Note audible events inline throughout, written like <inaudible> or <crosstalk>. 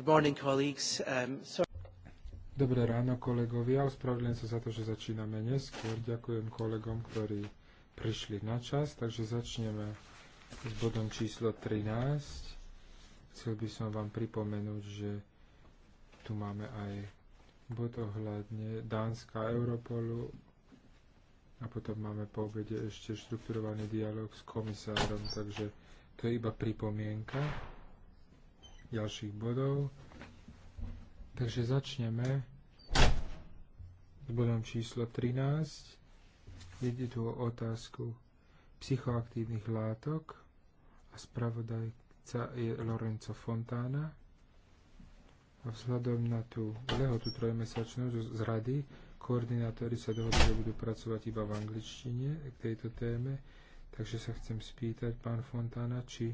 Good morning, colleagues. Um, so... Dobré ráno, kolegovia. Ospravedlňujem sa za to, že začíname neskôr. Ďakujem kolegom, ktorí prišli na čas, takže začneme s bodom číslo 13. Chcel by som vám pripomenúť, že tu máme aj bod ohľadne Dánska Europolu a potom máme po obede ešte štrukturovaný dialog s komisárom, takže to je iba pripomienka ďalších bodov. Takže začneme s bodom číslo 13. Ide tu o otázku psychoaktívnych látok a spravodajca je Lorenzo Fontana. A vzhľadom na tú lehotu trojmesačnú z rady, koordinátori sa dohodli, že budú pracovať iba v angličtine k tejto téme. Takže sa chcem spýtať, pán Fontana, či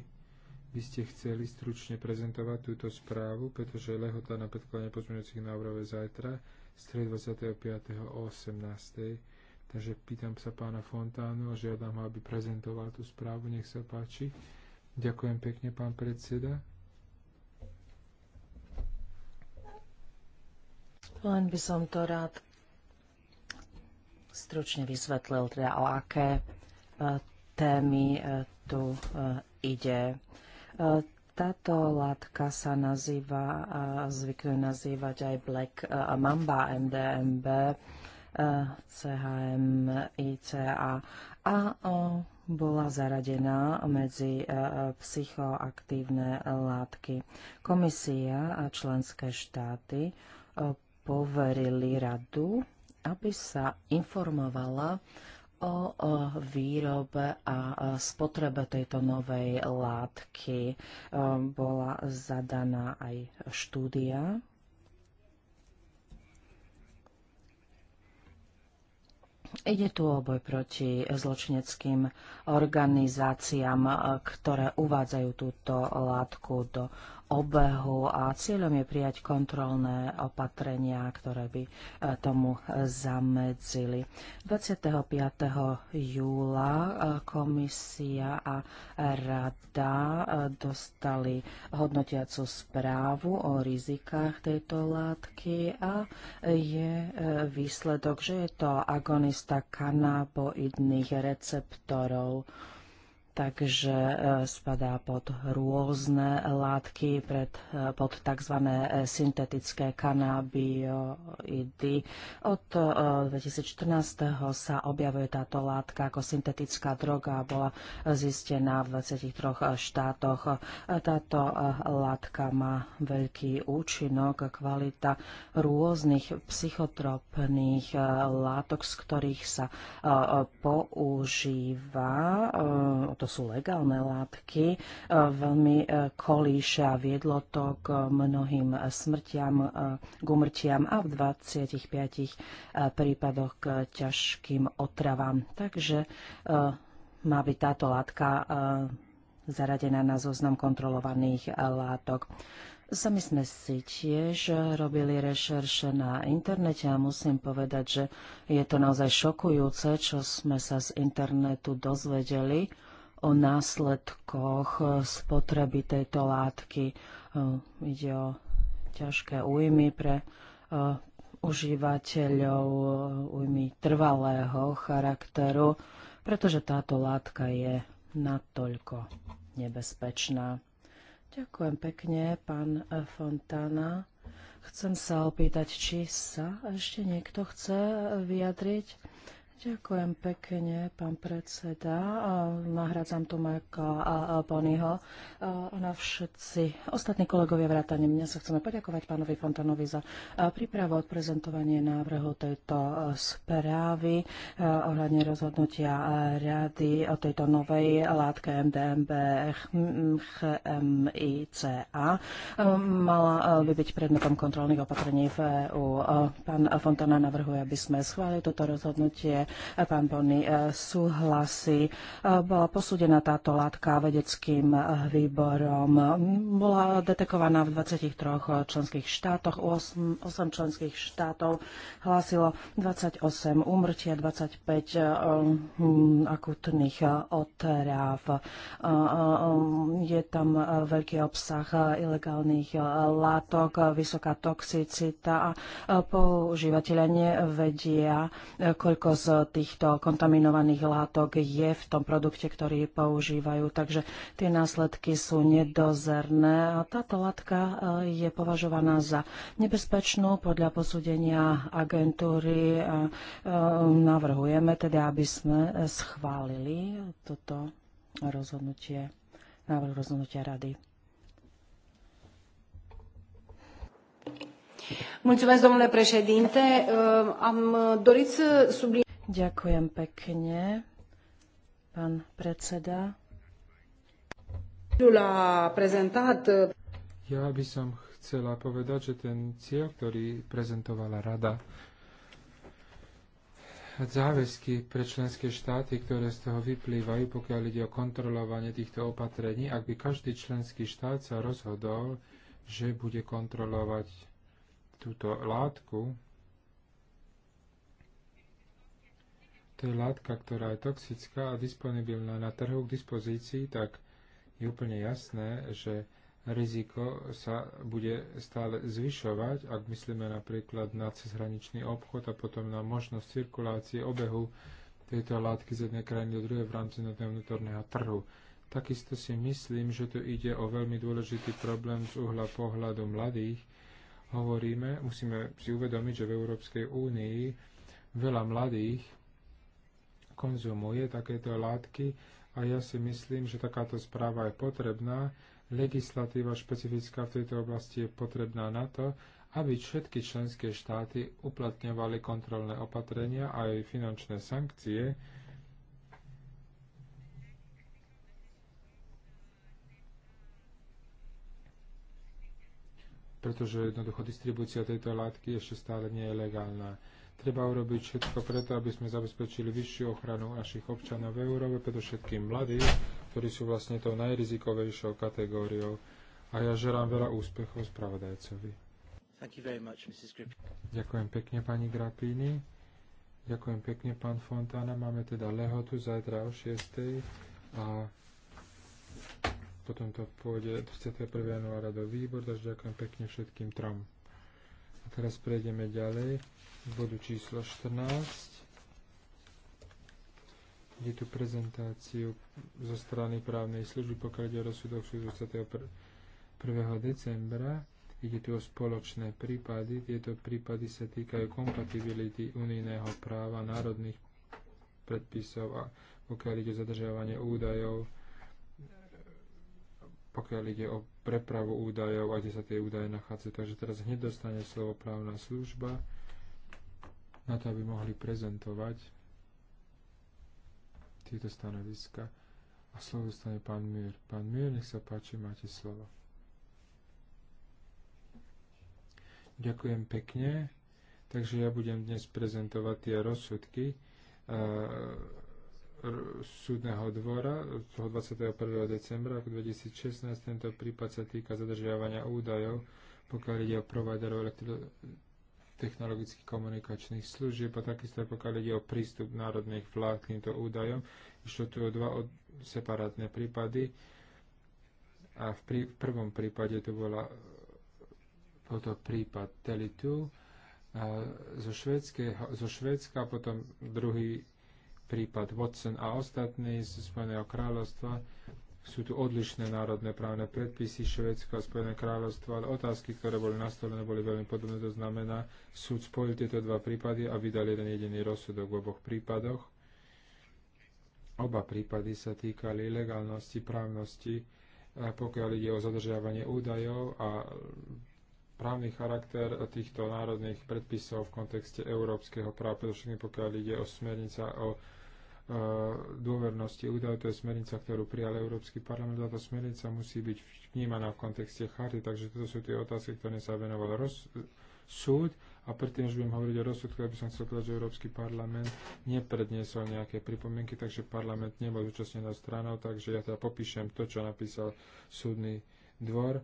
by ste chceli stručne prezentovať túto správu, pretože lehota na predkladanie pozmeňujúcich návrhov je zajtra, stred 25. o 18. Takže pýtam sa pána Fontánu a žiadam ho, aby prezentoval tú správu. Nech sa páči. Ďakujem pekne, pán predseda. Len by som to rád stručne vysvetlil, teda o aké e, témy e, tu e, ide. Táto látka sa nazýva a zvykne nazývať aj Black Mamba MDMB, CHMICA a bola zaradená medzi e, e, psychoaktívne látky. Komisia a členské štáty e, poverili radu, aby sa informovala o výrobe a spotrebe tejto novej látky e, bola zadaná aj štúdia. Ide tu o boj proti zločineckým organizáciám, e, ktoré uvádzajú túto látku do obehu a cieľom je prijať kontrolné opatrenia, ktoré by e, tomu zamedzili. 25. júla e, komisia a rada e, dostali hodnotiacu správu o rizikách tejto látky a je výsledok, že je to agonista kanaboidných receptorov takže e, spadá pod rôzne látky, pred, e, pod tzv. E, syntetické kanabioidy. Od 2014. sa objavuje táto látka ako syntetická droga a bola zistená v 23 štátoch. Táto látka má veľký účinok, kvalita rôznych psychotropných látok, z ktorých sa používa, to to sú legálne látky, e, veľmi e, kolíša. Viedlo to k e, mnohým smrtiam, k umrtiam a v 25 prípadoch k ťažkým otravám. Takže má byť táto látka zaradená na zoznam kontrolovaných látok. Sami sme si tiež robili rešerše na internete a musím povedať, že je to naozaj šokujúce, čo sme sa z internetu dozvedeli o následkoch spotreby tejto látky. E, ide o ťažké újmy pre e, užívateľov, e, újmy trvalého charakteru, pretože táto látka je natoľko nebezpečná. Ďakujem pekne, pán Fontana. Chcem sa opýtať, či sa ešte niekto chce vyjadriť. Ďakujem pekne, pán predseda. Nahradzam tu Marka a Bonyho. Na všetci ostatní kolegovia vrátane mňa sa chceme poďakovať pánovi Fontanovi za prípravu odprezentovanie návrhu tejto správy ohľadne rozhodnutia rady o tejto novej látke MDMB HMICA. Mala by byť predmetom kontrolných opatrení v EU. Pán Fontana navrhuje, aby sme schválili toto rozhodnutie Pán Bonny e, súhlasí. E, bola posúdená táto látka vedeckým e, výborom. Bola detekovaná v 23 členských štátoch. 8, 8 členských štátov hlásilo 28 úmrtia, 25 hm, akutných otráv. Je tam veľký obsah ilegálnych látok, vysoká toxicita a používateľa nevedia, koľko z týchto kontaminovaných látok je v tom produkte, ktorý používajú. Takže tie následky sú nedozerné. A táto látka e, je považovaná za nebezpečnú podľa posúdenia agentúry. E, navrhujeme teda, aby sme schválili toto rozhodnutie, návrh rozhodnutia rady. Mulțumesc, domnule președinte. Am dorit să subliniez Ďakujem pekne, pán predseda. Ja by som chcela povedať, že ten cieľ, ktorý prezentovala rada, záväzky pre členské štáty, ktoré z toho vyplývajú, pokiaľ ide o kontrolovanie týchto opatrení, ak by každý členský štát sa rozhodol, že bude kontrolovať túto látku, to je látka, ktorá je toxická a disponibilná na trhu k dispozícii, tak je úplne jasné, že riziko sa bude stále zvyšovať, ak myslíme napríklad na cezhraničný obchod a potom na možnosť cirkulácie obehu tejto látky z jednej krajiny do druhej v rámci vnútorného trhu. Takisto si myslím, že tu ide o veľmi dôležitý problém z uhla pohľadu mladých. Hovoríme, musíme si uvedomiť, že v Európskej únii veľa mladých konzumuje takéto látky a ja si myslím, že takáto správa je potrebná. Legislatíva špecifická v tejto oblasti je potrebná na to, aby všetky členské štáty uplatňovali kontrolné opatrenia a aj finančné sankcie, pretože jednoducho distribúcia tejto látky ešte stále nie je legálna. Treba urobiť všetko preto, aby sme zabezpečili vyššiu ochranu našich občanov v Európe, predovšetkým mladých, ktorí sú vlastne tou najrizikovejšou kategóriou. A ja želám veľa úspechov spravodajcovi. Ďakujem pekne, pani Grapini. Ďakujem pekne, pán Fontána. Máme teda lehotu zajtra o 6. A potom to pôjde 31. januára do výbor, takže ďakujem pekne všetkým trom. A teraz prejdeme ďalej k bodu číslo 14 je tu prezentáciu zo strany právnej služby, pokiaľ ide o rozsudok súdu 21. decembra. Ide tu o spoločné prípady. Tieto prípady sa týkajú kompatibility unijného práva, národných predpisov a pokiaľ ide o zadržiavanie údajov pokiaľ ide o prepravu údajov a kde sa tie údaje nachádzajú. Takže teraz hneď dostane slovo právna služba na to, aby mohli prezentovať tieto stanoviska. A slovo dostane pán Mier. Pán Mier, nech sa páči, máte slovo. Ďakujem pekne. Takže ja budem dnes prezentovať tie rozsudky eh, E, súdneho dvora z 21. decembra 2016. Tento prípad sa týka zadržiavania údajov, pokiaľ ide o providerov technologických komunikačných služieb a takisto pokiaľ ide o prístup národných vlád k týmto údajom. Išlo tu o dva od separátne prípady a v, prí, v prvom prípade to bola toto prípad Telitu zo, Švédske, zo Švédska a potom druhý prípad Watson a ostatní z Spojeného kráľovstva. Sú tu odlišné národné právne predpisy Švedska a Spojené kráľovstvo, ale otázky, ktoré boli nastolené, boli veľmi podobné. To znamená, súd spojil tieto dva prípady a vydal jeden jediný rozsudok v oboch prípadoch. Oba prípady sa týkali legálnosti, právnosti, pokiaľ ide o zadržiavanie údajov a právny charakter týchto národných predpisov v kontexte európskeho práva, pretože pokiaľ ide o smernica o Eh, dôvernosti údajov, to je smernica, ktorú prijal Európsky parlament. Táto smernica musí byť vnímaná v kontexte charty, takže toto sú tie otázky, ktoré sa venoval roz, súd. A predtým, než budem hovoriť o rozsudku, aby som chcel povedať, že Európsky parlament nepredniesol nejaké pripomienky, takže parlament nebol zúčastnená stranou, takže ja teda popíšem to, čo napísal súdny dvor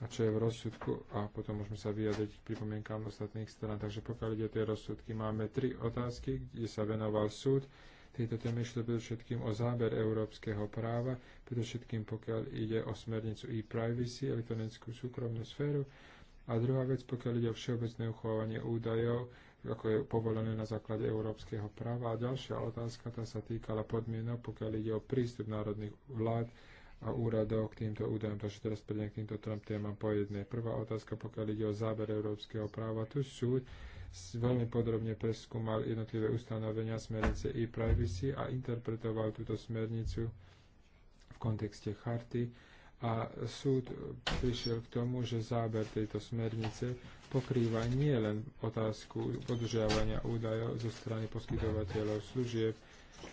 a čo je v rozsudku a potom môžeme sa vyjadriť k pripomienkám ostatných stran. Takže pokiaľ ide o tie rozsudky, máme tri otázky, kde sa venoval súd tejto téme išlo predovšetkým o záber európskeho práva, predovšetkým pokiaľ ide o smernicu e-privacy, elektronickú súkromnú sféru. A druhá vec, pokiaľ ide o všeobecné uchovanie údajov, ako je povolené na základe európskeho práva. A ďalšia otázka, tá sa týkala podmienok, pokiaľ ide o prístup národných vlád a úradov k týmto údajom. Takže teraz prejdem k týmto trom témam po jednej. Prvá otázka, pokiaľ ide o záber európskeho práva, tu súd veľmi podrobne preskúmal jednotlivé ustanovenia smernice e-privacy a interpretoval túto smernicu v kontexte charty a súd prišiel k tomu, že záber tejto smernice pokrýva nie len otázku podržiavania údajov zo strany poskytovateľov služieb,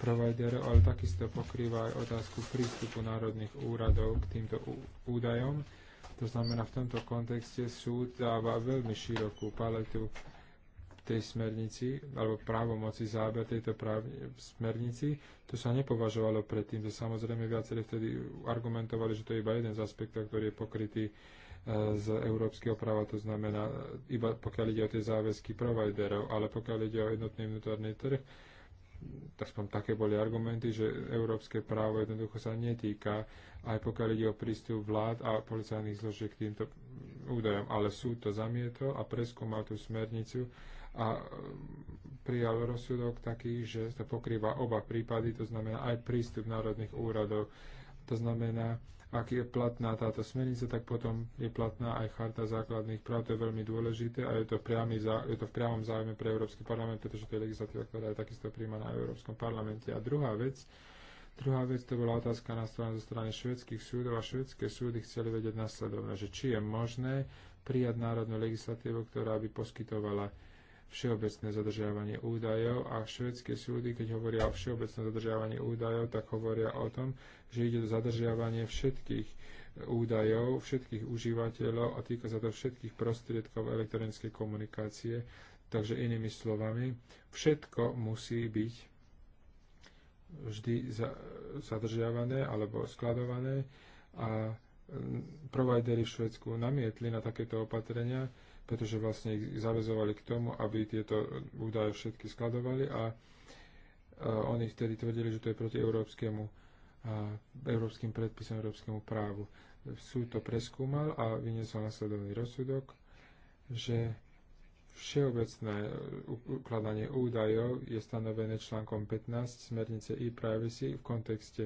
providerov, ale takisto pokrýva aj otázku prístupu národných úradov k týmto údajom. To znamená, v tomto kontexte súd dáva veľmi širokú paletu tej smernici, alebo právomoci záber tejto práv- smernici, to sa nepovažovalo predtým. že samozrejme viacerí vtedy argumentovali, že to je iba jeden z aspektov, ktorý je pokrytý e, z európskeho práva, to znamená, e, iba pokiaľ ide o tie záväzky providerov, ale pokiaľ ide o jednotný vnútorný trh, aspoň také boli argumenty, že európske právo jednoducho sa netýka, aj pokiaľ ide o prístup vlád a policajných zložiek k týmto údajom. Ale súd to zamietol a preskúmal tú smernicu a e, prijal rozsudok taký, že to pokrýva oba prípady, to znamená aj prístup národných úradov. To znamená, ak je platná táto smernica, tak potom je platná aj charta základných práv. To je veľmi dôležité a je to, priamy, je to v priamom záujme pre Európsky parlament, pretože to je legislatíva, ktorá je takisto príjmaná na Európskom parlamente. A druhá vec, druhá vec to bola otázka na strane zo strany švedských súdov a švedské súdy chceli vedieť nasledovne, že či je možné prijať národnú legislatívu, ktorá by poskytovala všeobecné zadržiavanie údajov a švedské súdy, keď hovoria o všeobecnom zadržiavanie údajov, tak hovoria o tom, že ide o zadržiavanie všetkých e, údajov všetkých užívateľov a týka sa to všetkých prostriedkov elektronickej komunikácie. Takže inými slovami, všetko musí byť vždy zadržiavané alebo skladované a provideri v Švedsku namietli na takéto opatrenia, pretože vlastne ich zavezovali k tomu, aby tieto údaje všetky skladovali a oni vtedy tvrdili, že to je proti európskemu, európskym predpisom, európskemu právu. Súd to preskúmal a vyniesol následovný rozsudok, že všeobecné ukladanie údajov je stanovené článkom 15 smernice e-privacy v kontexte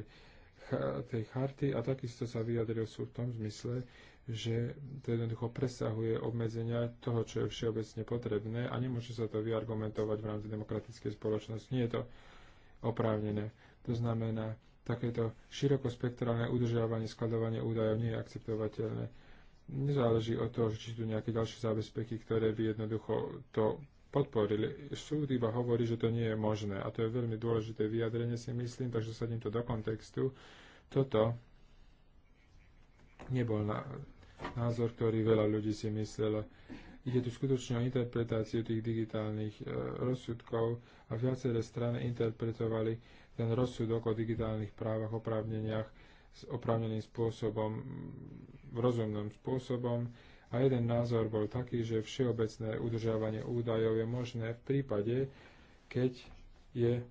tej charty a takisto sa vyjadril sú v tom zmysle, že to jednoducho presahuje obmedzenia toho, čo je všeobecne potrebné a nemôže sa to vyargumentovať v rámci demokratickej spoločnosti. Nie je to oprávnené. To znamená, takéto širokospektrálne udržiavanie, skladovanie údajov nie je akceptovateľné. Nezáleží od toho, či sú tu nejaké ďalšie zábezpeky, ktoré by jednoducho to podporili. Súd iba hovorí, že to nie je možné a to je veľmi dôležité vyjadrenie, si myslím, takže sadím to do kontextu. Toto nebol na, názor, ktorý veľa ľudí si myslelo. Ide tu skutočne o interpretáciu tých digitálnych e, rozsudkov a viaceré strany interpretovali ten rozsudok o digitálnych právach, oprávneniach s oprávneným spôsobom, rozumným spôsobom. A jeden názor bol taký, že všeobecné udržiavanie údajov je možné v prípade, keď, je,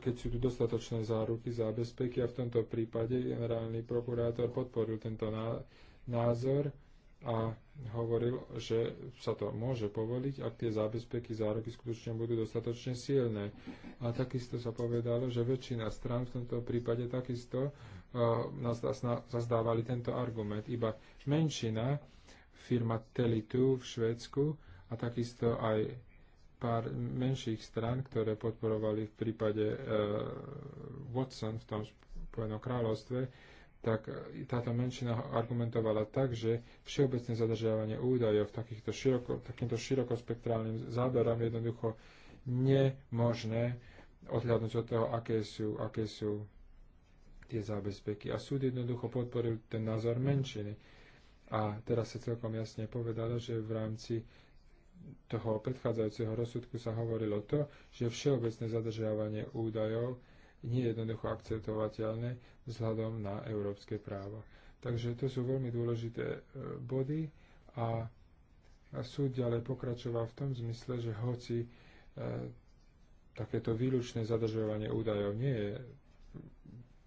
keď sú tu dostatočné záruky, zábezpeky a v tomto prípade generálny prokurátor podporil tento názor názor a hovoril, že sa to môže povoliť, ak tie zábezpeky, zároky skutočne budú dostatočne silné. A takisto sa povedalo, že väčšina strán v tomto prípade takisto e, zazdávali tento argument. Iba menšina, firma Telitu v Švédsku a takisto aj pár menších strán, ktoré podporovali v prípade e, Watson v tom Spojenom kráľovstve, tak e, táto menšina argumentovala tak, že všeobecné zadržiavanie údajov široko, takýmto širokospektrálnym záberom jednoducho nemožné odhľadnúť od toho, aké sú, aké sú tie zábezpeky. A súd jednoducho podporil ten názor menšiny. A teraz sa celkom jasne povedalo, že v rámci toho predchádzajúceho rozsudku sa hovorilo to, že všeobecné zadržiavanie údajov nie je jednoducho akceptovateľné vzhľadom na európske právo. Takže to sú veľmi dôležité e, body a súd ďalej pokračoval v tom zmysle, že hoci e, takéto výlučné zadržovanie údajov nie je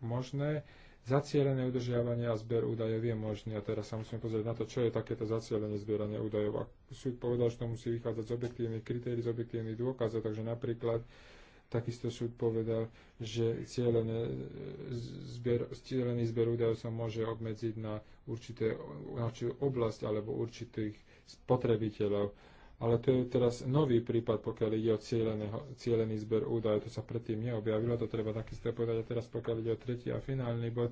možné, zacielené udržiavanie a zber údajov je možný. A teraz sa musíme pozrieť na to, čo je takéto zacielené zbieranie údajov. A súd povedal, že to musí vychádzať z objektívnych kritérií, z objektívnych dôkazov, takže napríklad Takisto súd povedal, že e, cieľený zber údajov sa môže obmedziť na, určité, na oblasť alebo určitých spotrebiteľov. Ale to je teraz nový prípad, pokiaľ ide o cieľený zber údajov. To sa predtým neobjavilo, to treba takisto povedať. A teraz pokiaľ ide o tretí a finálny bod,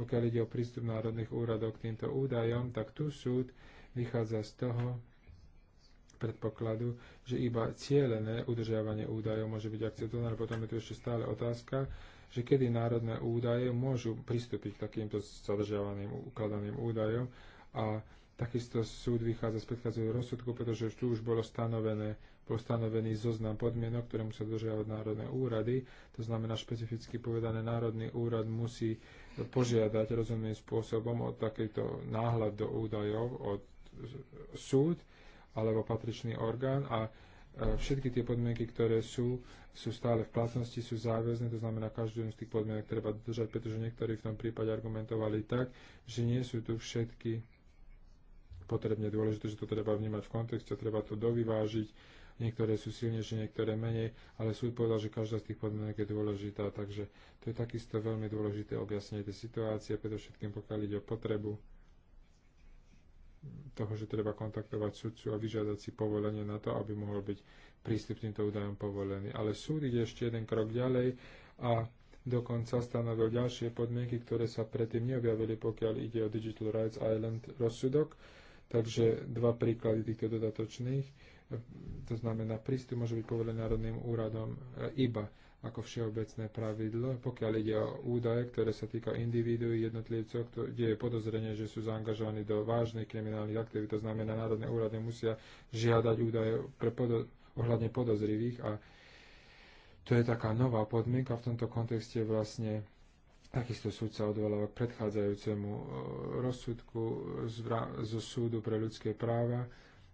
pokiaľ ide o prístup národných úradov k týmto údajom, tak tu súd vychádza z toho, predpokladu, že iba cieľené udržiavanie údajov môže byť akceptované, ale potom je tu ešte stále otázka, že kedy národné údaje môžu pristúpiť k takýmto zadržiavaným, ukladaným údajom a takisto súd vychádza z predchádzajúceho rozsudku, pretože tu už bolo stanovené, bol stanovený zoznam podmienok, ktoré musia dodržiavať národné úrady. To znamená, špecificky povedané, národný úrad musí požiadať rozumným spôsobom o takýto náhľad do údajov od súd alebo patričný orgán a e, všetky tie podmienky, ktoré sú, sú stále v platnosti, sú záväzné, to znamená, každú z tých podmienok treba dodržať, pretože niektorí v tom prípade argumentovali tak, že nie sú tu všetky potrebne dôležité, že to treba vnímať v kontexte, treba to dovyvážiť, niektoré sú silnejšie, niektoré menej, ale súd povedal, že každá z tých podmienok je dôležitá, takže to je takisto veľmi dôležité objasnenie tej situácie, predovšetkým pokiaľ ide o potrebu toho, že treba kontaktovať sudcu a vyžiadať si povolenie na to, aby mohol byť prístup týmto údajom povolený. Ale súd ide ešte jeden krok ďalej a dokonca stanovil ďalšie podmienky, ktoré sa predtým neobjavili, pokiaľ ide o Digital Rights Island rozsudok. Takže dva príklady týchto dodatočných. To znamená, prístup môže byť povolený Národným úradom e, iba ako všeobecné pravidlo, pokiaľ ide o údaje, ktoré sa týka individuí, jednotlivcov, kde je podozrenie, že sú zaangažovaní do vážnych kriminálnych aktivít. To znamená, národné úrady musia žiadať údaje pre podo- ohľadne podozrivých a to je taká nová podmienka v tomto kontexte vlastne Takisto súd sa odvoláva k predchádzajúcemu e, rozsudku zo súdu pre ľudské práva,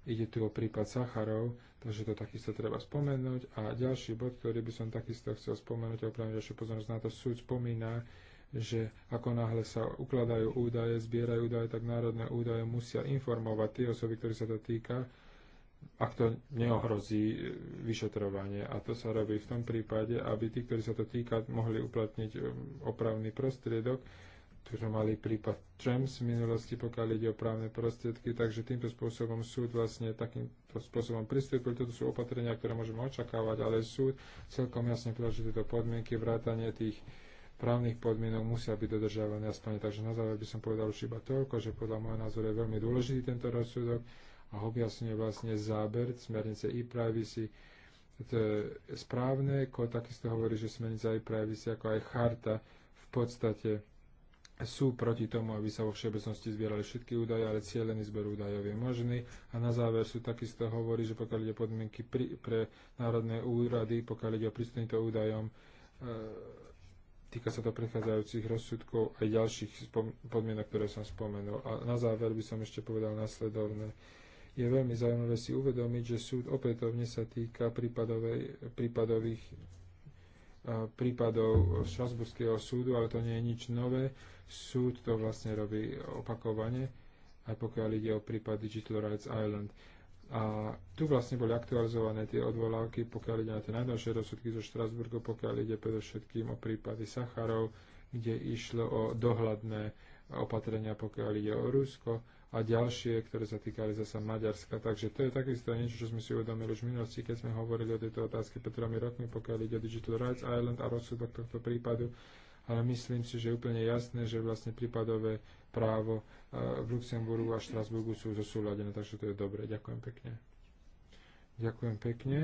Ide tu o prípad Sacharov, takže to takisto treba spomenúť. A ďalší bod, ktorý by som takisto chcel spomenúť, a opravím ďalšiu pozornosť na to, súd spomína, že ako náhle sa ukladajú údaje, zbierajú údaje, tak národné údaje musia informovať tie osoby, ktoré sa to týka, ak to neohrozí e, vyšetrovanie. A to sa robí v tom prípade, aby tí, ktorí sa to týka, mohli uplatniť e, opravný prostriedok tu sme mali prípad TREMS v minulosti, pokiaľ ide o právne prostriedky, takže týmto spôsobom súd vlastne takýmto spôsobom pristúpil. Toto sú opatrenia, ktoré môžeme očakávať, ale súd celkom jasne povedal, že tieto podmienky vrátanie tých právnych podmienok musia byť dodržiavané aspoň. Takže na záver by som povedal už iba toľko, že podľa môjho názoru je veľmi dôležitý tento rozsudok a objasňuje vlastne záber smernice e-privacy. To je správne, ako takisto hovorí, že smernica e-privacy ako aj charta v podstate sú proti tomu, aby sa vo všeobecnosti zbierali všetky údaje, ale cieľený zber údajov je možný. A na záver sú takisto hovorí, že pokiaľ ide podmienky pri, pre národné úrady, pokiaľ ide o prístupnýmto údajom, e, týka sa to prechádzajúcich rozsudkov aj ďalších podmienok, ktoré som spomenul. A na záver by som ešte povedal nasledovné. Je veľmi zaujímavé si uvedomiť, že súd opätovne sa týka prípadových prípadov Štrasburského súdu, ale to nie je nič nové. Súd to vlastne robí opakovane, aj pokiaľ ide o prípad Digital Rights Island. A tu vlastne boli aktualizované tie odvolávky, pokiaľ ide na tie najnovšie rozsudky zo Štrasburgu, pokiaľ ide predovšetkým o prípady Sacharov, kde išlo o dohľadné opatrenia, pokiaľ ide o Rusko a ďalšie, ktoré sa týkali zasa Maďarska. Takže to je takisto niečo, čo sme si uvedomili už v minulosti, keď sme hovorili o tejto otázke pred tromi rokmi, pokiaľ ide o Digital Rights Island a rozsudok tohto prípadu. Ale myslím si, že je úplne jasné, že vlastne prípadové právo e, v Luxemburgu a Štrasburgu sú zosúladené, takže to je dobré. Ďakujem pekne. Ďakujem pekne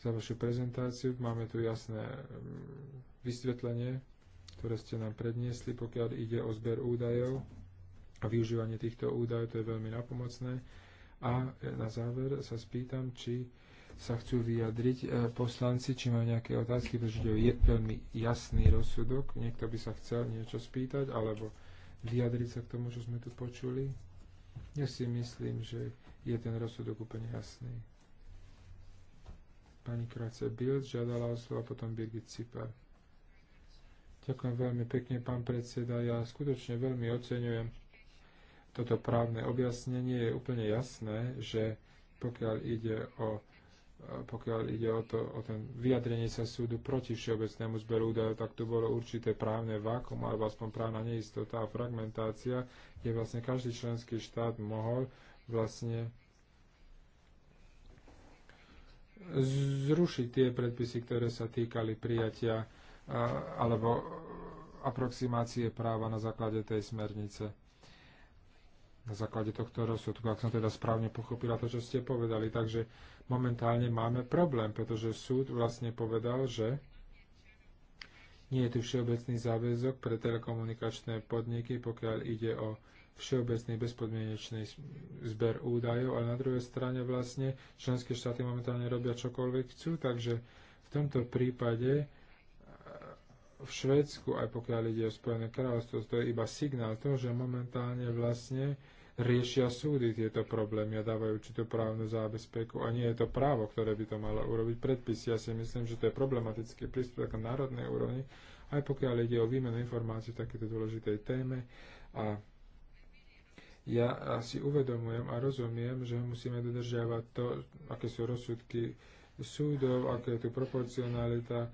za vašu prezentáciu. Máme tu jasné mm, vysvetlenie, ktoré ste nám predniesli, pokiaľ ide o zber údajov a využívanie týchto údajov, to je veľmi napomocné. A na záver sa spýtam, či sa chcú vyjadriť e, poslanci, či majú nejaké otázky, pretože je veľmi jasný rozsudok. Niekto by sa chcel niečo spýtať, alebo vyjadriť sa k tomu, čo sme tu počuli. Ja si myslím, že je ten rozsudok úplne jasný. Pani Krace Bild žiadala o slovo, potom Birgit Cipar. Ďakujem veľmi pekne, pán predseda. Ja skutočne veľmi oceňujem toto právne objasnenie je úplne jasné, že pokiaľ ide o e, pokiaľ ide o, to, o ten vyjadrenie sa súdu proti všeobecnému zberu údajov, tak tu bolo určité právne vákum alebo aspoň právna neistota a fragmentácia, kde vlastne každý členský štát mohol vlastne zrušiť tie predpisy, ktoré sa týkali prijatia e, alebo aproximácie práva na základe tej smernice na základe tohto rozsudku, ak som teda správne pochopila to, čo ste povedali. Takže momentálne máme problém, pretože súd vlastne povedal, že nie je tu všeobecný záväzok pre telekomunikačné podniky, pokiaľ ide o všeobecný bezpodmienečný zber údajov, ale na druhej strane vlastne členské štáty momentálne robia čokoľvek chcú, takže v tomto prípade e, v Švédsku, aj pokiaľ ide o Spojené kráľovstvo, to je iba signál toho, že momentálne vlastne riešia súdy tieto problémy a dávajú určitú právnu zábezpeku. A nie je to právo, ktoré by to malo urobiť predpis. Ja si myslím, že to je problematický prístup na národnej úrovni, aj pokiaľ ide o výmenu informácií v takéto dôležitej téme. A ja si uvedomujem a rozumiem, že musíme dodržiavať to, aké sú rozsudky súdov, aké je tu proporcionalita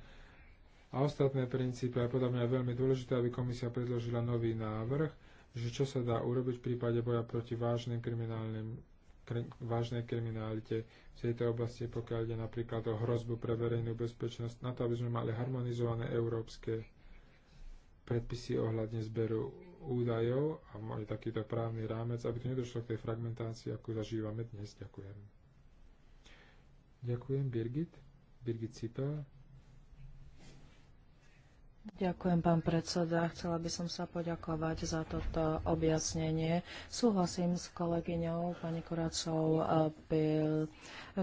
a ostatné princípy. A podľa mňa je veľmi dôležité, aby komisia predložila nový návrh, že čo sa dá urobiť v prípade boja proti vážnej kriminalite v tejto oblasti, pokiaľ ide napríklad o hrozbu pre verejnú bezpečnosť, na to, aby sme mali harmonizované európske predpisy ohľadne zberu údajov a mali takýto právny rámec, aby tu nedošlo k tej fragmentácii, ako zažívame dnes. Ďakujem. Ďakujem, Birgit. Birgit Cipel. Ďakujem, pán predseda. Chcela by som sa poďakovať za toto objasnenie. Súhlasím s kolegyňou pani Kuracou, aby eh,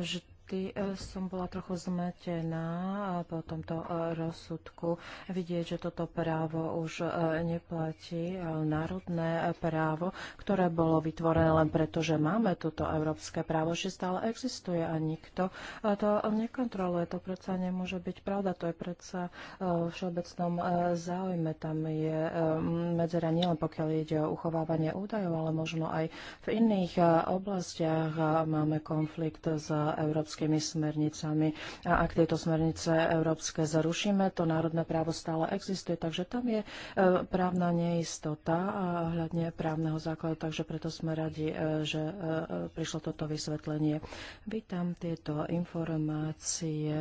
minúty e, som bola trochu zmetená e, po tomto e, rozsudku. Vidieť, že toto právo už neplatí, národné právo, ktoré bolo vytvorené len preto, že máme toto európske právo, že stále existuje a nikto to nekontroluje. To predsa nemôže byť pravda. To je predsa v všeobecnom záujme. Tam je medzera nielen pokiaľ ide o uchovávanie údajov, ale možno aj v iných oblastiach máme konflikt s európskym európskymi smernicami. A ak tieto smernice európske zrušíme, to národné právo stále existuje, takže tam je e, právna neistota a hľadne právneho základu, takže preto sme radi, e, že e, prišlo toto vysvetlenie. Vítam tieto informácie.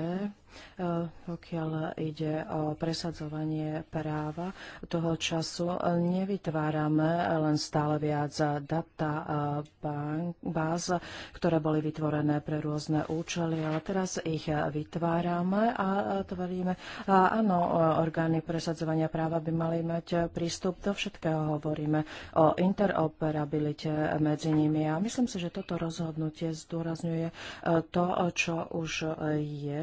Eh, pokiaľ ide o presadzovanie práva toho času, eh, nevytvárame len stále viac data eh, báz, ktoré boli vytvorené pre rôzne účely, ale teraz ich vytvárame a tvoríme. A áno, orgány presadzovania práva by mali mať prístup do všetkého. Hovoríme o interoperabilite medzi nimi a myslím si, že toto rozhodnutie zdôrazňuje to, čo už je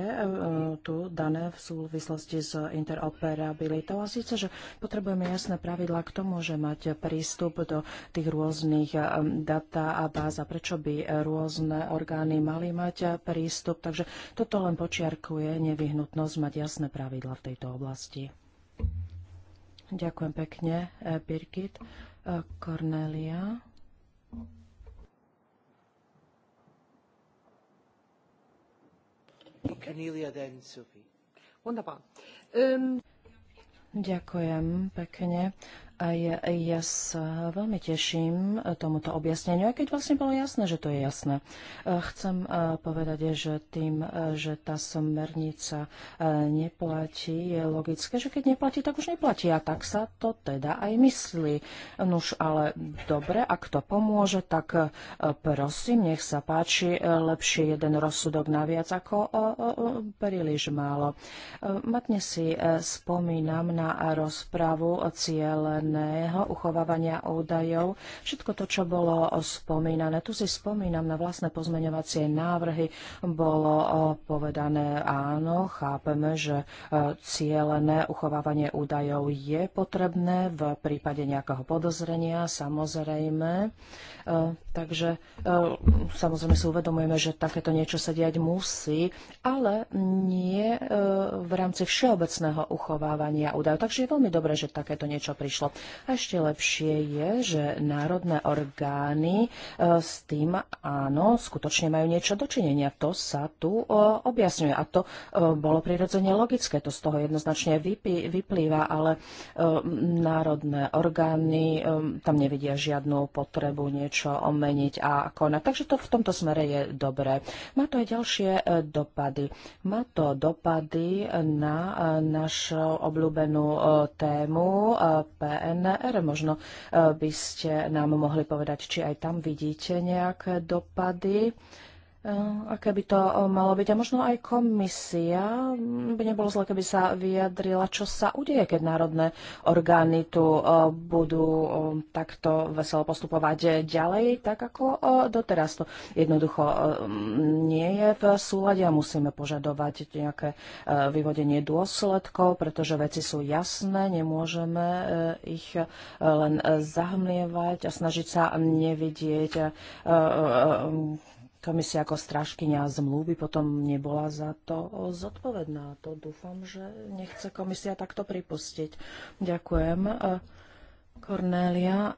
tu dané v súvislosti s interoperabilitou. A síce, že potrebujeme jasné pravidla k tomu, že mať prístup do tých rôznych eh, data a báz a prečo by rôzne orgány mali mať eh, prístup. Takže toto len počiarkuje nevyhnutnosť mať jasné pravidla v tejto oblasti. Ďakujem pekne, eh, Birgit. Cornelia. Cornelia, then Sophie. Wunderbar. Um... Ďakujem pekne. Aj ja sa veľmi teším tomuto objasneniu, aj keď vlastne bolo jasné, že to je jasné. E, chcem e, povedať, že tým, e, že tá smernica neplatí, je logické, že keď neplatí, tak už neplatí. A tak sa to teda aj myslí. Nuž, ale dobre, ak to pomôže, tak prosím, nech sa páči, lepšie jeden rozsudok naviac ako príliš málo. Matne si spomínam na rozpravu cieľen osobného uchovávania údajov. Všetko to, čo bolo spomínané, tu si spomínam na vlastné pozmeňovacie návrhy, bolo povedané áno, chápeme, že cieľené uchovávanie údajov je potrebné v prípade nejakého podozrenia, samozrejme. Takže samozrejme si uvedomujeme, že takéto niečo sa diať musí, ale nie v rámci všeobecného uchovávania údajov. Takže je veľmi dobré, že takéto niečo prišlo. A ešte lepšie je, že národné orgány e, s tým, áno, skutočne majú niečo dočinenia. To sa tu e, objasňuje. A to e, bolo prirodzene logické. To z toho jednoznačne vyplýva, ale národné orgány tam nevidia žiadnu potrebu niečo omeniť a konať. Takže to v tomto smere je dobré. Má to aj ďalšie dopady. Má to dopady na našu obľúbenú tému PM PNR. Možno eh, by ste nám mohli povedať, či aj tam vidíte nejaké dopady. Eh, aké by to eh, malo byť. A možno aj komisia mm, by nebolo zle, keby sa vyjadrila, čo sa udeje, keď národné orgány tu eh, budú takto veselo postupovať ďalej, tak ako doteraz. To jednoducho mm, nie je v súlade a musíme požadovať nejaké vyvodenie dôsledkov, pretože veci sú jasné, nemôžeme ich len zahmlievať a snažiť sa nevidieť komisia ako strážkynia zmluvy potom nebola za to zodpovedná. To dúfam, že nechce komisia takto pripustiť. Ďakujem. Kornélia,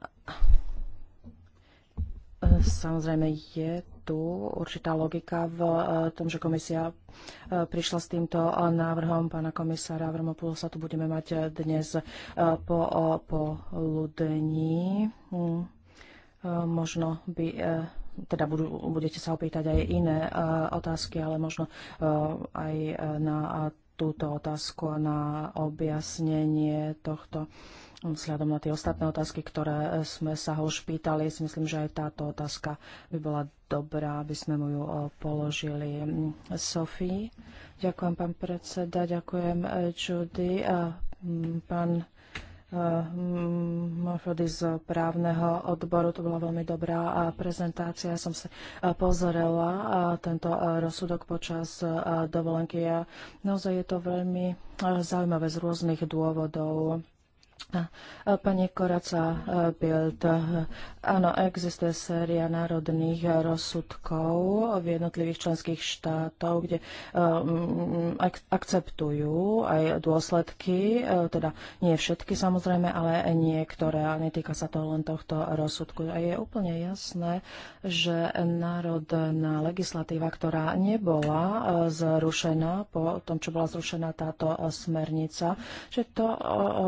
e, e, samozrejme je tu určitá logika v e, tom, že komisia prišla s týmto návrhom pána komisára sa Tu budeme mať dnes po, po ľudení. Hm. Možno by teda budú, budete sa opýtať aj iné e, otázky, ale možno e, aj e, na túto otázku a na objasnenie tohto vzhľadom na tie ostatné otázky, ktoré sme sa ho už pýtali. Si myslím, že aj táto otázka by bola dobrá, aby sme mu ju položili Sofii. Ďakujem, pán predseda, ďakujem Judy. A pán Ehm, Morfody z právneho odboru. To bola veľmi dobrá prezentácia. Ja som si e, pozerala e, tento e, rozsudok počas dovolenky a naozaj je to veľmi zaujímavé z rôznych dôvodov. Pani Koraca Bild, áno, existuje séria národných rozsudkov v jednotlivých členských štátov, kde akceptujú aj dôsledky, teda nie všetky samozrejme, ale niektoré, a netýka sa to len tohto rozsudku. A je úplne jasné, že národná legislatíva, ktorá nebola zrušená po tom, čo bola zrušená táto smernica, že to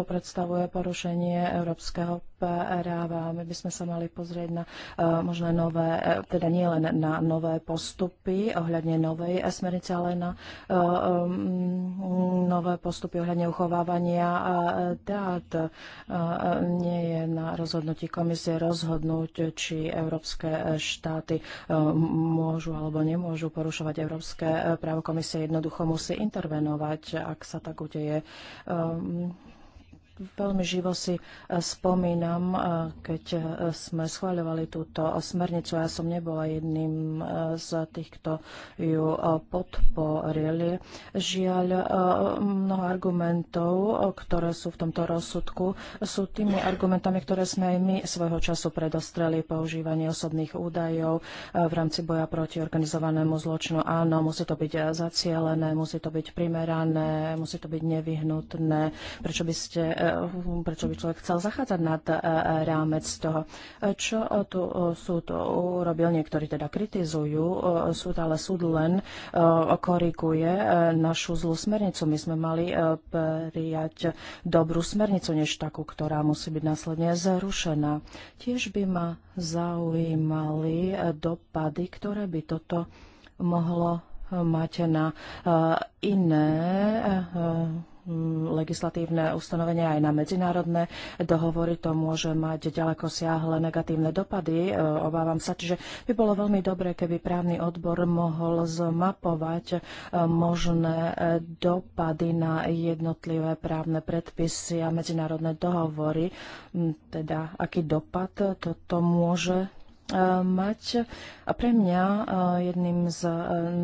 predstavuje spôsobuje porušenie európskeho práva. My by sme sa mali pozrieť na e, možné nové, e, teda nie len na nové postupy ohľadne novej smernice, ale na e, mm, nové postupy ohľadne uchovávania dát. Nie je na rozhodnutí komisie rozhodnúť, či európske štáty môžu alebo nemôžu porušovať európske právo. Komisie jednoducho musí intervenovať, ak sa tak udeje. Veľmi živo si e, spomínam, e, keď e, sme schváľovali túto smernicu, ja som nebola jedným z tých, kto ju podporili. Žiaľ, mnoho argumentov, ktoré sú v tomto rozsudku, sú tými argumentami, ktoré sme aj my svojho času predostreli. Používanie osobných údajov v rámci boja proti organizovanému zločinu. Áno, musí to byť zacielené, musí to byť primerané, musí to byť nevyhnutné. Prečo by ste Eh, prečo by človek chcel zachádzať nad eh, rámec toho, eh, čo tu súd urobil. Niektorí teda kritizujú súd, ale súd len koriguje našu zlú smernicu. My sme mali prijať dobrú smernicu, než takú, ktorá musí byť následne zrušená. Tiež by ma zaujímali dopady, ktoré by toto mohlo mať na iné Mm, legislatívne ustanovenia aj na medzinárodné dohovory, to môže mať ďaleko siahle negatívne dopady, e, obávam sa. Čiže by bolo veľmi dobré, keby právny odbor mohol zmapovať e, možné e, dopady na jednotlivé právne predpisy a medzinárodné dohovory, mm, teda aký dopad toto môže E, mať. A pre mňa e, jedným z e,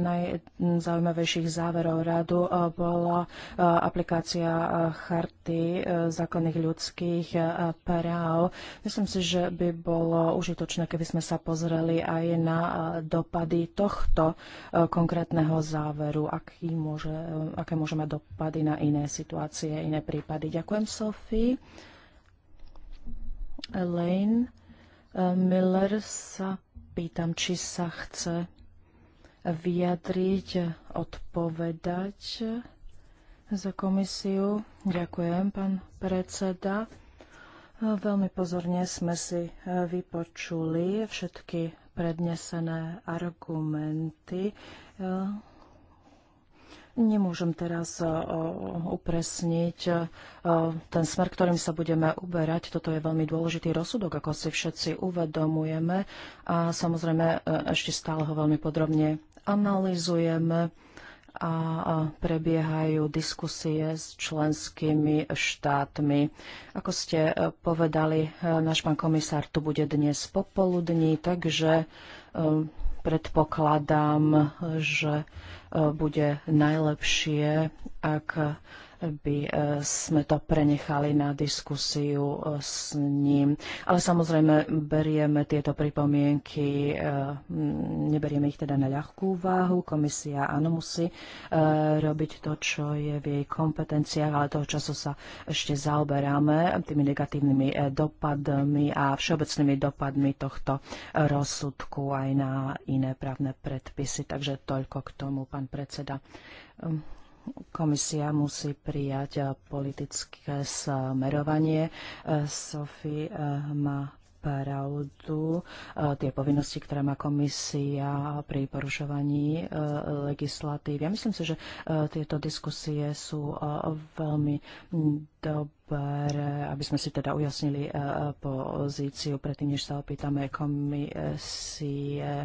najzaujímavejších záverov radu bola aplikácia charty zákonných ľudských práv. Myslím si, že by bolo užitočné, keby sme sa pozreli aj na dopady tohto konkrétneho záveru, aký môže, aké môže mať dopady na iné situácie, iné prípady. Ďakujem, Sophie. Elaine. Eh, Miller sa pýtam, či sa chce vyjadriť, odpovedať za komisiu. Ďakujem, pán predseda. Eh, veľmi pozorne sme si eh, vypočuli všetky prednesené argumenty. Nemôžem teraz e, e, upresniť e, ten smer, ktorým sa budeme uberať. Toto je veľmi dôležitý rozsudok, ako si všetci uvedomujeme. A samozrejme, ešte stále ho veľmi podrobne analizujeme a prebiehajú diskusie s členskými štátmi. Ako ste povedali, náš pán komisár tu bude dnes popoludní, takže predpokladám, že bude najlepšie, ak by e, sme to prenechali na diskusiu e, s ním. Ale samozrejme berieme tieto pripomienky, e, neberieme ich teda na ľahkú váhu. Komisia áno musí robiť to, čo je v jej kompetenciách, ale toho času sa ešte zaoberáme tými negatívnymi dopadmi a všeobecnými dopadmi tohto rozsudku aj na iné právne predpisy. Takže toľko k tomu, pán predseda. Komisia musí prijať eh, politické smerovanie. Eh, Sophie eh, má pravdu. Tie povinnosti, ktoré má komisia pri porušovaní legislatívy. Ja myslím si, že tieto diskusie sú veľmi dobré, aby sme si teda ujasnili pozíciu predtým, než sa opýtame komisie.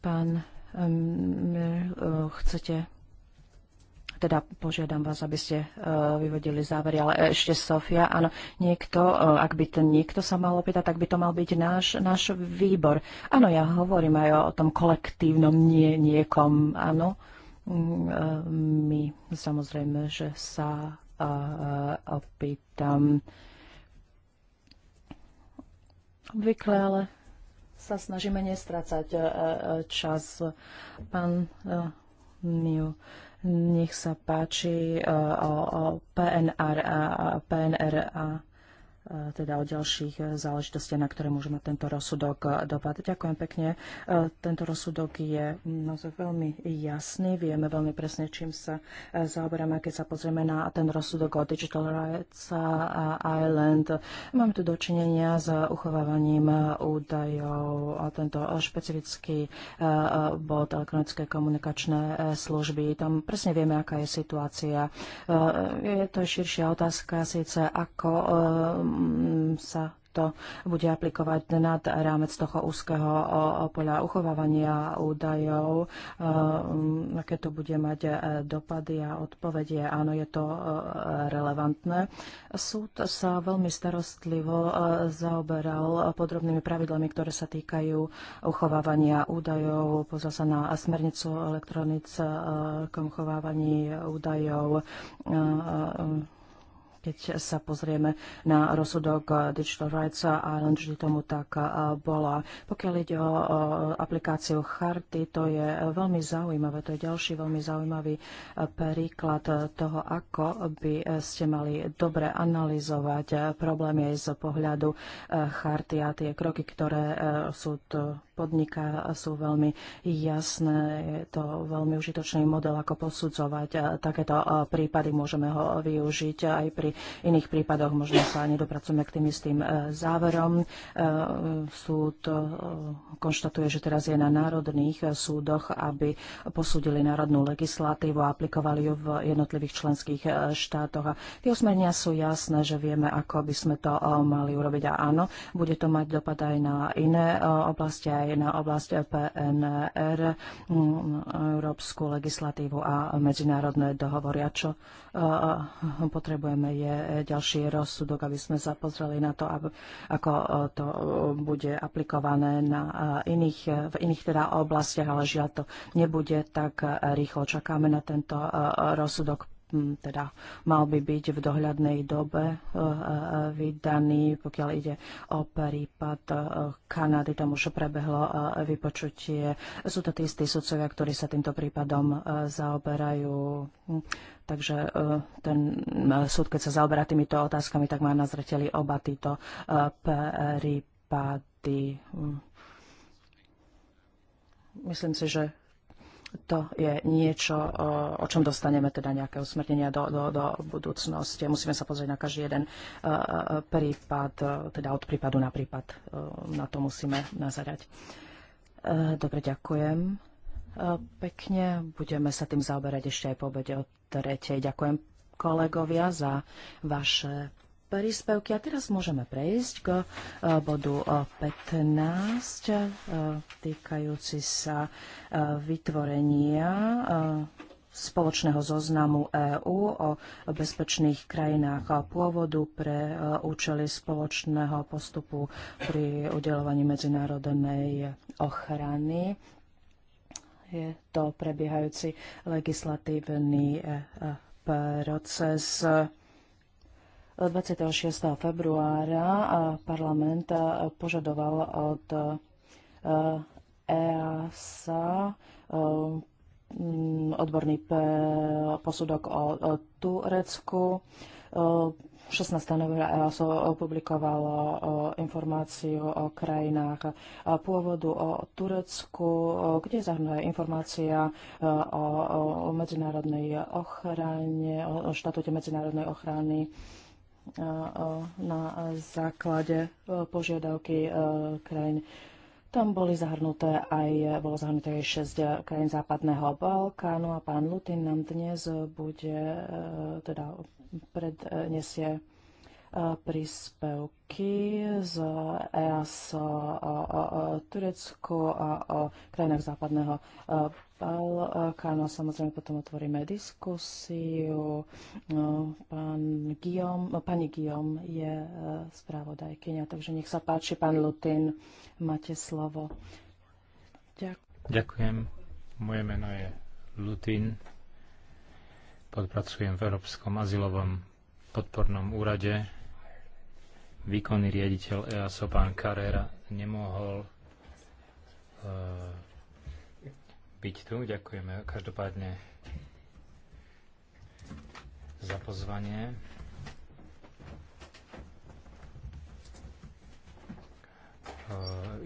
Pán, chcete teda požiadam vás, aby ste eh, vyvodili závery, ale ešte Sofia, áno, niekto, eh, ak by ten niekto sa mal opýtať, tak by to mal byť náš, náš výbor. Áno, ja hovorím aj o tom kolektívnom nie, niekom, áno. Mm, eh, my samozrejme, že sa opýtam obvykle, ale sa snažíme nestrácať čas. Pán Miu, nech sa páči eh, o PNR a PNR a E, teda o ďalších e, záležitostiach, na ktoré môže mať tento rozsudok e, dopad. Ďakujem pekne. Tento rozsudok je naozaj veľmi jasný, vieme veľmi presne, čím sa zaoberáme, keď sa pozrieme na ten rozsudok o Digital Rights Island. Mám tu dočinenia s uchovávaním údajov a tento špecifický bod elektronické komunikačné služby. Tam presne vieme, aká je situácia. Je to širšia otázka, síce ako Mm, sa to bude aplikovať nad rámec toho úzkeho poľa uchovávania údajov, e, mm, aké to bude mať e, dopady a odpovedie. Áno, je to e, relevantné. Súd sa veľmi starostlivo zaoberal podrobnými pravidlami, ktoré sa týkajú uchovávania údajov. Pozal sa na smernicu elektronickom chovávaní údajov keď sa pozrieme na rozsudok eh, Digital Rights Island, vždy tomu tak eh, bola. Pokiaľ ide o aplikáciu charty, to je veľmi zaujímavé. To je ďalší veľmi zaujímavý eh, príklad toho, ako by ste mali dobre analyzovať problémy aj z pohľadu charty a tie kroky, ktoré sú tu podniká, sú veľmi jasné. Je to veľmi užitočný model, ako posudzovať takéto prípady. Môžeme ho využiť aj pri iných prípadoch. Možno sa nedopracujeme k tým istým e, záverom. E, súd e, konštatuje, že teraz je na národných súdoch, aby posúdili národnú legislatívu a aplikovali ju v jednotlivých členských štátoch. A tie usmernenia sú jasné, že vieme, ako by sme to mali urobiť. A áno, bude to mať dopad aj na iné oblasti, aj na oblasť PNR, mm, európsku legislatívu a medzinárodné dohovory. A čo potrebujeme je ďalší rozsudok, aby sme sa pozreli na to, ako to bude aplikované na iných, v iných teda oblastiach, ale žiaľ to nebude tak rýchlo. Čakáme na tento rozsudok teda mal by byť v dohľadnej dobe e, e, vydaný. Pokiaľ ide o prípad e, Kanady, tam už prebehlo vypočutie. Sú to tí istí sudcovia, ktorí sa týmto prípadom zaoberajú. Takže ten súd, keď sa zaoberá týmito otázkami, tak má na zreteli oba títo prípady. Myslím si, že to je niečo, o čom dostaneme teda nejaké usmernenia do, do, do budúcnosti. Musíme sa pozrieť na každý jeden e, e, prípad, e, teda od prípadu na prípad. Na to musíme nazerať. Dobre, ďakujem pekne. Budeme sa tým zaoberať ešte aj po obede o tretej. Ďakujem kolegovia za vaše príspevky. A teraz môžeme prejsť k eh, bodu 15, eh, eh, týkajúci sa vytvorenia spoločného zoznamu EÚ o bezpečných krajinách a pôvodu pre účely spoločného postupu pri udelovaní medzinárodnej ochrany. Je to prebiehajúci legislatívny proces 26. februára parlament e, požadoval od EASA e e, odborný posudok o Turecku. 16. novembra EASO publikovalo informáciu o krajinách pôvodu o Turecku, kde zahrnuje informácia o medzinárodnej ochrane, o štatute medzinárodnej ochrany na základe e, požiadavky e, krajín. Tam boli zahrnuté aj, bolo zahrnuté aj 6 e, krajín západného Balkánu a pán Lutin nám dnes bude, teda prednesie príspevky z EAS o Turecku a o krajinách západného e, Balkánu. Samozrejme potom otvoríme diskusiu. E, pán Guillaume, e, pani Guillaume je správodajkynia, takže nech sa páči, pán Lutin, máte slovo. Ďakujem. Ďakujem. Moje meno je Lutin. Podpracujem v Európskom azylovom podpornom úrade výkonný riaditeľ EASO, pán Carrera, nemohol eh, byť tu. Ďakujeme každopádne za pozvanie. Eh,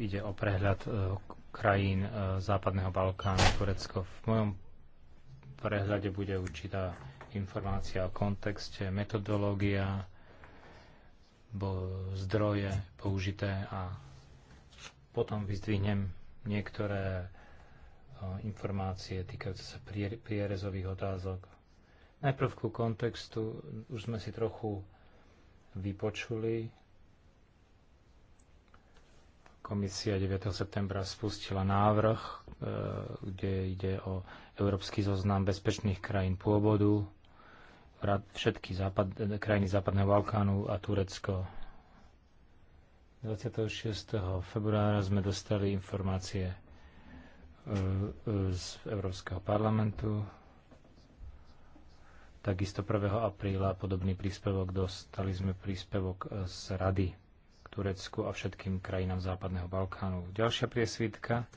ide o prehľad eh, krajín Západného Balkánu, Turecko. V mojom prehľade bude určitá informácia o kontexte, metodológia, zdroje použité a potom vyzdvihnem niektoré e, informácie týkajúce sa prierezových otázok. Najprv ku kontextu už sme si trochu vypočuli. Komisia 9. septembra spustila návrh, e, kde ide o Európsky zoznam bezpečných krajín pôvodu všetky západ, krajiny Západného Balkánu a Turecko. 26. februára sme dostali informácie e, e, z Európskeho parlamentu. Takisto 1. apríla podobný príspevok dostali sme príspevok e, z Rady k Turecku a všetkým krajinám Západného Balkánu. Ďalšia priesvítka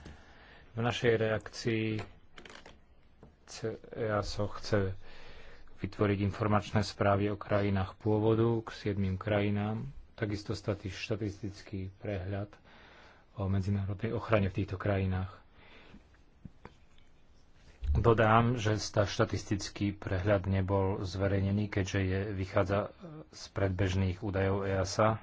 V našej reakcii som chce vytvoriť informačné správy o krajinách pôvodu k siedmým krajinám, takisto štatistický prehľad o medzinárodnej ochrane v týchto krajinách. Dodám, že sta štatistický prehľad nebol zverejnený, keďže je, vychádza z predbežných údajov EASA.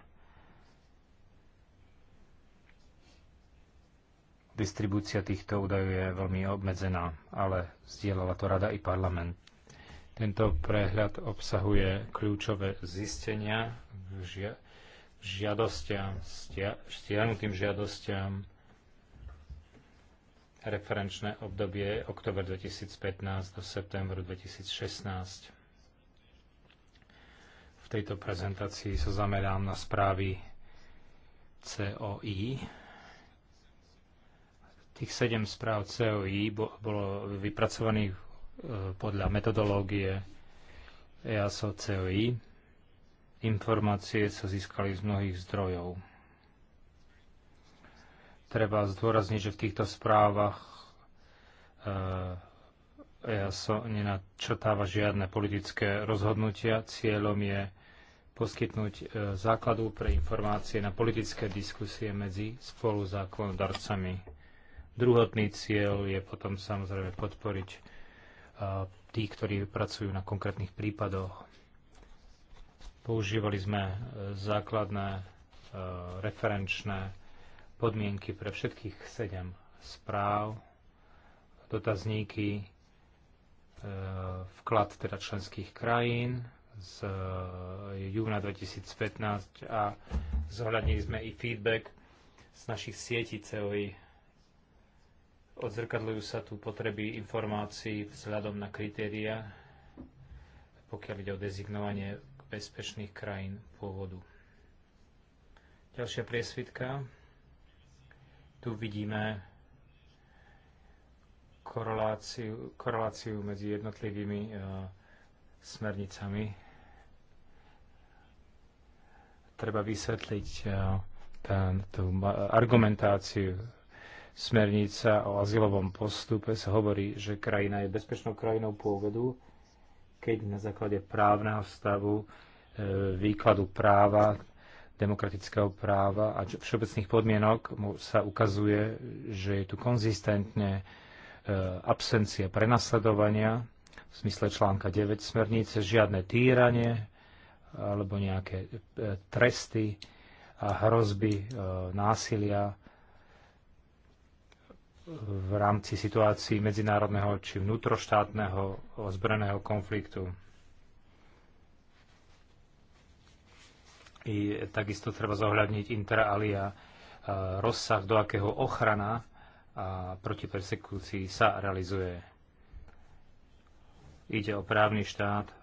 Distribúcia týchto údajov je veľmi obmedzená, ale zdieľala to rada i parlament. Tento prehľad obsahuje kľúčové zistenia žiadostiam, stiahnutým žiadostiam, referenčné obdobie oktober 2015 do septembru 2016. V tejto prezentácii sa zamerám na správy COI. Tých 7 správ COI bolo vypracovaných E, podľa metodológie EASO COI. Informácie sa získali z mnohých zdrojov. Treba zdôrazniť, že v týchto správach EASO e nenačrtáva žiadne politické rozhodnutia. Cieľom je poskytnúť e, základu pre informácie na politické diskusie medzi spoluzákonodarcami. Druhotný cieľ je potom samozrejme podporiť tí, ktorí pracujú na konkrétnych prípadoch. Používali sme e, základné e, referenčné podmienky pre všetkých sedem správ, dotazníky, e, vklad teda členských krajín z júna 2015 a zohľadnili sme i feedback z našich sietí COI Odzrkadľujú sa tu potreby informácií vzhľadom na kritéria, pokiaľ ide o dezignovanie bezpečných krajín pôvodu. Ďalšia priesvitka. Tu vidíme koreláciu, koreláciu medzi jednotlivými uh, smernicami. Treba vysvetliť uh, e, ten, tú argumentáciu Smernica o azylovom postupe sa hovorí, že krajina je bezpečnou krajinou pôvodu, keď na základe právneho stavu, e, výkladu práva, demokratického práva a všeobecných podmienok sa ukazuje, že je tu konzistentne e, absencia prenasledovania v smysle článka 9 smernice, žiadne týranie alebo nejaké e, tresty a hrozby násilia v rámci situácií medzinárodného či vnútroštátneho ozbrojeného konfliktu. I takisto treba zohľadniť inter alia e, rozsah, do akého ochrana a proti persekúcii sa realizuje. Ide o právny štát, e,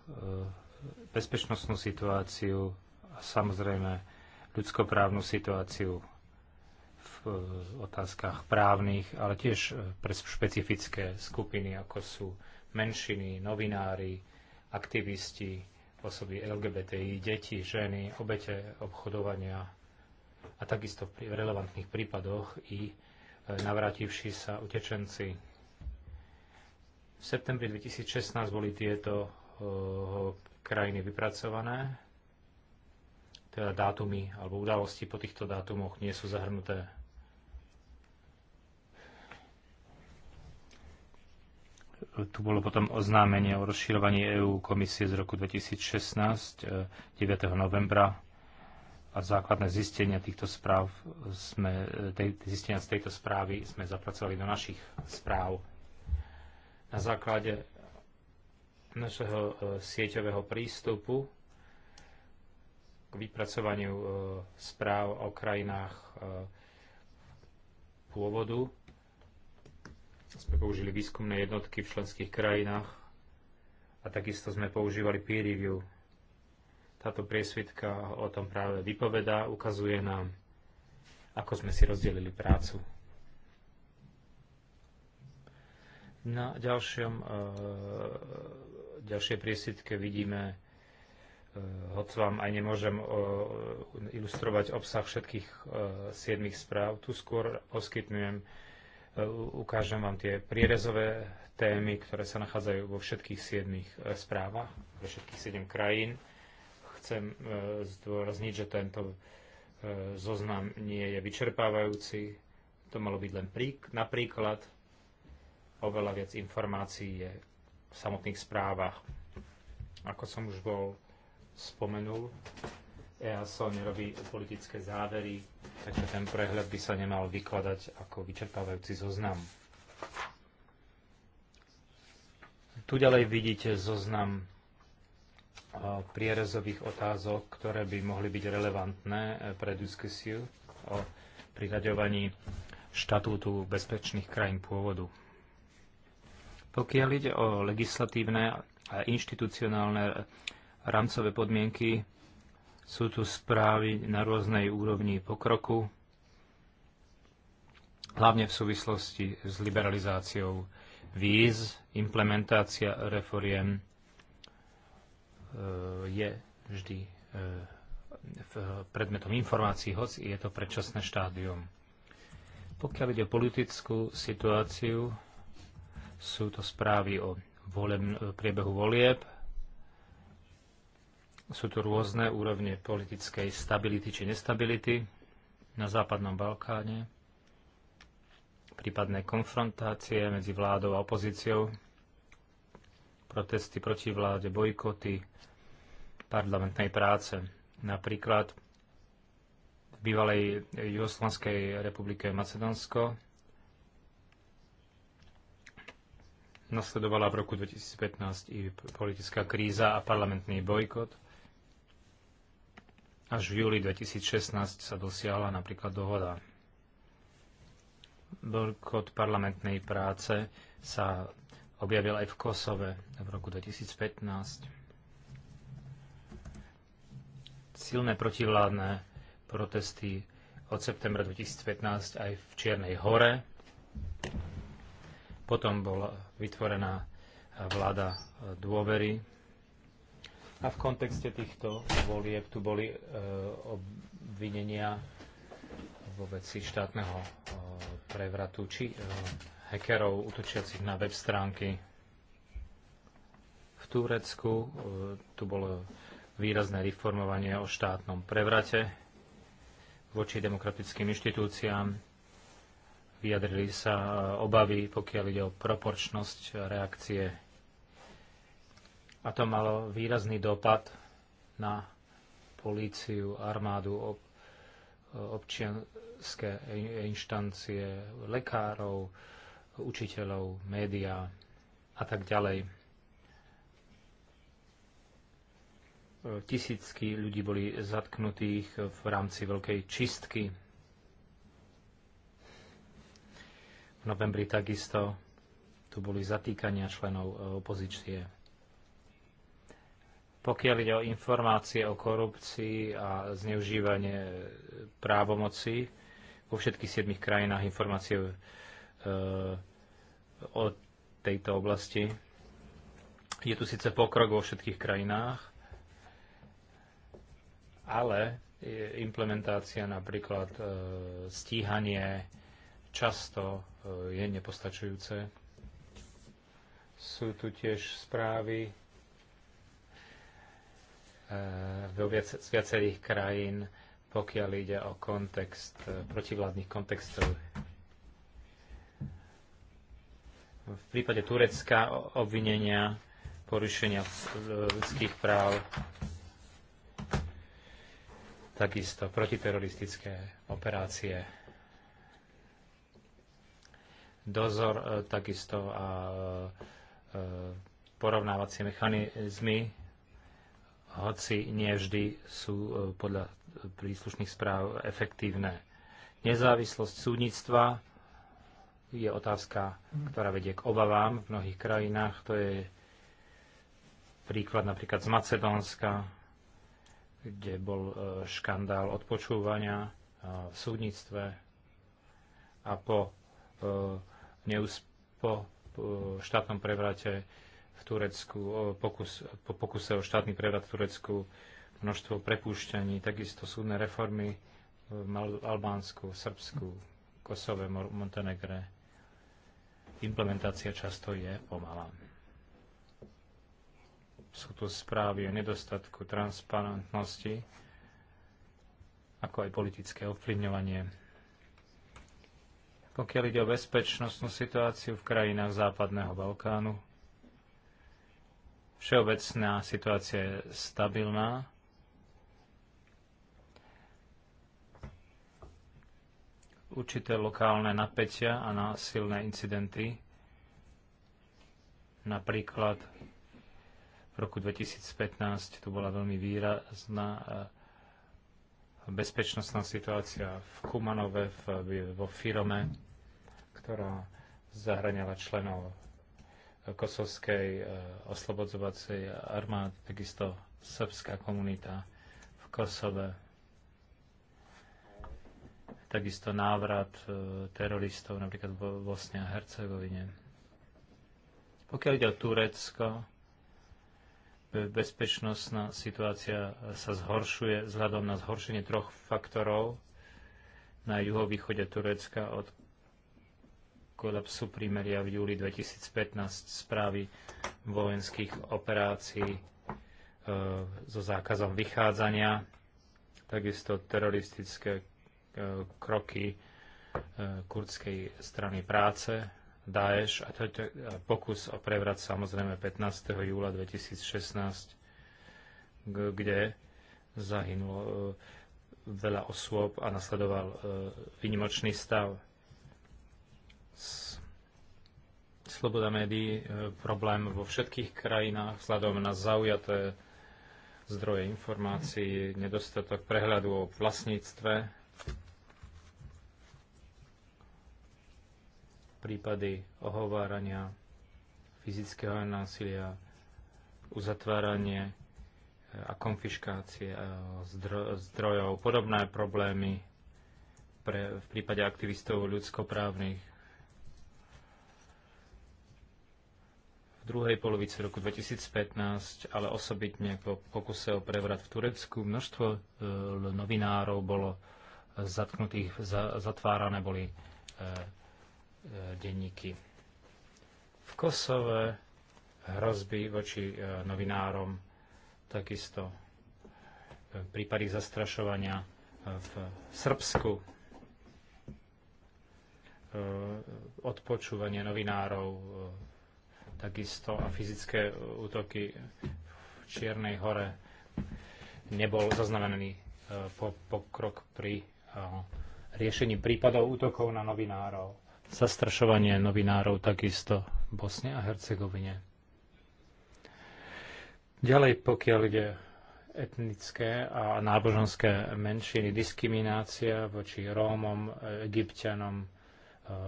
bezpečnostnú situáciu a samozrejme ľudskoprávnu situáciu otázkach právnych, ale tiež e, pre špecifické skupiny, ako sú menšiny, novinári, aktivisti, osoby LGBTI, deti, ženy, obete obchodovania a takisto v relevantných prípadoch i e, navrátivši sa utečenci. V septembri 2016 boli tieto e, krajiny vypracované, teda dátumy alebo udalosti po týchto dátumoch nie sú zahrnuté tu bolo potom oznámenie o rozširovaní EÚ komisie z roku 2016, 9. E, novembra a základné zistenia týchto správ sme, e, tej, zistenia z tejto správy sme zapracovali do našich správ. Na základe našeho e, sieťového prístupu k vypracovaniu správ o krajinách pôvodu sme použili výskumné jednotky v členských krajinách a takisto sme používali peer review. Táto priesvitka o tom práve vypovedá, ukazuje nám, ako sme si rozdelili prácu. Na ďalšom, e, ďalšej priesvitke vidíme, e, hoď vám aj nemôžem e, ilustrovať obsah všetkých siedmých správ, tu skôr poskytnujem Eh, ukážem vám tie prierezové témy, ktoré sa nachádzajú vo všetkých siedmých eh, správach, vo všetkých siedem krajín. Chcem eh, zdôrazniť, že tento zoznam nie je vyčerpávajúci. To malo byť len prík- napríklad. Oveľa viac informácií je v samotných správach. Ako som už bol spomenul, EASO nerobí politické závery, takže ten prehľad by sa nemal vykladať ako vyčerpávajúci zoznam. Tu ďalej vidíte zoznam e, prierezových otázok, ktoré by mohli byť relevantné e, pre diskusiu o priraďovaní štatútu bezpečných krajín pôvodu. Pokiaľ ide o legislatívne a inštitucionálne e, rámcové podmienky, sú tu správy na rôznej úrovni pokroku, hlavne v súvislosti s liberalizáciou víz, implementácia reforiem eh, je vždy eh, predmetom informácií, hoci je to predčasné štádium. Pokiaľ ide o politickú situáciu, sú to správy o voleb, eh, priebehu volieb, sú tu rôzne úrovne politickej stability či nestability na Západnom Balkáne, prípadné konfrontácie medzi vládou a opozíciou, protesty proti vláde, bojkoty parlamentnej práce. Napríklad v bývalej Jugoslovanskej republike Macedónsko nasledovala v roku 2015 i politická kríza a parlamentný bojkot. Až v júli 2016 sa dosiahla napríklad dohoda. Bojkot parlamentnej práce sa objavil aj v Kosove v roku 2015. Silné protivládne protesty od septembra 2015 aj v Čiernej hore. Potom bola vytvorená vláda dôvery a v kontexte týchto volieb tu boli e, obvinenia vo veci štátneho e, prevratu či e, utočiacich na web stránky. V Turecku e, tu bolo výrazné reformovanie o štátnom prevrate voči demokratickým inštitúciám. Vyjadrili sa e, obavy, pokiaľ ide o proporčnosť reakcie a to malo výrazný dopad na políciu, armádu, ob, občianské inštancie, lekárov, učiteľov, médiá a tak ďalej. Tisícky ľudí boli zatknutých v rámci veľkej čistky. V novembri takisto tu boli zatýkania členov e, opozície. Pokiaľ ide o informácie o korupcii a zneužívanie e, právomoci, vo všetkých siedmich krajinách informácie e, o tejto oblasti. Je tu síce pokrok vo všetkých krajinách, ale implementácia napríklad e, stíhanie často je nepostačujúce. Sú tu tiež správy vo eh, viac, z viacerých krajín, pokiaľ ide o kontext eh, protivládnych kontextov. V prípade Turecka obvinenia porušenia ľudských práv takisto protiteroristické operácie dozor eh, takisto a porovnávacie mechanizmy hoci nie vždy sú e, podľa príslušných správ efektívne. Nezávislosť súdnictva je otázka, ktorá vedie k obavám v mnohých krajinách. To je príklad napríklad z Macedónska, kde bol e, škandál odpočúvania e, v súdnictve a po, neúspo po štátnom prevrate v Turecku, o pokus, po pokuse o štátny prevrat v Turecku, množstvo prepúšťaní, takisto súdne reformy v Albánsku, Srbsku, Kosove, Montenegre. Implementácia často je pomalá. Sú tu správy o nedostatku transparentnosti, ako aj politické ovplyvňovanie. Pokiaľ ide o bezpečnostnú situáciu v krajinách Západného Balkánu, Všeobecná situácia je stabilná. Určité lokálne napätia a násilné incidenty, napríklad v roku 2015 tu bola veľmi výrazná eh, bezpečnostná situácia v Kumanove, vo firme, ktorá zahraniala členov kosovskej e, oslobodzovacej armády, takisto srbská komunita v Kosove, takisto návrat e, teroristov napríklad v Bosne a Hercegovine. Pokiaľ ide o Turecko, bezpečnostná situácia sa zhoršuje vzhľadom na zhoršenie troch faktorov na juhovýchode Turecka od kolapsu prímeria v júli 2015 správy vojenských operácií e, so zákazom vychádzania, takisto teroristické e, kroky e, kurdskej strany práce, Daesh a, to, to, a pokus o prevrat samozrejme 15. júla 2016, kde zahynulo e, veľa osôb a nasledoval e, výnimočný stav sloboda médií e, problém vo všetkých krajinách vzhľadom na zaujaté zdroje informácií, nedostatok prehľadu o vlastníctve, prípady ohovárania, fyzického násilia, uzatváranie e, a konfiškácie e, zdrojov, podobné problémy pre, v prípade aktivistov ľudskoprávnych druhej polovici roku 2015, ale osobitne po pokuse o prevrat v Turecku, množstvo e, novinárov bolo e, zatknutých, za, zatvárané boli e, e, denníky. V Kosove hrozby voči e, novinárom, takisto e, prípady zastrašovania e, v Srbsku, e, odpočúvanie novinárov, e, takisto a fyzické útoky v Čiernej hore nebol zaznamenaný e, pokrok pri e, riešení prípadov útokov na novinárov, zastrašovanie novinárov takisto v Bosne a Hercegovine. Ďalej, pokiaľ ide etnické a náboženské menšiny, diskriminácia voči Rómom, Egyptianom e,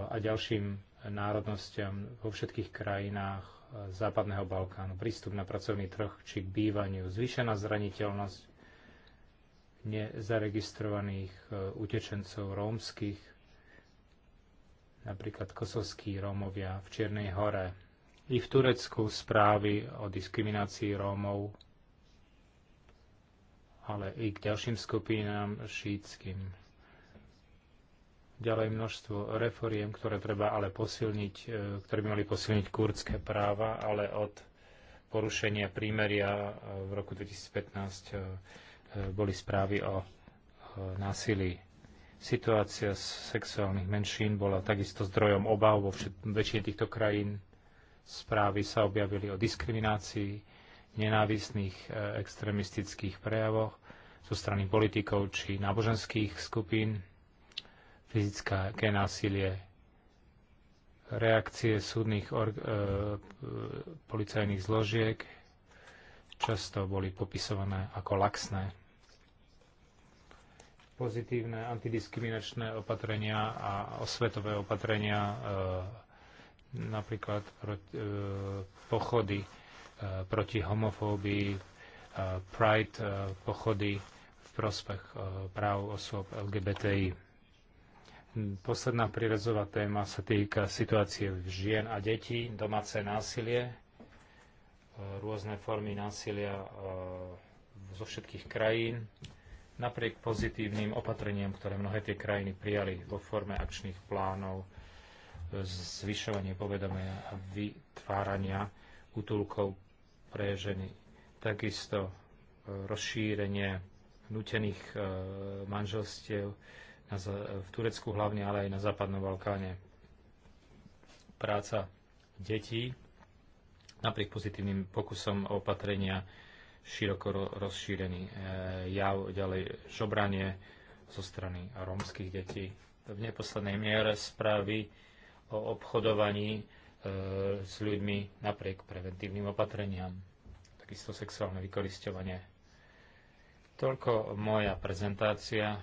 a ďalším národnostiam vo všetkých krajinách e, Západného Balkánu, prístup na pracovný trh či k bývaniu, zvýšená zraniteľnosť nezaregistrovaných e, utečencov rómskych, napríklad kosovskí Rómovia v Čiernej hore. I v Turecku správy o diskriminácii Rómov, ale i k ďalším skupinám šítským, Ďalej množstvo reforiem, ktoré treba ale posilniť, e, ktoré by mali posilniť kurdské práva, ale od porušenia prímeria e, v roku 2015 e, boli správy o násilí. Situácia sexuálnych menšín bola takisto zdrojom obav vo väčšine týchto krajín. Správy sa objavili o diskriminácii, nenávisných extremistických prejavoch zo strany politikov či náboženských skupín fyzické násilie, reakcie súdnych e, policajných zložiek často boli popisované ako laxné. Pozitívne antidiskriminačné opatrenia a osvetové opatrenia, e, napríklad proti, e, pochody e, proti homofóbii, e, Pride e, pochody v prospech e, práv osôb LGBTI. Hm, posledná prirezová téma sa týka situácie žien a detí, domáce násilie, e, rôzne formy násilia e, zo všetkých krajín, napriek pozitívnym opatreniam, ktoré mnohé tie krajiny prijali vo forme akčných plánov, e, zvyšovanie povedomia a vytvárania útulkov pre ženy. Takisto rozšírenie nutených manželstiev, v Turecku hlavne, ale aj na Západnom Balkáne. Práca detí napriek pozitívnym pokusom o opatrenia široko rozšírený e, jav, ďalej žobranie zo strany rómskych detí. V neposlednej miere správy o obchodovaní e, s ľuďmi napriek preventívnym opatreniam. Takisto sexuálne vykoristovanie. Toľko moja prezentácia.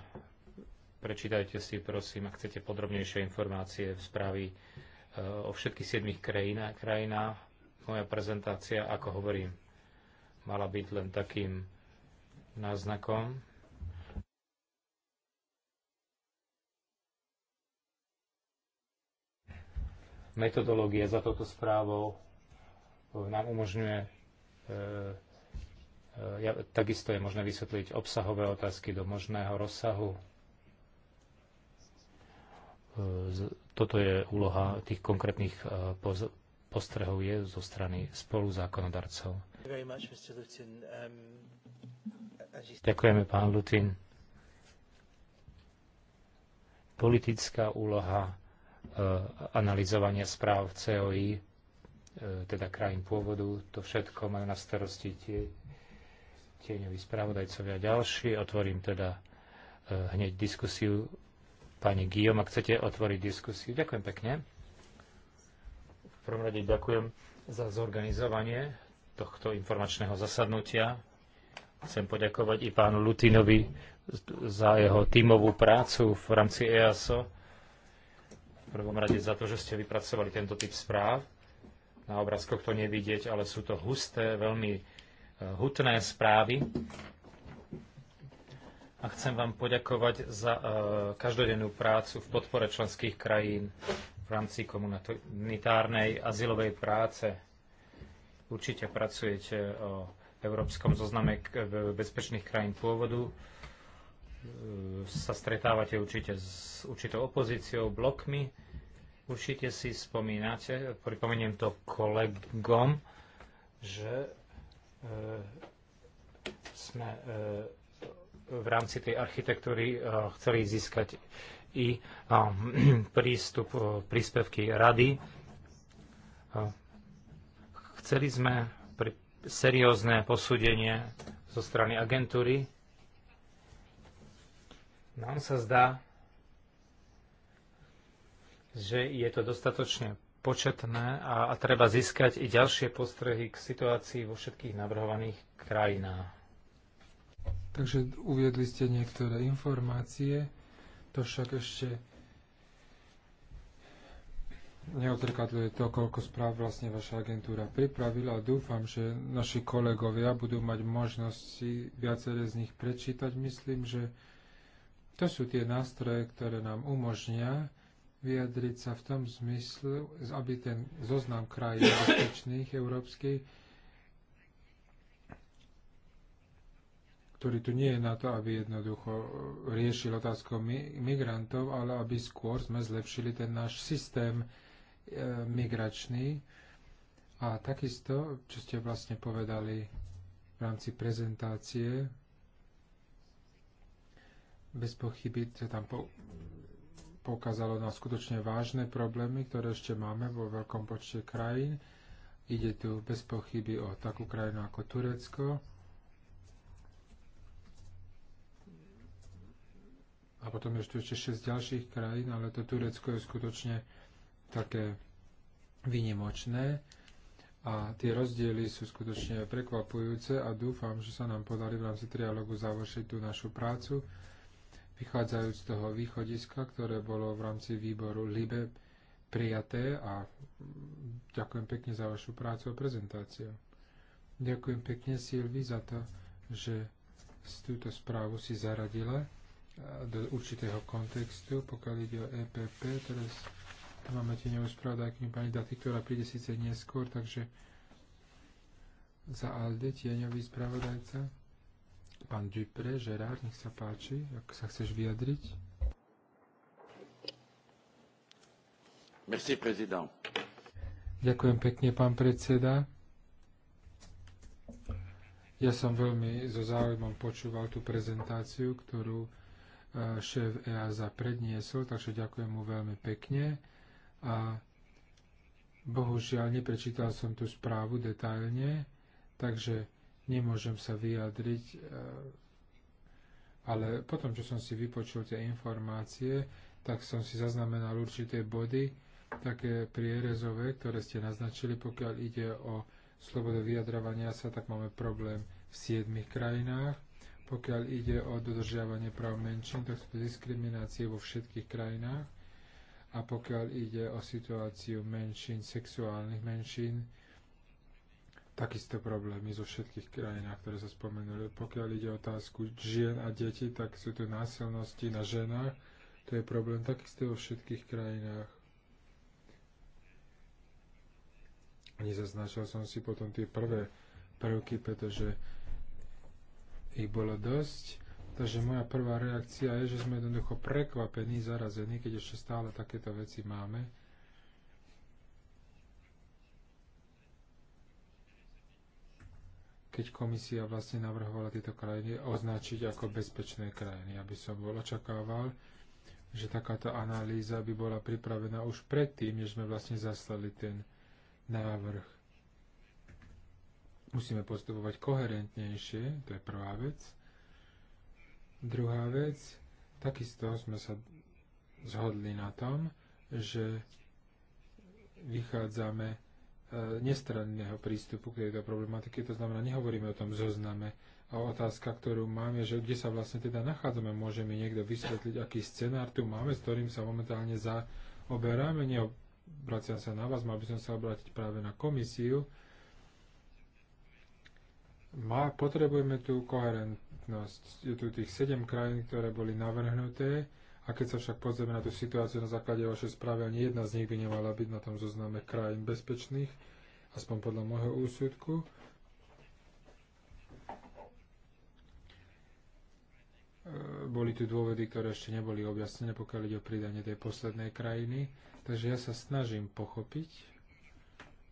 Prečítajte si, prosím, ak chcete podrobnejšie informácie v správy eh, o všetkých siedmých krajinách. Krajina, moja prezentácia, ako hovorím, mala byť len takým náznakom. Metodológia za touto správou eh, nám umožňuje eh, ja, takisto je možné vysvetliť obsahové otázky do možného rozsahu toto je úloha tých konkrétnych e, postrehov je zo strany spoluzákonodarcov. Um, Ďakujeme, pán Lutin. Politická úloha e, analyzovania správ COI, e, teda krajín pôvodu, to všetko majú na starosti tie, tieňoví spravodajcovia ďalší. Otvorím teda hneď diskusiu Pani Guillaume, ak chcete otvoriť diskusiu. Ďakujem pekne. V prvom rade ďakujem za zorganizovanie tohto informačného zasadnutia. Chcem poďakovať i pánu Lutinovi za jeho tímovú prácu v rámci EASO. V prvom rade za to, že ste vypracovali tento typ správ. Na obrázkoch to nevidieť, ale sú to husté, veľmi eh, hutné správy, a chcem vám poďakovať za e, každodennú prácu v podpore členských krajín v rámci komunitárnej azylovej práce. Určite pracujete o Európskom zozname bezpečných krajín pôvodu. E, sa stretávate určite s určitou opozíciou, blokmi. Určite si spomínate, pripomeniem to kolegom, že e, sme e, v rámci tej architektúry e, chceli získať i e, <clears throat> prístup e, príspevky rady. Chceli sme seriózne posúdenie zo strany agentúry. Nám sa zdá, že je to dostatočne početné a, a treba získať i ďalšie postrehy k situácii vo všetkých navrhovaných krajinách. Takže uviedli ste niektoré informácie, to však ešte neotrkadluje to, koľko správ vlastne vaša agentúra pripravila dúfam, že naši kolegovia budú mať možnosť si viaceré z nich prečítať. Myslím, že to sú tie nástroje, ktoré nám umožnia vyjadriť sa v tom zmysle, aby ten zoznam krajín <coughs> bezpečných európskych ktorý tu nie je na to, aby jednoducho e, riešil otázku migrantov, ale aby skôr sme zlepšili ten náš systém e, migračný. A takisto, čo ste vlastne povedali v rámci prezentácie, bez pochyby sa tam po, poukázalo na skutočne vážne problémy, ktoré ešte máme vo veľkom počte krajín. Ide tu bez pochyby o takú krajinu ako Turecko, a potom je tu ešte 6 ďalších krajín, ale to Turecko je skutočne také vynimočné a tie rozdiely sú skutočne prekvapujúce a dúfam, že sa nám podarí v rámci trialogu završiť tú našu prácu, vychádzajúc z toho východiska, ktoré bolo v rámci výboru LIBE prijaté a ďakujem pekne za vašu prácu a prezentáciu. Ďakujem pekne Silvi za to, že túto správu si zaradila do určitého kontextu, pokiaľ ide o EPP, teraz tu máme tie neuspravodajkými pani Daty, ktorá príde síce neskôr, takže za ALDE tieňový spravodajca, pán Dupre, Žerár, nech sa páči, ak sa chceš vyjadriť. Merci, prezident. Ďakujem pekne, pán predseda. Ja som veľmi so záujmom počúval tú prezentáciu, ktorú šéf EASA predniesol, takže ďakujem mu veľmi pekne. A bohužiaľ neprečítal som tú správu detailne, takže nemôžem sa vyjadriť, e, ale potom, čo som si vypočul tie informácie, tak som si zaznamenal určité body, také prierezové, ktoré ste naznačili, pokiaľ ide o slobodu vyjadrovania sa, tak máme problém v siedmých krajinách pokiaľ ide o dodržiavanie práv menšín, tak sú to diskriminácie vo všetkých krajinách. A pokiaľ ide o situáciu menšín, sexuálnych menšín, takisto problémy zo všetkých krajinách, ktoré sa spomenuli. Pokiaľ ide o otázku žien a deti, tak sú to násilnosti na ženách. To je problém takisto vo všetkých krajinách. Nezaznačil som si potom tie prvé prvky, pretože ich bolo dosť. Takže moja prvá reakcia je, že sme jednoducho prekvapení, zarazení, keď ešte stále takéto veci máme. Keď komisia vlastne navrhovala tieto krajiny označiť ako bezpečné krajiny. aby som bol očakával, že takáto analýza by bola pripravená už predtým, než sme vlastne zaslali ten návrh Musíme postupovať koherentnejšie, to je prvá vec. Druhá vec, takisto sme sa zhodli na tom, že vychádzame e, nestranného prístupu k tejto problematike, to znamená, nehovoríme o tom zozname. A otázka, ktorú mám, je, že kde sa vlastne teda nachádzame. Môže mi niekto vysvetliť, aký scenár tu máme, s ktorým sa momentálne zaoberáme. Neobraciam sa na vás, mal by som sa obrátiť práve na komisiu, má, potrebujeme tú koherentnosť. Je tu tých 7 krajín, ktoré boli navrhnuté a keď sa však pozrieme na tú situáciu na základe vašej správy, ani jedna z nich by nemala byť na tom zozname krajín bezpečných, aspoň podľa môjho úsudku. E, boli tu dôvody, ktoré ešte neboli objasnené, pokiaľ ide o pridanie tej poslednej krajiny. Takže ja sa snažím pochopiť,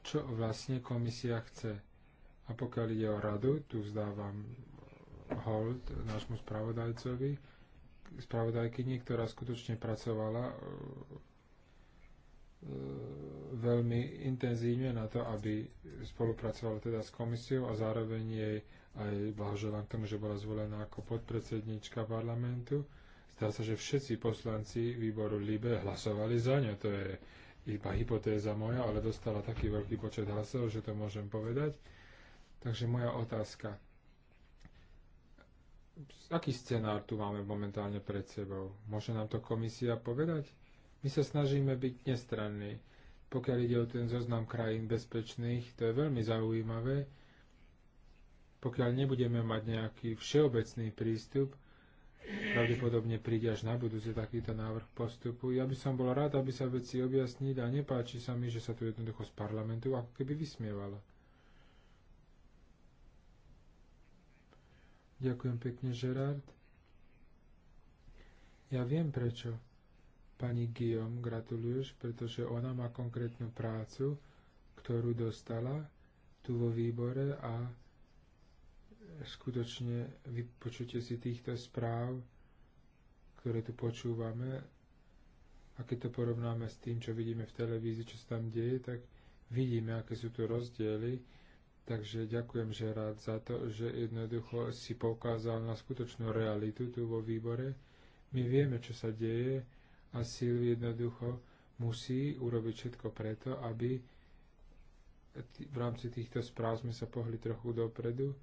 čo vlastne komisia chce. A pokiaľ ide o radu, tu vzdávam hold nášmu spravodajcovi, spravodajkyni, ktorá skutočne pracovala e, e, veľmi intenzívne na to, aby spolupracovala teda s komisiou a zároveň jej aj blahoželám k tomu, že bola zvolená ako podpredsednička parlamentu. Zdá sa, že všetci poslanci výboru LIBE hlasovali za ňu. To je iba hypotéza moja, ale dostala taký veľký počet hlasov, že to môžem povedať. Takže moja otázka. Aký scenár tu máme momentálne pred sebou? Môže nám to komisia povedať? My sa snažíme byť nestranní. Pokiaľ ide o ten zoznam krajín bezpečných, to je veľmi zaujímavé. Pokiaľ nebudeme mať nejaký všeobecný prístup, pravdepodobne príde až na budúce takýto návrh postupu. Ja by som bol rád, aby sa veci objasnili a nepáči sa mi, že sa tu jednoducho z parlamentu ako keby vysmievalo. Ďakujem pekne, Gerard. Ja viem prečo. Pani Guillaume gratuluješ, pretože ona má konkrétnu prácu, ktorú dostala tu vo výbore a skutočne vypočujte si týchto správ, ktoré tu počúvame a keď to porovnáme s tým, čo vidíme v televízii, čo sa tam deje, tak vidíme, aké sú tu rozdiely Takže ďakujem Žerát za to, že jednoducho si poukázal na skutočnú realitu tu vo výbore. My vieme, čo sa deje a síl jednoducho musí urobiť všetko preto, aby v rámci týchto správ sme sa pohli trochu dopredu.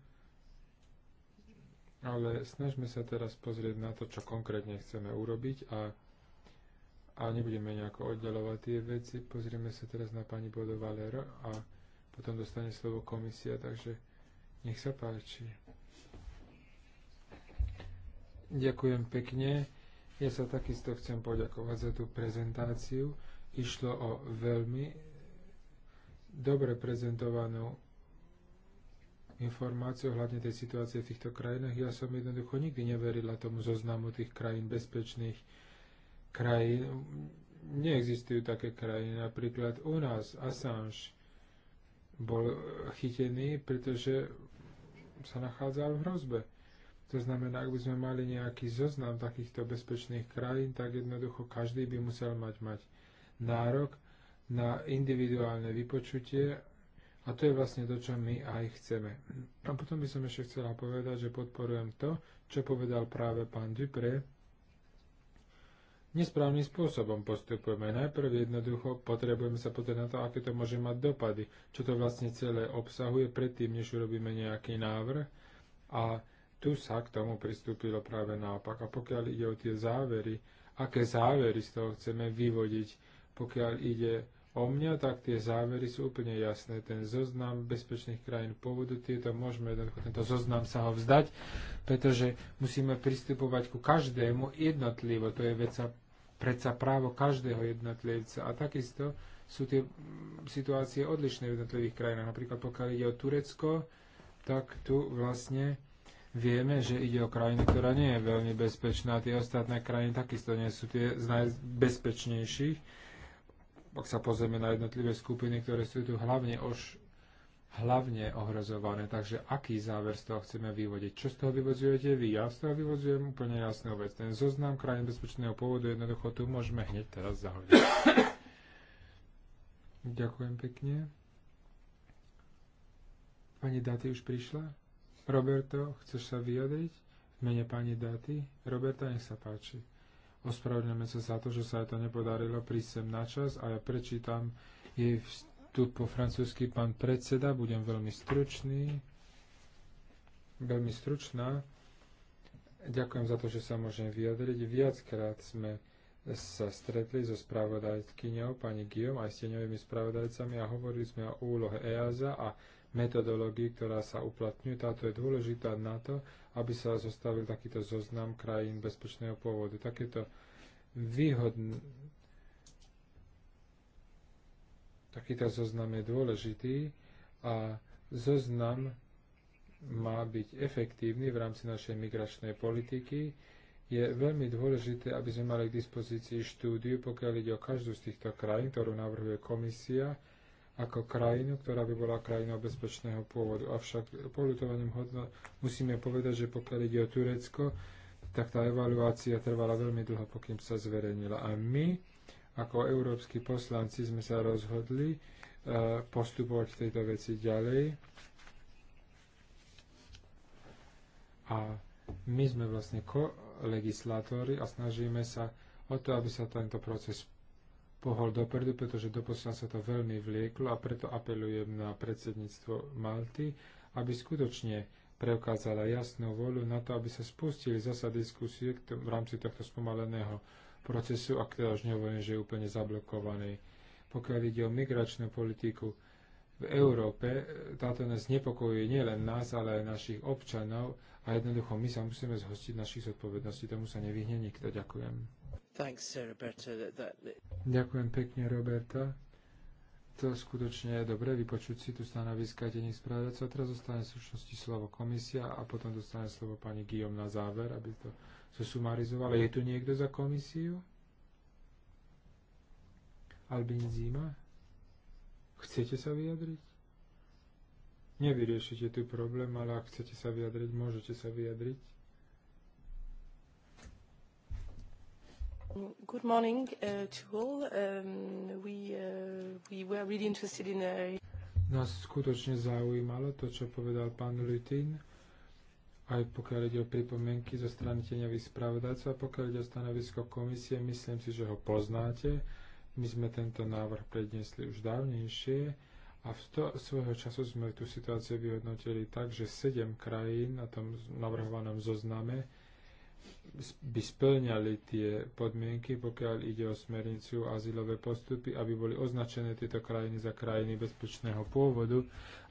Ale snažme sa teraz pozrieť na to, čo konkrétne chceme urobiť a, a nebudeme nejako oddelovať tie veci. Pozrieme sa teraz na pani Bodovalero a potom dostane slovo komisia, takže nech sa páči. Ďakujem pekne. Ja sa takisto chcem poďakovať za tú prezentáciu. Išlo o veľmi dobre prezentovanú informáciu ohľadne tej situácie v týchto krajinách. Ja som jednoducho nikdy neverila tomu zoznamu tých krajín, bezpečných krajín. Neexistujú také krajiny. Napríklad u nás Assange bol chytený, pretože sa nachádzal v hrozbe. To znamená, ak by sme mali nejaký zoznam takýchto bezpečných krajín, tak jednoducho každý by musel mať, mať nárok na individuálne vypočutie a to je vlastne to, čo my aj chceme. A potom by som ešte chcela povedať, že podporujem to, čo povedal práve pán Dupré, nesprávnym spôsobom postupujeme. Najprv jednoducho potrebujeme sa pozrieť na to, aké to môže mať dopady, čo to vlastne celé obsahuje, predtým, než urobíme nejaký návrh. A tu sa k tomu pristúpilo práve naopak. A pokiaľ ide o tie závery, aké závery z toho chceme vyvodiť, pokiaľ ide o mňa, tak tie závery sú úplne jasné. Ten zoznam bezpečných krajín pôvodu, tieto môžeme jednoducho, tento zoznam sa ho vzdať, pretože musíme pristupovať ku každému jednotlivo. To je vec predsa právo každého jednotlivca. A takisto sú tie situácie odlišné v jednotlivých krajinách. Napríklad pokiaľ ide o Turecko, tak tu vlastne vieme, že ide o krajinu, ktorá nie je veľmi bezpečná. Tie ostatné krajiny takisto nie sú tie z najbezpečnejších. Ak sa pozrieme na jednotlivé skupiny, ktoré sú tu hlavne už hlavne ohrozované. Takže aký záver z toho chceme vyvodiť? Čo z toho vyvodzujete vy? Ja z toho vyvodzujem úplne jasnú vec. Ten zoznam krajín bezpečného pôvodu jednoducho tu môžeme hneď teraz zahodiť. Ďakujem pekne. Pani Daty už prišla? Roberto, chceš sa vyjadriť? V mene pani Daty? Roberta, nech sa páči. Ospravedlňujeme sa za to, že sa jej to nepodarilo prísť sem na čas a ja prečítam jej tu po francúzsky pán predseda, budem veľmi stručný. Veľmi stručná. Ďakujem za to, že sa môžem vyjadriť. Viackrát sme sa stretli so spravodajkyňou pani Guillaume aj s spravodajcami a hovorili sme o úlohe EASA a metodológii, ktorá sa uplatňuje. Táto je dôležitá na to, aby sa zostavil takýto zoznam krajín bezpečného pôvodu. Takéto výhodné, Takýto zoznam je dôležitý a zoznam má byť efektívny v rámci našej migračnej politiky. Je veľmi dôležité, aby sme mali k dispozícii štúdiu, pokiaľ ide o každú z týchto krajín, ktorú navrhuje komisia, ako krajinu, ktorá by bola krajinou bezpečného pôvodu. Avšak polutovaním hodno musíme povedať, že pokiaľ ide o Turecko, tak tá evaluácia trvala veľmi dlho, pokým sa zverejnila. A my ako európsky poslanci sme sa rozhodli eh, postupovať v tejto veci ďalej. A my sme vlastne legislátori a snažíme sa o to, aby sa tento proces pohol dopredu, pretože doposiaľ sa to veľmi vlieklo a preto apelujem na predsedníctvo Malty, aby skutočne preukázala jasnú voľu na to, aby sa spustili zasa diskusie v rámci tohto spomaleného procesu, ak teda už nehovorím, že je úplne zablokovaný. Pokiaľ ide o migračnú politiku v Európe, táto nás nepokojuje nielen nás, ale aj našich občanov a jednoducho my sa musíme zhostiť našich zodpovedností. Tomu sa nevyhne nikto. Ďakujem. Thanks, sir, that, that... Ďakujem pekne, Roberta. To skutočne je dobre vypočuť si tu stanoviska dených správacov. Teraz zostane v slušnosti slovo komisia a potom dostane slovo pani Guillaume na záver, aby to zosumarizoval. Je tu niekto za komisiu? Albin Zima? Chcete sa vyjadriť? Nevyriešite tu problém, ale ak chcete sa vyjadriť, môžete sa vyjadriť. Good morning uh, to all. Um, we, uh, we were really interested in... Uh... Nás skutočne zaujímalo to, čo povedal pán Lutin aj pokiaľ ide o pripomienky zo strany teňových spravodajcov a pokiaľ ide o stanovisko komisie, myslím si, že ho poznáte. My sme tento návrh predniesli už dávnejšie a v to, svojho času sme tú situáciu vyhodnotili tak, že 7 krajín na tom navrhovanom zozname by splňali tie podmienky, pokiaľ ide o smernicu azylové postupy, aby boli označené tieto krajiny za krajiny bezpečného pôvodu.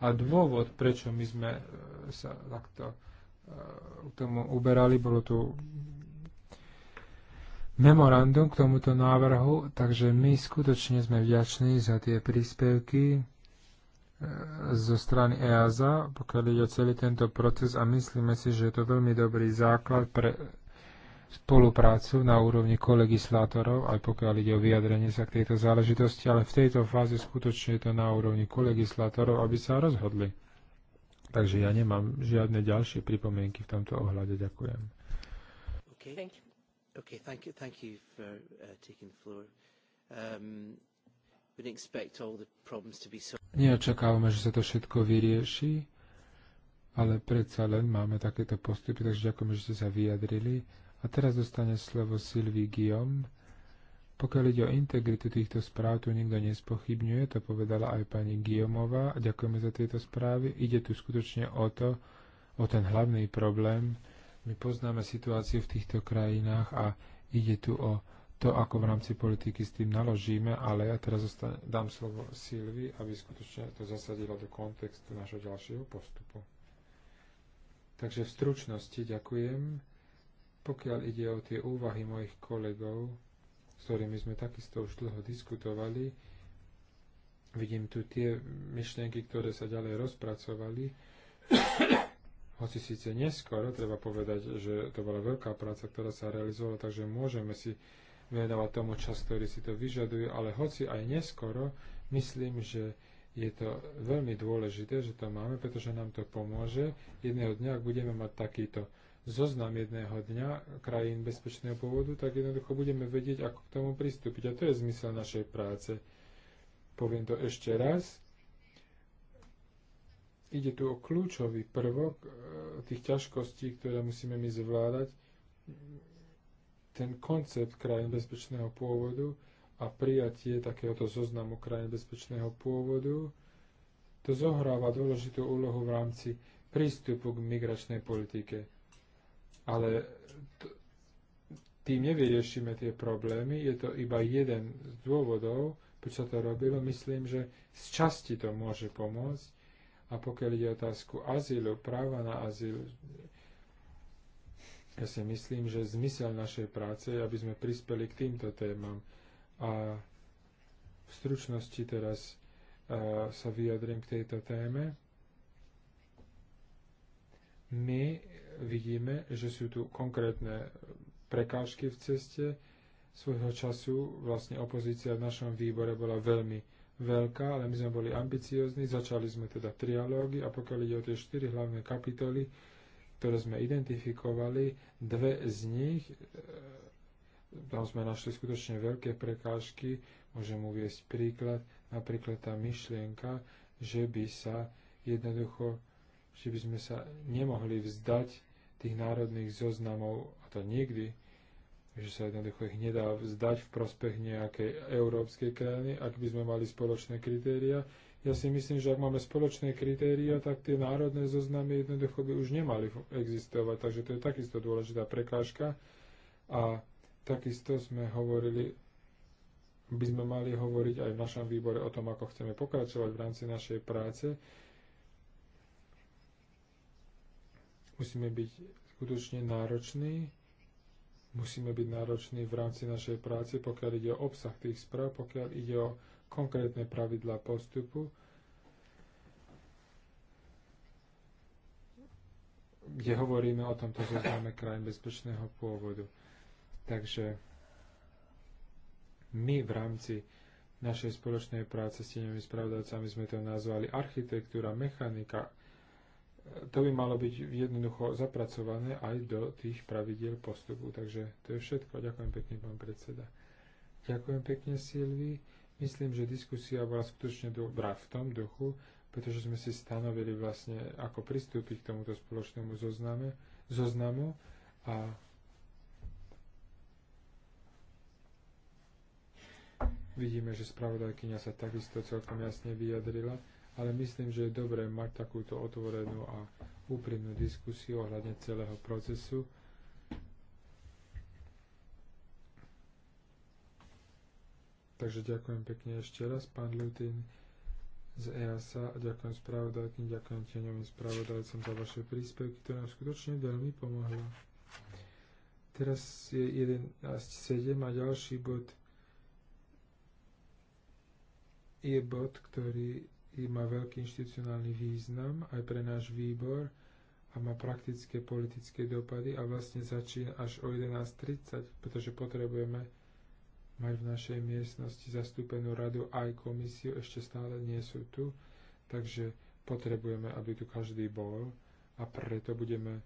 A dôvod, prečo my sme e, sa takto E, tomu uberali, bolo tu memorandum k tomuto návrhu, takže my skutočne sme vďační za tie príspevky e, zo strany EASA, pokiaľ ide o celý tento proces a myslíme si, že je to veľmi dobrý základ pre spoluprácu na úrovni kolegislátorov, aj pokiaľ ide o vyjadrenie sa k tejto záležitosti, ale v tejto fáze skutočne je to na úrovni kolegislátorov, aby sa rozhodli. Takže ja nemám žiadne ďalšie pripomienky v tomto ohľade. Ďakujem. Neočakávame, že sa to všetko vyrieši, ale predsa len máme takéto postupy, takže ďakujem, že ste sa vyjadrili. A teraz dostane slovo Sylvie Guillaume pokiaľ ide o integritu týchto správ, tu nikto nespochybňuje, to povedala aj pani Giomová. Ďakujeme za tieto správy. Ide tu skutočne o to, o ten hlavný problém. My poznáme situáciu v týchto krajinách a ide tu o to, ako v rámci politiky s tým naložíme, ale ja teraz dám slovo Silvi, aby skutočne to zasadila do kontextu našho ďalšieho postupu. Takže v stručnosti ďakujem. Pokiaľ ide o tie úvahy mojich kolegov, s ktorými sme takisto už dlho diskutovali. Vidím tu tie myšlienky, ktoré sa ďalej rozpracovali. <coughs> Hoci síce neskoro, treba povedať, že to bola veľká práca, ktorá sa realizovala, takže môžeme si venovať tomu čas, ktorý si to vyžaduje, ale hoci aj neskoro, myslím, že je to veľmi dôležité, že to máme, pretože nám to pomôže jedného dňa, ak budeme mať takýto zoznam jedného dňa krajín bezpečného pôvodu, tak jednoducho budeme vedieť, ako k tomu pristúpiť. A to je zmysel našej práce. Poviem to ešte raz. Ide tu o kľúčový prvok e, tých ťažkostí, ktoré musíme my zvládať. Ten koncept krajín bezpečného pôvodu a prijatie takéhoto zoznamu krajín bezpečného pôvodu, to zohráva dôležitú úlohu v rámci prístupu k migračnej politike ale tým nevyriešime tie problémy, je to iba jeden z dôvodov, prečo sa to robilo. Myslím, že z časti to môže pomôcť. A pokiaľ ide otázku azylu, práva na azyl, ja si myslím, že zmysel našej práce je, aby sme prispeli k týmto témam. A v stručnosti teraz uh, sa vyjadrím k tejto téme my vidíme, že sú tu konkrétne prekážky v ceste. Svojho času vlastne opozícia v našom výbore bola veľmi veľká, ale my sme boli ambiciozni, začali sme teda trialógy a pokiaľ ide o tie štyri hlavné kapitoly, ktoré sme identifikovali, dve z nich, e, tam sme našli skutočne veľké prekážky, môžem uviesť príklad, napríklad tá myšlienka, že by sa jednoducho že by sme sa nemohli vzdať tých národných zoznamov, a to nikdy, že sa jednoducho ich nedá vzdať v prospech nejakej európskej krajiny, ak by sme mali spoločné kritéria. Ja si myslím, že ak máme spoločné kritéria, tak tie národné zoznamy jednoducho by už nemali existovať. Takže to je takisto dôležitá prekážka. A takisto sme hovorili, by sme mali hovoriť aj v našom výbore o tom, ako chceme pokračovať v rámci našej práce Musíme byť skutočne nároční, musíme byť nároční v rámci našej práce, pokiaľ ide o obsah tých správ, pokiaľ ide o konkrétne pravidlá postupu, kde hovoríme o tomto zozname <coughs> krajín bezpečného pôvodu. Takže my v rámci našej spoločnej práce s tenými spravodajcami sme to nazvali architektúra, mechanika, to by malo byť jednoducho zapracované aj do tých pravidiel postupu. Takže to je všetko. Ďakujem pekne, pán predseda. Ďakujem pekne, Silvi. Myslím, že diskusia bola skutočne dobrá v tom duchu, pretože sme si stanovili vlastne, ako pristúpiť k tomuto spoločnému zozname, zoznamu a vidíme, že spravodajkynia sa takisto celkom jasne vyjadrila ale myslím, že je dobré mať takúto otvorenú a úprimnú diskusiu ohľadne celého procesu. Takže ďakujem pekne ešte raz, pán Lutin z EASA, ďakujem spravodajkým, ďakujem tieňovým spravodajcom za vaše príspevky, to nám skutočne veľmi pomohlo. Teraz je 11.7 a ďalší bod je bod, ktorý má veľký inštitucionálny význam aj pre náš výbor a má praktické politické dopady a vlastne začína až o 11.30, pretože potrebujeme mať v našej miestnosti zastúpenú radu aj komisiu, ešte stále nie sú tu, takže potrebujeme, aby tu každý bol a preto budeme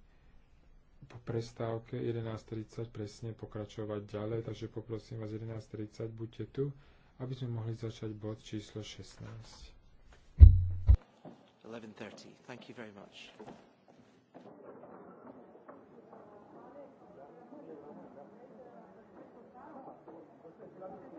po prestávke 11.30 presne pokračovať ďalej, takže poprosím vás 11.30 buďte tu, aby sme mohli začať bod číslo 16. 11.30. Thank you very much. Thank you.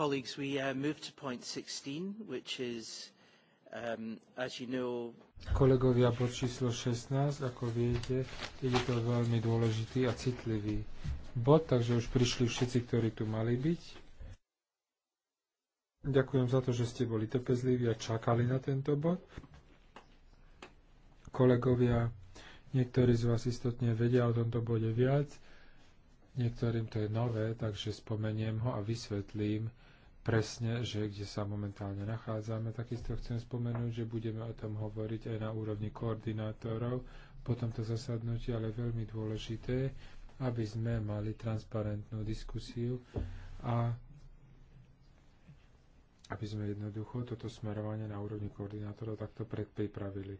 colleagues, we uh, move to point 16, which is, um, as you know... Kolegovia, bod číslo 16, ako viete, je to veľmi dôležitý a citlivý bod, takže už prišli všetci, ktorí tu mali byť. Ďakujem za to, že ste boli trpezliví a čakali na tento bod. Kolegovia, niektorí z vás istotne vedia o tomto bode viac Niektorým to je nové, takže spomeniem ho a vysvetlím presne, že kde sa momentálne nachádzame. Takisto chcem spomenúť, že budeme o tom hovoriť aj na úrovni koordinátorov po tomto zasadnutí, ale veľmi dôležité, aby sme mali transparentnú diskusiu a aby sme jednoducho toto smerovanie na úrovni koordinátorov takto predpripravili.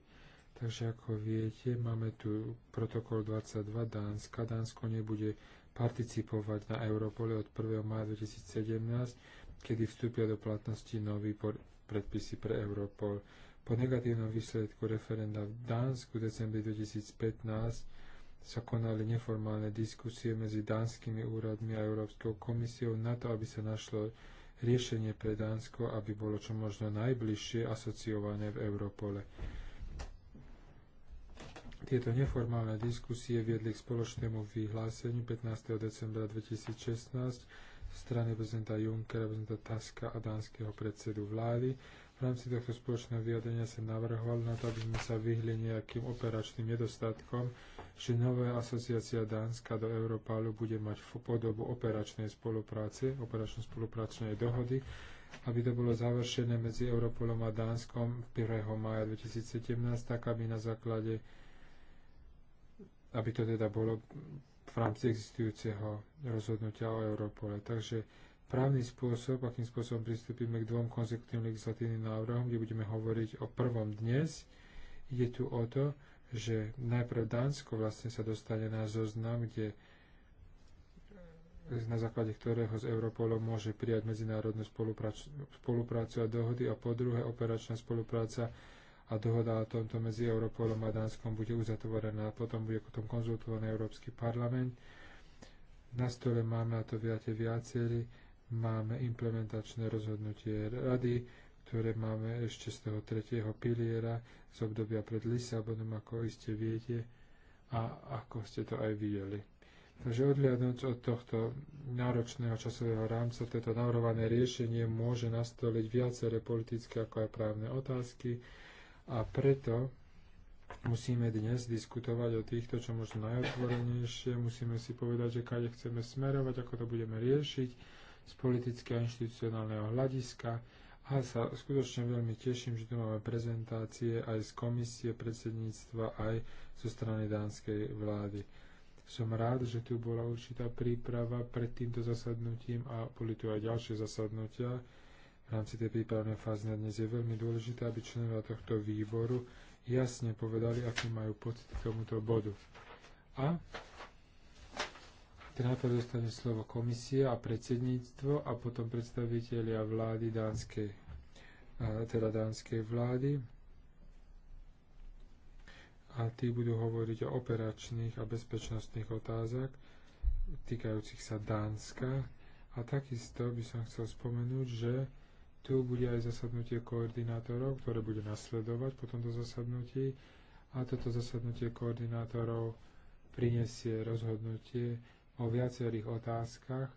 Takže ako viete, máme tu protokol 22 Dánska. Dánsko nebude participovať na Europole od 1. maja 2017, kedy vstúpia do platnosti nový predpisy pre Europol. Po negatívnom výsledku referenda v Dánsku v decembri 2015 sa konali neformálne diskusie medzi dánskymi úradmi a Európskou komisiou na to, aby sa našlo riešenie pre Dánsko, aby bolo čo možno najbližšie asociované v Európole. Tieto neformálne diskusie viedli k spoločnému vyhláseniu 15. decembra 2016 strany prezidenta Junckera, prezidenta Taska a dánskeho predsedu vlády. V rámci tohto spoločného vyjadrenia sa navrhovalo na to, aby sme sa vyhli nejakým operačným nedostatkom, že nová asociácia Dánska do Európálu bude mať podobu operačnej spolupráce, operačnej spolupráčnej dohody, aby to bolo završené medzi Europolom a Dánskom 1. maja 2017, tak aby na základe aby to teda bolo v rámci existujúceho rozhodnutia o Europole. Takže právny spôsob, akým spôsobom pristúpime k dvom konzekutívnym legislatívnym návrhom, kde budeme hovoriť o prvom dnes, ide tu o to, že najprv Dánsko vlastne sa dostane na zoznam, kde na základe ktorého z Europolom môže prijať medzinárodnú spoluprácu, spoluprácu a dohody a po druhé operačná spolupráca a dohoda o tomto medzi Europolom a Dánskom bude uzatvorená. Potom bude potom konzultovaný Európsky parlament. Na stole máme, a to viate viacerí, máme implementačné rozhodnutie rady, ktoré máme ešte z toho tretieho piliera z obdobia pred Lisabonom, ako iste viete a ako ste to aj videli. Takže odliadnúť od tohto náročného časového rámca, toto navrhované riešenie môže nastoliť viaceré politické ako aj právne otázky, a preto musíme dnes diskutovať o týchto, čo možno najotvorenejšie. Musíme si povedať, že kade chceme smerovať, ako to budeme riešiť z politického a inštitucionálneho hľadiska. A sa skutočne veľmi teším, že tu máme prezentácie aj z komisie predsedníctva, aj zo strany dánskej vlády. Som rád, že tu bola určitá príprava pred týmto zasadnutím a boli tu aj ďalšie zasadnutia v rámci tej prípravnej fázy na dnes je veľmi dôležité, aby členovia tohto výboru jasne povedali, aký majú pocit k tomuto bodu. A najprv dostane slovo komisia a predsedníctvo a potom predstavitelia vlády dánskej, teda dánskej vlády. A tí budú hovoriť o operačných a bezpečnostných otázach týkajúcich sa Dánska. A takisto by som chcel spomenúť, že tu bude aj zasadnutie koordinátorov, ktoré bude nasledovať po tomto zasadnutí a toto zasadnutie koordinátorov prinesie rozhodnutie o viacerých otázkach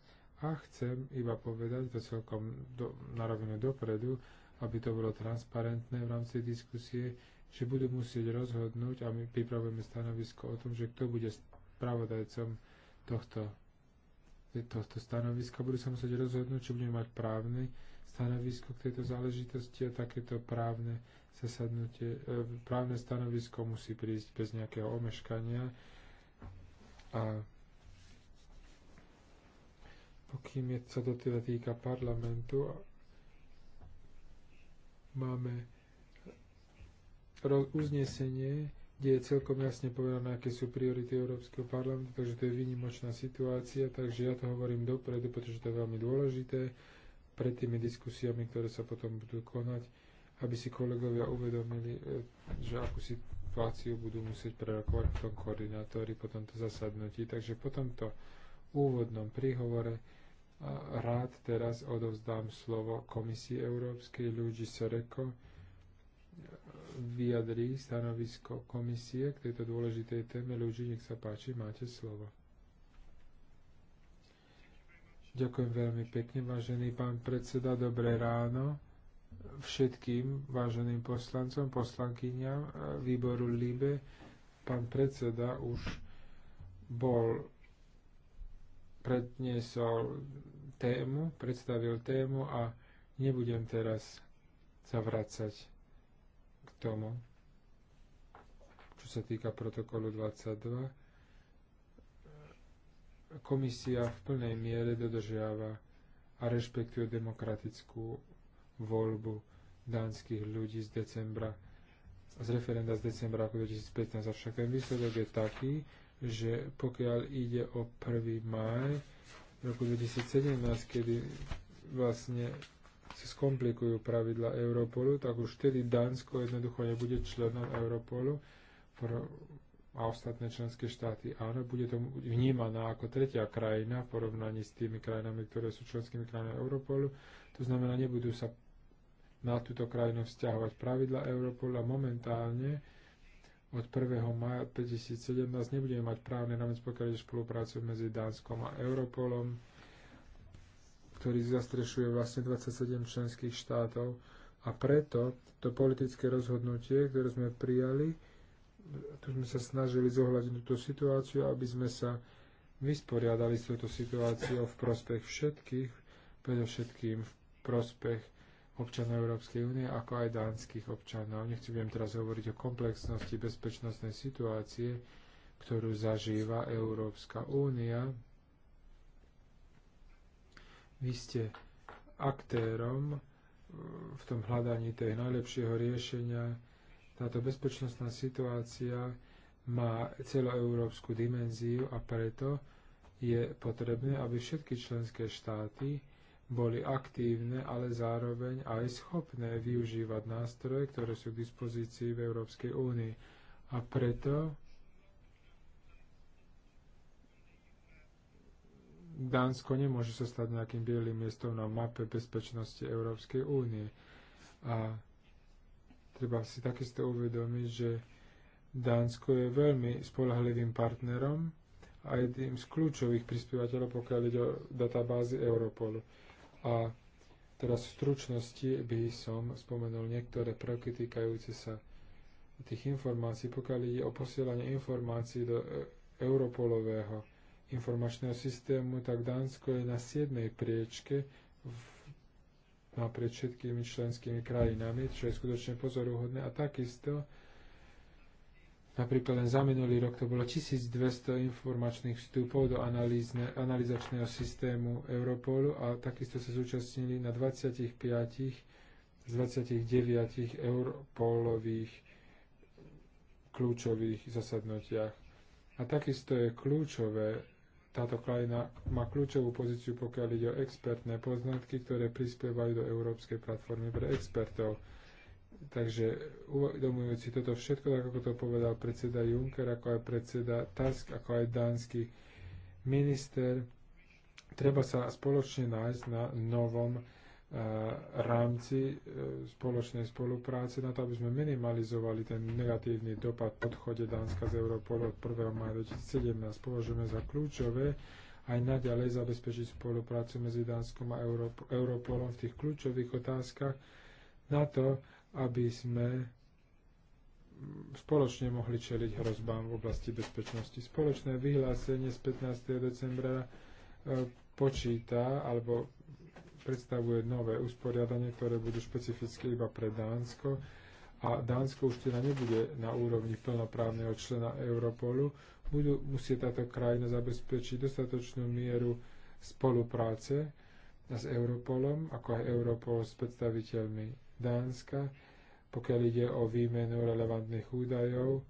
a chcem iba povedať to celkom do, na rovinu dopredu, aby to bolo transparentné v rámci diskusie, že budú musieť rozhodnúť a my pripravujeme stanovisko o tom, že kto bude spravodajcom tohto, tohto stanoviska. Budú sa musieť rozhodnúť, či budeme mať právny stanovisko k tejto záležitosti a takéto právne zasadnutie, e, právne stanovisko musí prísť bez nejakého omeškania. A pokým je, sa to teda týka parlamentu, máme uznesenie, kde je celkom jasne povedané, aké sú priority Európskeho parlamentu, takže to je výnimočná situácia, takže ja to hovorím dopredu, pretože to je veľmi dôležité pred tými diskusiami, ktoré sa potom budú konať, aby si kolegovia uvedomili, e, že akú situáciu budú musieť prerokovať v tom koordinátori po tomto zasadnutí. Takže po tomto úvodnom príhovore rád teraz odovzdám slovo Komisii Európskej ľudí Sereko e, vyjadrí stanovisko komisie k tejto dôležitej téme. Ľudí, nech sa páči, máte slovo. Ďakujem veľmi pekne, vážený pán predseda. Dobré ráno všetkým váženým poslancom, poslankyňam výboru LIBE. Pán predseda už bol predniesol tému, predstavil tému a nebudem teraz sa vracať k tomu, čo sa týka protokolu 22 komisia v plnej miere dodržiava a rešpektuje demokratickú voľbu dánskych ľudí z decembra z referenda z decembra roku 2015. Avšak ten výsledok je taký, že pokiaľ ide o 1. maj roku 2017, kedy vlastne sa skomplikujú pravidla Europolu, tak už vtedy Dánsko jednoducho nebude členom Europolu a ostatné členské štáty. Áno, bude to vnímaná ako tretia krajina v porovnaní s tými krajinami, ktoré sú členskými krajinami Europolu. To znamená, nebudú sa na túto krajinu vzťahovať pravidla Europolu a momentálne od 1. maja 2017 nebudeme mať právne rámec, pokiaľ spoluprácu medzi Dánskom a Europolom, ktorý zastrešuje vlastne 27 členských štátov. A preto to politické rozhodnutie, ktoré sme prijali, tu sme sa snažili zohľadiť túto situáciu, aby sme sa vysporiadali s touto situáciou v prospech všetkých, predovšetkým v prospech občanov Európskej únie, ako aj dánskych občanov. Nechcem teraz hovoriť o komplexnosti bezpečnostnej situácie, ktorú zažíva Európska únia. Vy ste aktérom v tom hľadaní tej najlepšieho riešenia, táto bezpečnostná situácia má celoeurópsku dimenziu a preto je potrebné, aby všetky členské štáty boli aktívne, ale zároveň aj schopné využívať nástroje, ktoré sú k dispozícii v Európskej únii. A preto Dánsko nemôže sa stať nejakým bielým miestom na mape bezpečnosti Európskej únie. A Treba si takisto uvedomiť, že Dánsko je veľmi spolahlivým partnerom a jedným z kľúčových prispievateľov, pokiaľ ide o databázy Europolu. A teraz v stručnosti by som spomenul niektoré prvky týkajúce sa tých informácií, pokiaľ ide o posielanie informácií do e- Europolového informačného systému, tak Dánsko je na 7. priečke v pred všetkými členskými krajinami, čo je skutočne pozoruhodné. A takisto, napríklad len za minulý rok to bolo 1200 informačných vstupov do analýzne, analýzačného systému Europolu a takisto sa zúčastnili na 25 z 29 Europolových kľúčových zasadnutiach. A takisto je kľúčové táto krajina má kľúčovú pozíciu, pokiaľ ide o expertné poznatky, ktoré prispievajú do Európskej platformy pre expertov. Takže uvedomujúci toto všetko, tak ako to povedal predseda Juncker, ako aj predseda Tusk, ako aj dánsky minister, treba sa spoločne nájsť na novom rámci e, spoločnej spolupráce na to, aby sme minimalizovali ten negatívny dopad odchode Dánska z Europolu od 1. maja 2017. Považujeme za kľúčové aj naďalej zabezpečiť spoluprácu medzi Dánskom a Európolom Europolom v tých kľúčových otázkach na to, aby sme spoločne mohli čeliť hrozbám v oblasti bezpečnosti. Spoločné vyhlásenie z 15. decembra e, počíta alebo predstavuje nové usporiadanie, ktoré budú špecifické iba pre Dánsko. A Dánsko už teda nebude na úrovni plnoprávneho člena Europolu. Budú musieť táto krajina zabezpečiť dostatočnú mieru spolupráce s Europolom, ako aj Europol s predstaviteľmi Dánska, pokiaľ ide o výmenu relevantných údajov,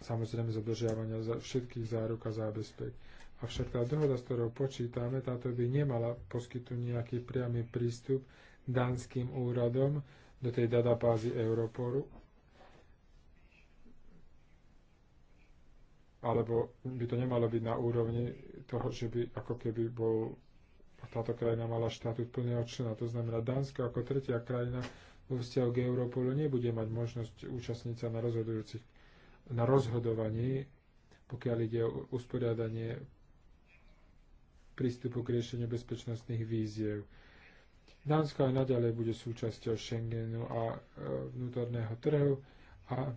samozrejme zadržiavania všetkých záruk a zábezpek. Avšak tá dohoda, s ktorou počítame, táto by nemala poskytnúť nejaký priamy prístup dánskym úradom do tej databázy Europoru, alebo by to nemalo byť na úrovni toho, že by ako keby bol táto krajina mala štatút plného člena. To znamená, Dánsko ako tretia krajina vo vzťahu k Europolu nebude mať možnosť účastniť sa na, rozhodujúcich, na rozhodovaní, pokiaľ ide o usporiadanie prístupu k riešeniu bezpečnostných víziev. Dánsko aj naďalej bude súčasťou Schengenu a e, vnútorného trhu a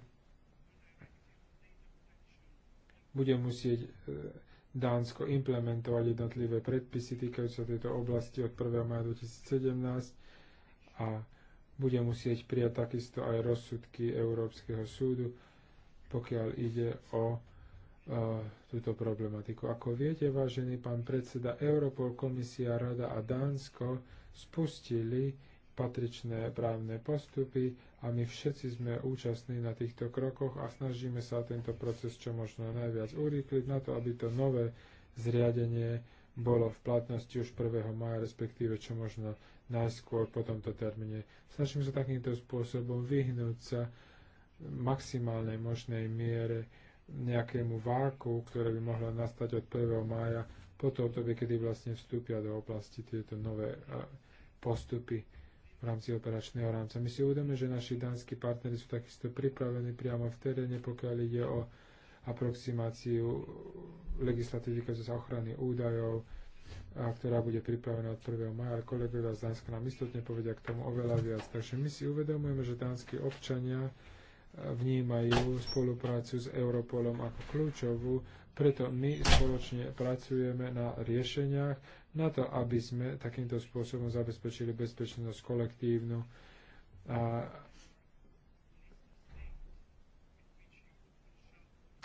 bude musieť e, Dánsko implementovať jednotlivé predpisy týkajúce sa tejto oblasti od 1. maja 2017 a bude musieť prijať takisto aj rozsudky Európskeho súdu, pokiaľ ide o túto problematiku. Ako viete, vážený pán predseda, Europol, Komisia, Rada a Dánsko spustili patričné právne postupy a my všetci sme účastní na týchto krokoch a snažíme sa tento proces čo možno najviac urýchliť na to, aby to nové zriadenie bolo v platnosti už 1. maja, respektíve čo možno najskôr po tomto termíne. Snažíme sa takýmto spôsobom vyhnúť sa maximálnej možnej miere nejakému váku, ktoré by mohlo nastať od 1. mája po to obdobie, kedy vlastne vstúpia do oblasti tieto nové postupy v rámci operačného rámca. My si uvedome, že naši dánsky partnery sú takisto pripravení priamo v teréne, pokiaľ ide o aproximáciu legislatívy sa ochrany údajov, a ktorá bude pripravená od 1. maja, ale kolegovia z Dánska nám istotne povedia k tomu oveľa viac. Takže my si uvedomujeme, že dánsky občania vnímajú spoluprácu s Europolom ako kľúčovú, preto my spoločne pracujeme na riešeniach na to, aby sme takýmto spôsobom zabezpečili bezpečnosť kolektívnu a,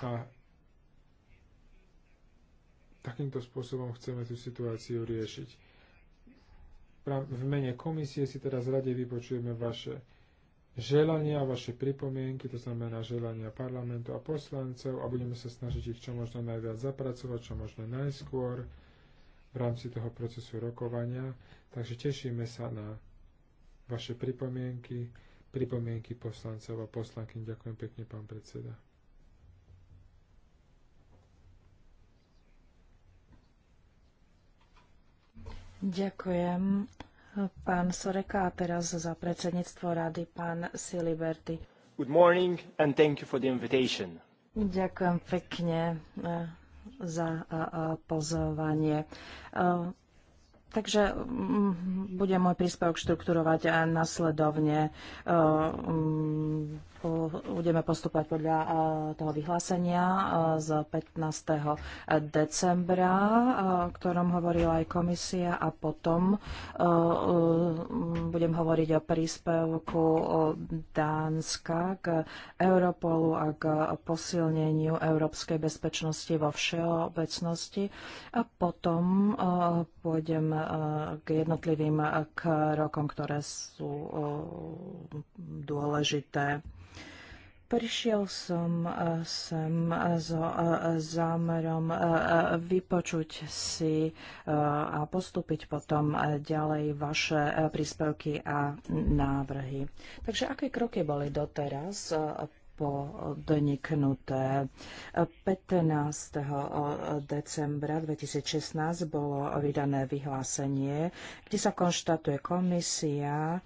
a takýmto spôsobom chceme tú situáciu riešiť. V mene komisie si teraz rade vypočujeme vaše želania, vaše pripomienky, to znamená želania parlamentu a poslancov a budeme sa snažiť ich čo možno najviac zapracovať, čo možno najskôr v rámci toho procesu rokovania. Takže tešíme sa na vaše pripomienky, pripomienky poslancov a poslanky. Ďakujem pekne, pán predseda. Ďakujem pán Soreka a teraz za predsedníctvo rady pán Siliberti. Good morning and thank you for the invitation. Ďakujem pekne eh, za eh, eh, pozvanie. Takže mm, bude môj príspevok štrukturovať nasledovne mm, budeme postupovať podľa e, toho vyhlásenia e, z 15. decembra, e, o ktorom hovorila aj komisia a potom budem hovoriť o príspevku Dánska k Europolu a k posilneniu európskej bezpečnosti vo všeobecnosti a potom pôjdem k jednotlivým krokom, ktoré sú dôležité. Prišiel som e, sem e, so e, zámerom vypočuť si a postúpiť potom ďalej vaše príspevky a návrhy. Takže aké kroky boli doteraz podniknuté. 15. decembra 2016 bolo vydané vyhlásenie, kde sa konštatuje komisia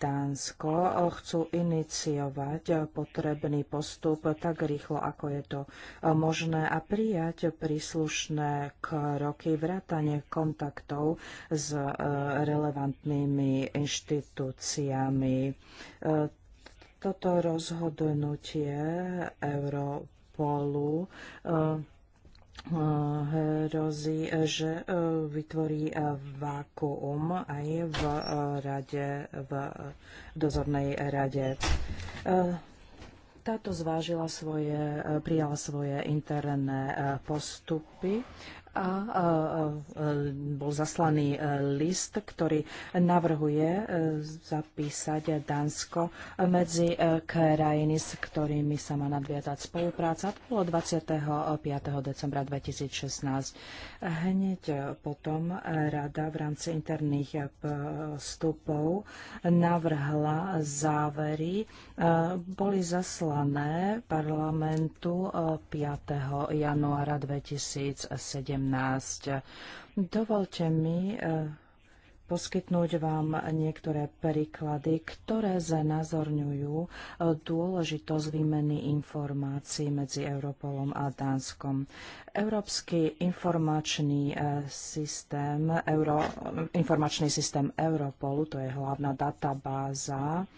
Dánsko chcú iniciovať potrebný postup tak rýchlo, ako je to možné a prijať príslušné kroky vrátane kontaktov s relevantnými inštitúciami toto rozhodnutie Europolu e, e, hrozí, že e, vytvorí vákuum aj v rade, v dozornej rade táto zvážila svoje, prijala svoje interné postupy a bol zaslaný e, list, ktorý navrhuje e, zapísať Dánsko medzi e, krajiny, s ktorými sa má nadviazať spolupráca. To bolo 25. decembra 2016. Hneď potom rada v rámci interných vstupov navrhla závery. Boli zaslané parlamentu 5. januára 2017. Dovolte mi e, poskytnúť vám niektoré príklady, ktoré znázorňujú e, dôležitosť výmeny informácií medzi Europolom a Dánskom. Európsky informačný e, systém, Euro, informačný systém Europolu, to je hlavná databáza,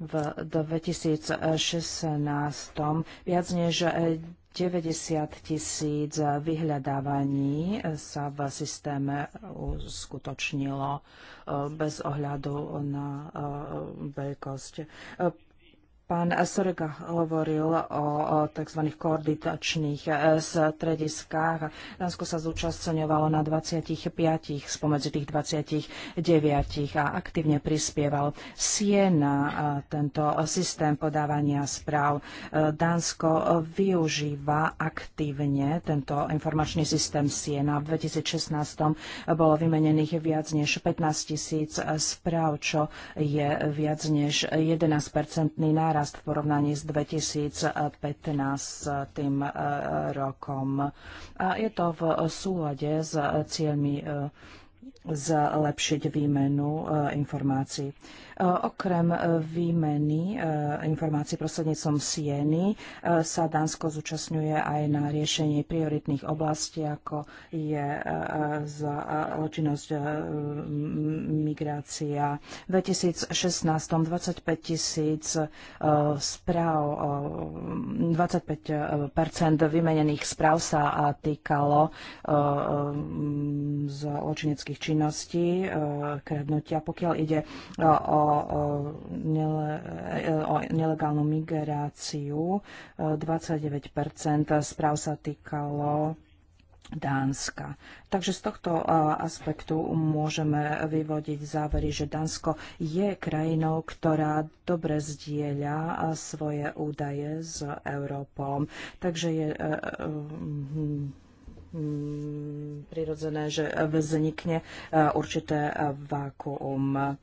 v 2016 viac než 90 tisíc vyhľadávaní sa v systéme uskutočnilo eh, bez ohľadu na eh, veľkosť. Pán Sorga hovoril o tzv. koordinačných e, strediskách. Dánsko sa zúčastňovalo na 25 spomedzi tých 29 a aktívne prispieval Siena e, tento systém podávania správ. E, Dánsko využíva aktívne tento informačný systém Siena. V 2016 bolo vymenených viac než 15 tisíc správ, čo je viac než 11-percentný náraz rast v porovnaní s 2015 tým e, rokom. A je to v súlade s cieľmi e, zlepšiť výmenu e, informácií. E, okrem e, výmeny e, informácií prostrednícom Sieny sa Dánsko zúčastňuje aj na riešenie prioritných oblastí, ako je za ločinnosť migrácia. V 2016 25 tisíc správ, 25 vymenených správ sa týkalo zločineckých činností, kradnutia. Pokiaľ ide o o nelegálnu migráciu. 29 správ sa týkalo Dánska. Takže z tohto aspektu môžeme vyvodiť závery, že Dánsko je krajinou, ktorá dobre zdieľa svoje údaje s Európom. Takže je prirodzené, že vznikne určité vákuum.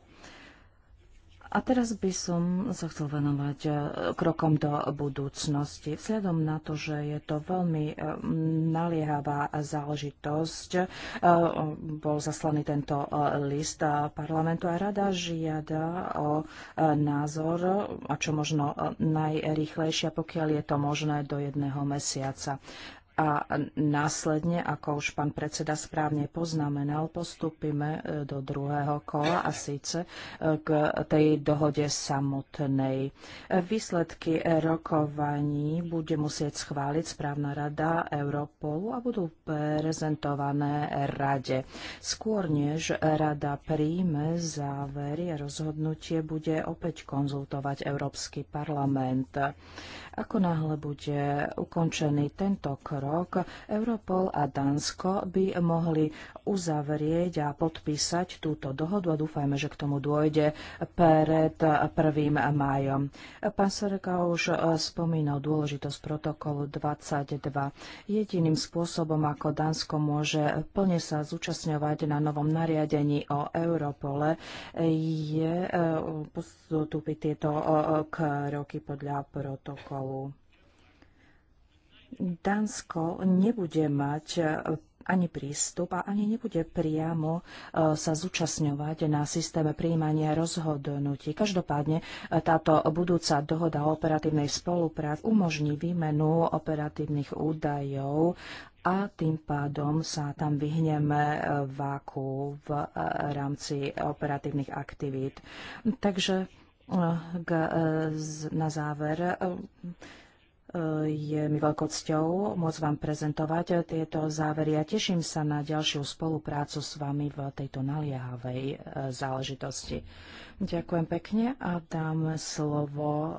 A teraz by som sa chcel venovať e, krokom do budúcnosti. Vzhľadom na to, že je to veľmi e, naliehavá záležitosť, e, bol zaslaný tento list parlamentu a rada žiada o názor, a čo možno najrychlejšie, pokiaľ je to možné, do jedného mesiaca a následne, ako už pán predseda správne poznamenal, postupíme e, do druhého kola a síce e, k tej dohode samotnej. E, výsledky rokovaní bude musieť schváliť správna rada Europolu a budú prezentované rade. Skôr než rada príjme závery, rozhodnutie bude opäť konzultovať Európsky parlament. Ako náhle bude ukončený tento krok, Europol a Dánsko by mohli uzavrieť a podpísať túto dohodu a dúfajme, že k tomu dôjde pred 1. májom. Pán Sereka už spomínal dôležitosť protokolu 22. Jediným spôsobom, ako Dánsko môže plne sa zúčastňovať na novom nariadení o Europole, je e, postúpiť tieto e, e, kroky podľa protokolu kontrolu. Dánsko nebude mať e, ani prístup a ani nebude priamo e, sa zúčastňovať na systéme príjmania rozhodnutí. Každopádne e, táto budúca dohoda o operatívnej spolupráci umožní výmenu operatívnych údajov a tým pádom sa tam vyhneme váku v rámci operatívnych aktivít. Takže k, e, na záver e, je mi veľkou cťou môcť vám prezentovať tieto závery a teším sa na ďalšiu spoluprácu s vami v tejto naliehavej e, záležitosti. Ďakujem pekne a dám slovo eh,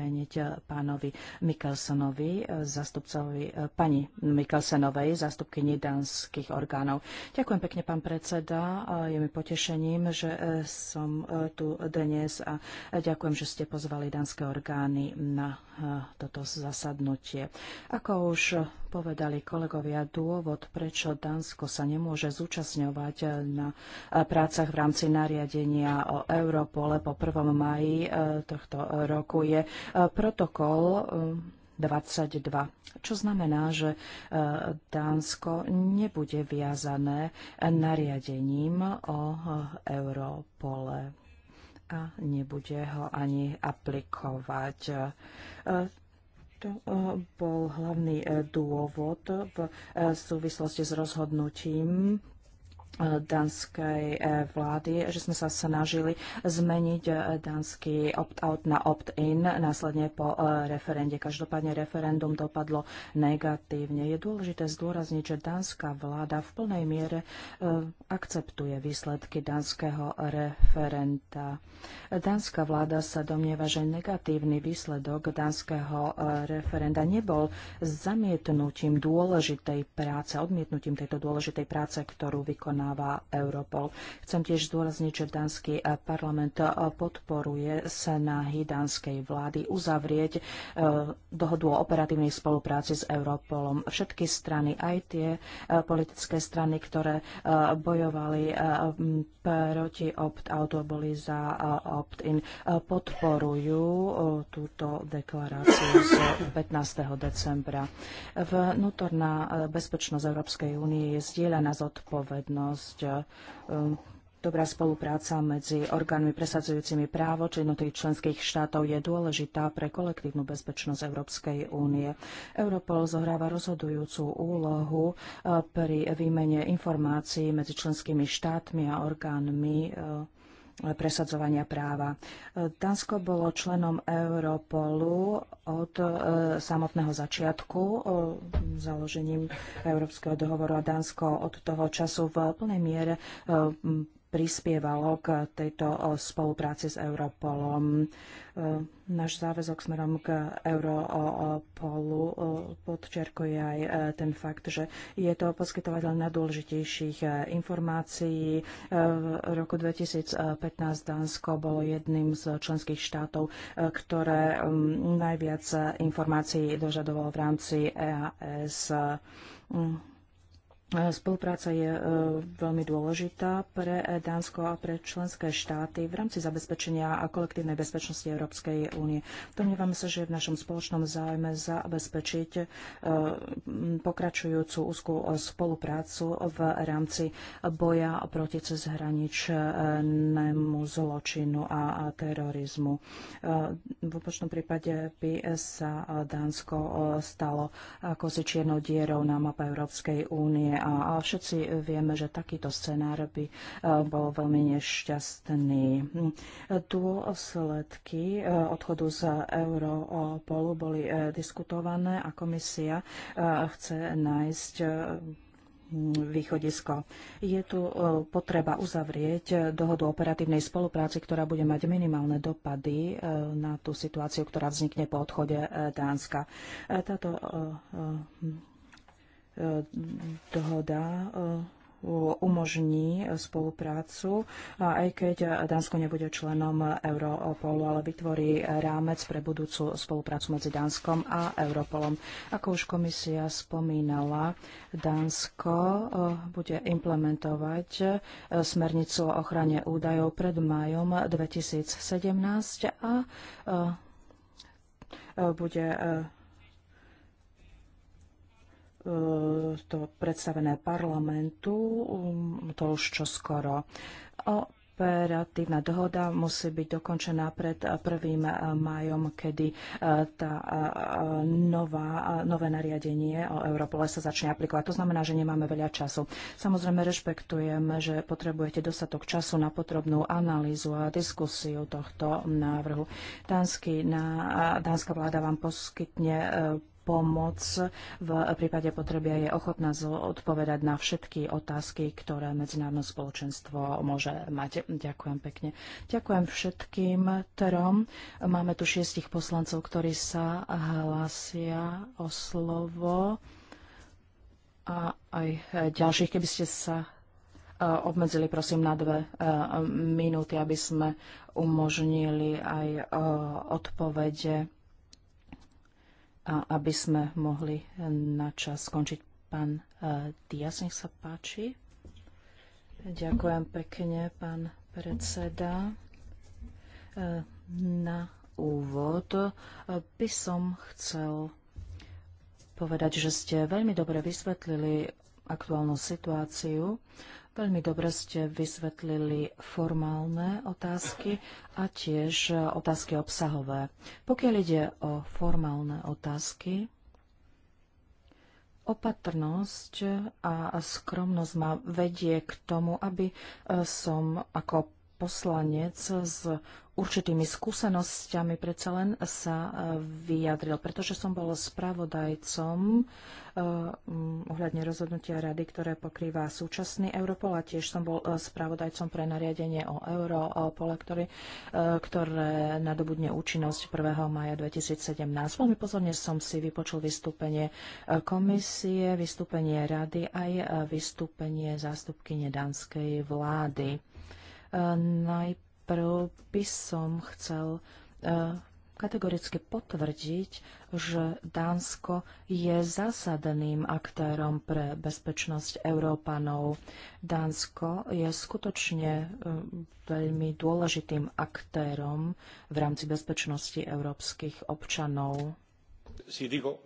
hneď pánovi Mikkelsenovi zastupcovi, eh, pani Mikkelsenovej, zastupky danských orgánov. Ďakujem pekne, pán predseda. Eh, je mi potešením, že som tu dnes a ďakujem, že ste pozvali danské orgány na toto zasadnutie. Ako už povedali kolegovia, dôvod, prečo Dánsko sa nemôže zúčastňovať na prácach v rámci nariadenia o Europole po 1. maji e, tohto roku je e, protokol 22. E, Čo znamená, že Dánsko nebude viazané nariadením o Europole a nebude ho ani aplikovať. To eh, bol hlavný eh, dôvod v eh, súvislosti s rozhodnutím E, danskej e, vlády, že sme sa snažili zmeniť e, danský opt-out na opt-in následne po referende. Každopádne referendum dopadlo negatívne. Je dôležité zdôrazniť, že dánska vláda v plnej miere akceptuje výsledky danského referenda. Dánska vláda sa domnieva, že negatívny výsledok danského referenda nebol zamietnutím dôležitej práce, odmietnutím tejto dôležitej práce, ktorú vykoná vykonáva Europol. Chcem tiež zdôrazniť, že Dánsky parlament podporuje snahy dánskej vlády uzavrieť e, dohodu o operatívnej spolupráci s Europolom. Všetky strany, aj tie e, politické strany, ktoré e, bojovali proti opt out boli za opt-in, podporujú túto deklaráciu z 15. decembra. Vnútorná bezpečnosť Európskej únie je zdieľaná zodpovednosť možnosť e, Dobrá spolupráca medzi orgánmi presadzujúcimi právo či jednotlivých členských štátov je dôležitá pre kolektívnu bezpečnosť Európskej únie. Europol zohráva rozhodujúcu úlohu e, pri výmene informácií medzi členskými štátmi a orgánmi e, presadzovania práva. Dánsko bolo členom Europolu od e, samotného začiatku e, založením Európskeho dohovoru a Dánsko od toho času v plnej miere e, prispievalo k tejto e, spolupráci s Europolom. E, náš záväzok smerom k Europolu e, podčerkuje aj ten fakt, že je to poskytovateľ najdôležitejších informácií. V roku 2015 Dánsko bolo jedným z členských štátov, ktoré najviac informácií dožadovalo v rámci EAS. Mm. E, spolupráca je e, veľmi dôležitá pre e, Dánsko a pre členské štáty v rámci zabezpečenia a kolektívnej bezpečnosti Európskej únie. Domnievame sa, že je v našom spoločnom záujme zabezpečiť pokračujúcu úzkú spoluprácu v rámci boja proti cezhraničnému zločinu a terorizmu. V opačnom prípade by sa Dánsko stalo ako si čiernou dierou na mape Európskej únie a všetci vieme, že takýto scenár by e, bol veľmi nešťastný. Dôsledky e, odchodu z Europolu boli e, diskutované a komisia chce nájsť východisko. Je tu potreba uzavrieť dohodu operatívnej spolupráci, ktorá bude mať minimálne dopady na tú situáciu, ktorá vznikne po odchode Dánska. Táto E, dohoda e, umožní spoluprácu, aj keď Dánsko nebude členom Europolu, ale vytvorí rámec pre budúcu spoluprácu medzi Dánskom a Europolom. Ako už komisia spomínala, Dánsko e, bude implementovať smernicu o ochrane údajov pred májom 2017 a bude to predstavené parlamentu, um, to už čo skoro. Operatívna dohoda musí byť dokončená pred 1. májom, kedy eh, tá eh, nová, eh, nové nariadenie o Europole sa začne aplikovať. To znamená, že nemáme veľa času. Samozrejme, rešpektujem, že potrebujete dostatok času na potrebnú analýzu a diskusiu tohto návrhu. Dánsky, na, dánska vláda vám poskytne pomoc v prípade potreby je ochotná odpovedať na všetky otázky, ktoré medzinárodné spoločenstvo môže mať. Ďakujem pekne. Ďakujem všetkým trom. Máme tu šiestich poslancov, ktorí sa hlásia o slovo a aj ďalších, keby ste sa e, obmedzili prosím na dve e, minúty, aby sme umožnili aj e, odpovede aby sme mohli na čas skončiť. Pán eh, Dias, nech sa páči. Ďakujem pekne, pán predseda. Eh, na úvod eh, by som chcel povedať, že ste veľmi dobre vysvetlili aktuálnu situáciu Veľmi dobre ste vysvetlili formálne otázky a tiež otázky obsahové. Pokiaľ ide o formálne otázky, opatrnosť a skromnosť ma vedie k tomu, aby eh, som ako poslanec s určitými skúsenosťami predsa len sa e, vyjadril, pretože som bol spravodajcom e, ohľadne rozhodnutia rady, ktoré pokrýva súčasný Europol a tiež som bol e, spravodajcom pre nariadenie o Europole, ktoré, ktoré nadobudne účinnosť 1. maja 2017. Veľmi pozorne som si vypočul vystúpenie komisie, vystúpenie rady aj vystúpenie zástupkyne danskej vlády. Najprv by som chcel e, kategoricky potvrdiť, že Dánsko je zásadným aktérom pre bezpečnosť Európanov. Dánsko je skutočne e, veľmi dôležitým aktérom v rámci bezpečnosti európskych občanov. Si digo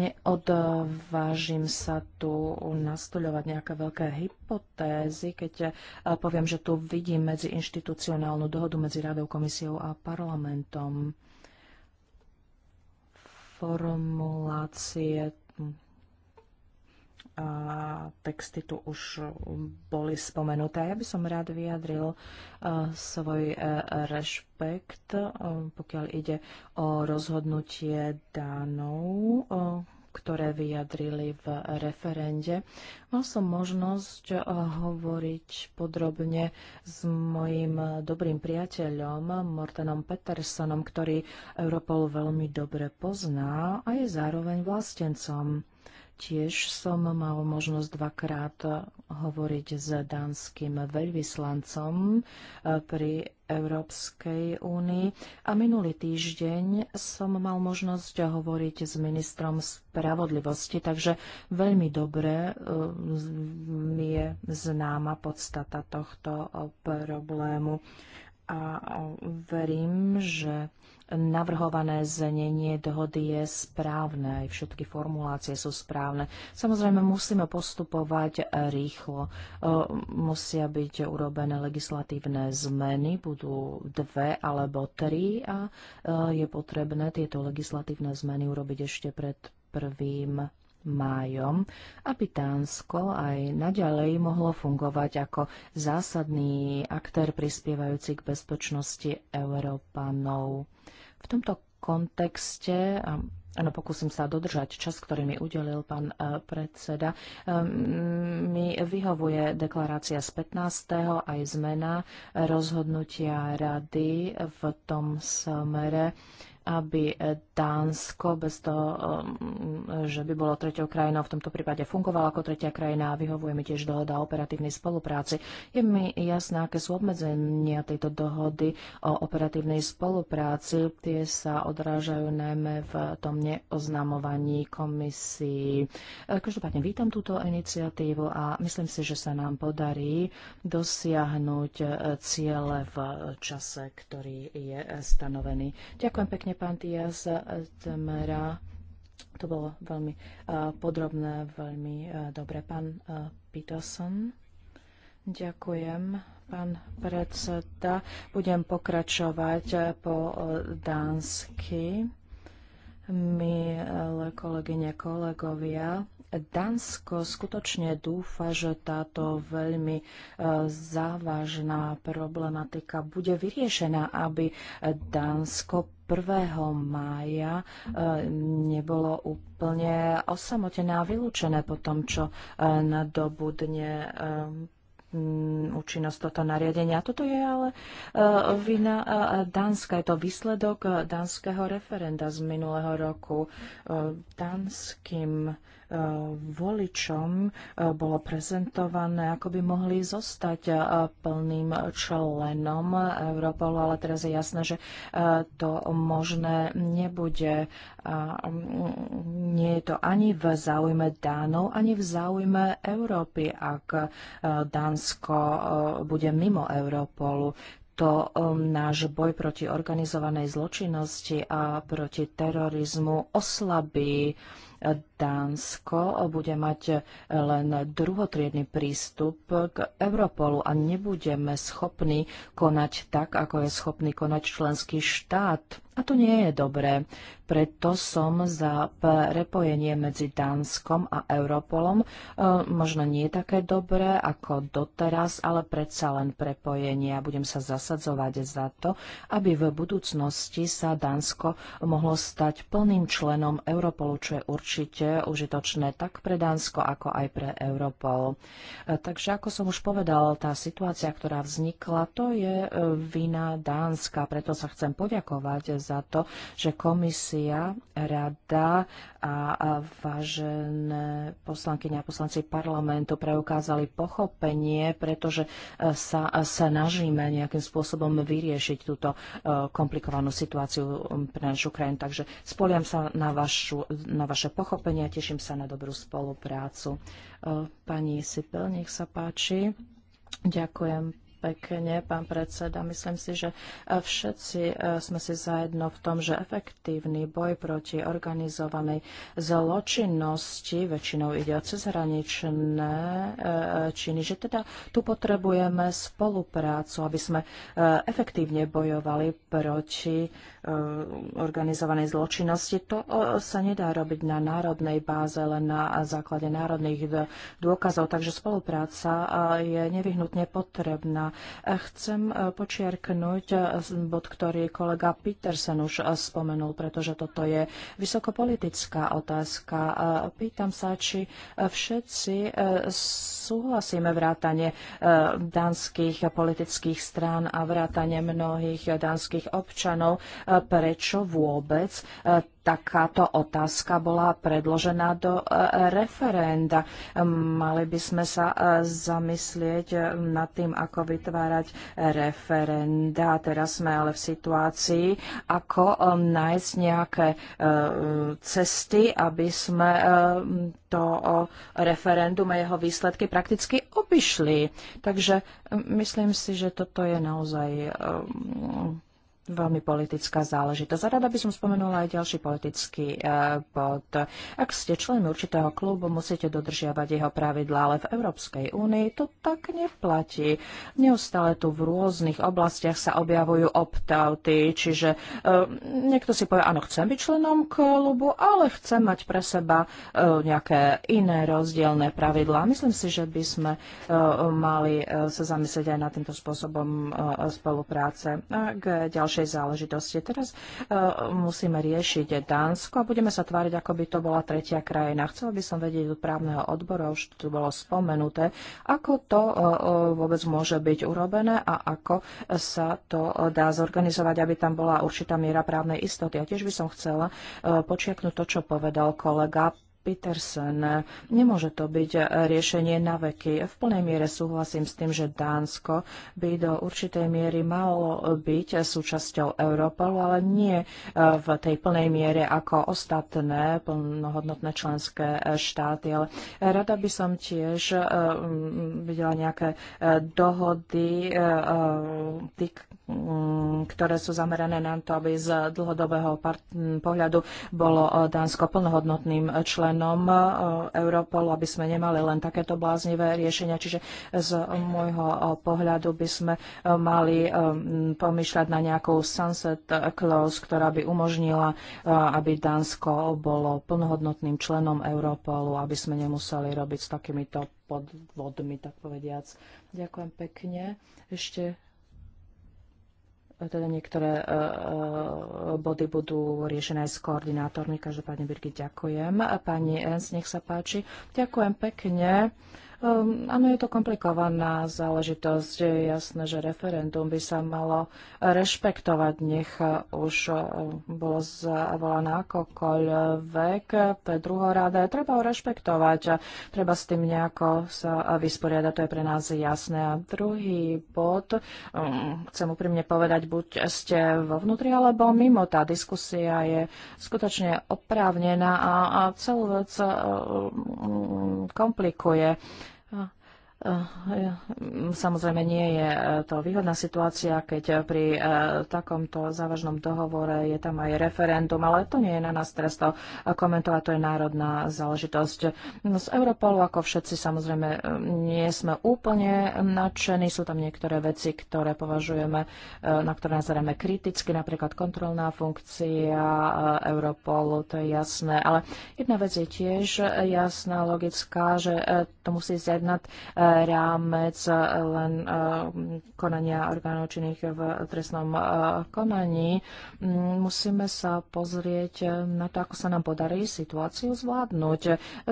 Neodvážim sa tu nastoľovať nejaké veľké hypotézy, keď eh, poviem, že tu vidím medzi inštitucionálnu dohodu medzi Radou, komisiou a parlamentom formulácie texty tu už boli spomenuté. Ja by som rád vyjadril e, svoj e, rešpekt, e, pokiaľ ide o rozhodnutie Dánov, ktoré vyjadrili v referende. Mal som možnosť hovoriť podrobne s mojim dobrým priateľom Mortenom Petersonom, ktorý Europol veľmi dobre pozná a je zároveň vlastencom. Tiež som mal možnosť dvakrát hovoriť s dánskym veľvyslancom eh, pri Európskej únii a minulý týždeň som mal možnosť hovoriť s ministrom spravodlivosti, takže veľmi dobre eh, mi je známa podstata tohto eh, problému a verím, že navrhované znenie dohody je správne, aj všetky formulácie sú správne. Samozrejme, musíme postupovať e, rýchlo. E, musia byť urobené legislatívne zmeny, budú dve alebo tri a e, je potrebné tieto legislatívne zmeny urobiť ešte pred prvým májom, aby Tánsko aj naďalej mohlo fungovať ako zásadný aktér prispievajúci k bezpečnosti Európanov. V tomto kontexte Áno, pokúsim sa dodržať čas, ktorý mi udelil pán e, predseda. E, mi vyhovuje deklarácia z 15. aj zmena rozhodnutia rady v tom smere, aby Dánsko bez toho, um, že by bolo tretou krajinou, v tomto prípade fungovalo ako tretia krajina a vyhovuje mi tiež dohoda o operatívnej spolupráci. Je mi jasné, aké sú obmedzenia tejto dohody o operatívnej spolupráci. Tie sa odrážajú najmä v tom neoznamovaní komisii. E, každopádne vítam túto iniciatívu a myslím si, že sa nám podarí dosiahnuť e, ciele v čase, ktorý je stanovený. Ďakujem pekne pán Diaz Tmera. To bolo veľmi podrobné, veľmi dobre. Pán Peterson. Ďakujem, pán predseda. Budem pokračovať po dánsky. Milé kolegyne, kolegovia, Dánsko skutočne dúfa, že táto veľmi závažná problematika bude vyriešená, aby Dánsko 1. mája e, nebolo úplne osamotené a vylúčené po tom, čo e, nadobudne e, účinnosť toto nariadenia. Toto je ale vina Dánska. Je to výsledok dánskeho referenda z minulého roku. Dánskym Eh, voličom eh, bolo prezentované, ako by mohli zostať eh, plným členom Europolu, ale teraz je jasné, že to možné nebude. Mm, nie je to ani v záujme Dánov, ani v záujme Európy, ak Dánsko bude mimo Europolu to náš boj proti organizovanej zločinnosti a proti terorizmu oslabí Dánsko bude mať len druhotriedný prístup k Europolu a nebudeme schopní konať tak, ako je schopný konať členský štát a to nie je dobré. Preto som za prepojenie medzi Dánskom a Europolom. E, možno nie také dobré ako doteraz, ale predsa len prepojenie. A budem sa zasadzovať za to, aby v budúcnosti sa Dánsko mohlo stať plným členom Europolu, čo je určite užitočné tak pre Dánsko, ako aj pre Europol. E, takže ako som už povedal, tá situácia, ktorá vznikla, to je e, vina Dánska. Preto sa chcem poďakovať za to, že komisia, rada a vážené poslankyne a poslanci parlamentu preukázali pochopenie, pretože e, e, sa snažíme nejakým spôsobom vyriešiť túto e, komplikovanú situáciu pre našu krajinu. Takže spoliam sa na, vašu, na vaše pochopenie a teším sa na dobrú spoluprácu. Pani Sipel, nech sa páči. Ďakujem pekne, pán predseda. Myslím si, že e, všetci e, sme si zajedno v tom, že efektívny boj proti organizovanej zločinnosti, väčšinou ide o cezhraničné e, činy, že teda tu potrebujeme spoluprácu, aby sme efektívne bojovali proti organizovanej zločinnosti. To sa nedá robiť na národnej báze, len na základe národných dôkazov, takže spolupráca je nevyhnutne potrebná a chcem e, počiarknúť e, bod, ktorý kolega Petersen už e, spomenul, pretože toto je vysokopolitická otázka. Pýtam sa, či všetci súhlasíme vrátane dánskych politických strán a vrátane mnohých dánskych občanov, prečo vôbec takáto otázka bola predložená do e, referenda. Mali by sme sa e, zamyslieť nad tým, ako vytvárať referenda. Teraz sme ale v situácii, ako e, nájsť nejaké cesty, aby sme to referendum a jeho výsledky prakticky obišli. Takže myslím si, že toto je naozaj veľmi politická záležitosť. rada by som spomenula aj ďalší politický e, bod. Ak ste člen určitého klubu, musíte dodržiavať jeho pravidlá, ale v Európskej únii to tak neplatí. Neustále tu v rôznych oblastiach sa objavujú opt-outy, čiže e, niekto si povie, áno, chcem byť členom klubu, ale chcem mať pre seba e, nejaké iné rozdielne pravidlá. Myslím si, že by sme mali sa zamyslieť aj nad týmto spôsobom spolupráce. Ak ďalšej našej záležitosti. Teraz uh, musíme riešiť Dánsko a budeme sa tváriť, ako by to bola tretia krajina. Chcela by som vedieť od právneho odboru, už tu bolo spomenuté, ako to uh, vôbec môže byť urobené a ako sa to dá zorganizovať, aby tam bola určitá miera právnej istoty. A tiež by som chcela uh, počiaknúť to, čo povedal kolega Petersen. Nemôže to byť riešenie na veky. V plnej miere súhlasím s tým, že Dánsko by do určitej miery malo byť súčasťou Europolu, ale nie e, v tej plnej miere ako ostatné plnohodnotné členské e, štáty. Ale rada by som tiež e, videla nejaké dohody, ktoré sú zamerané na to, aby z dlhodobého pohľadu bolo Dánsko plnohodnotným členom členom e, Europolu, aby sme nemali len takéto bláznivé riešenia. Čiže z môjho e, pohľadu by sme e, mali pomýšľať na nejakú sunset clause, ktorá by umožnila, aby Dánsko bolo plnohodnotným členom Europolu, aby sme nemuseli robiť s takýmito podvodmi, tak povediac. Ďakujem pekne. Ešte teda niektoré e, e, body budú riešené s koordinátormi. Každopádne, Birgit, ďakujem. Pani Ens, nech sa páči. Ďakujem pekne. Ehm, áno, je to komplikovaná záležitosť. Je jasné, že referendum by sa malo rešpektovať. Nech eh, už eh, bolo zavolaná akokoľvek pre druhoráda. Treba ho rešpektovať. Treba s tým nejako sa vysporiadať. To je pre nás jasné. A druhý bod, ehm, chcem úprimne povedať, buď ste vo vnútri alebo mimo. Tá diskusia je skutočne oprávnená a celú vec eh, komplikuje. Eh, samozrejme nie je eh, to výhodná situácia, keď eh, pri takomto závažnom dohovore je tam aj referendum, ale to nie je na nás teraz to komentovať, to je národná záležitosť. No, z Europolu, ako všetci, samozrejme nie sme úplne nadšení, sú tam niektoré veci, ktoré považujeme, na ktoré nazeráme kriticky, napríklad kontrolná funkcia Europolu, to je jasné, ale jedna vec je tiež jasná, logická, že to musí zjednať eh, rámec eh, len eh, konania orgánov činných v trestnom konaní. Mm, musíme sa pozrieť na to, ako sa nám podarí situáciu zvládnuť.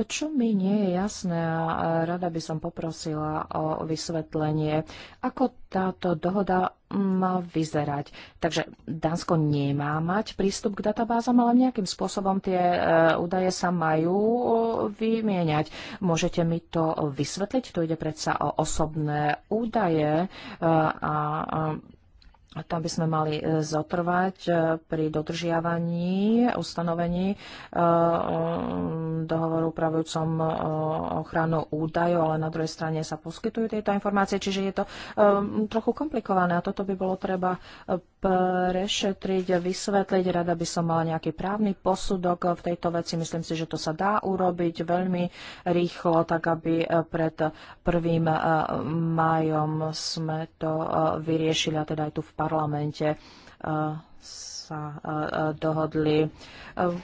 Čo mi nie je jasné a rada by som poprosila o vysvetlenie, ako táto dohoda má vyzerať. Takže Dánsko nemá mať prístup k databázam, ale nejakým spôsobom tie e, údaje sa majú e, vymieňať. Môžete mi to vysvetliť? Tu ide predsa o osobné údaje e, a tam by sme mali e, zotrvať e, pri dodržiavaní ustanovení e, dohovoru upravujúcom ochranu údajov, ale na druhej strane sa poskytujú tieto informácie, čiže je to trochu komplikované a toto by bolo treba prešetriť, vysvetliť. Rada by som mala nejaký právny posudok v tejto veci. Myslím si, že to sa dá urobiť veľmi rýchlo, tak aby pred prvým majom sme to vyriešili a teda aj tu v parlamente eh, sa eh, dohodli. Eh,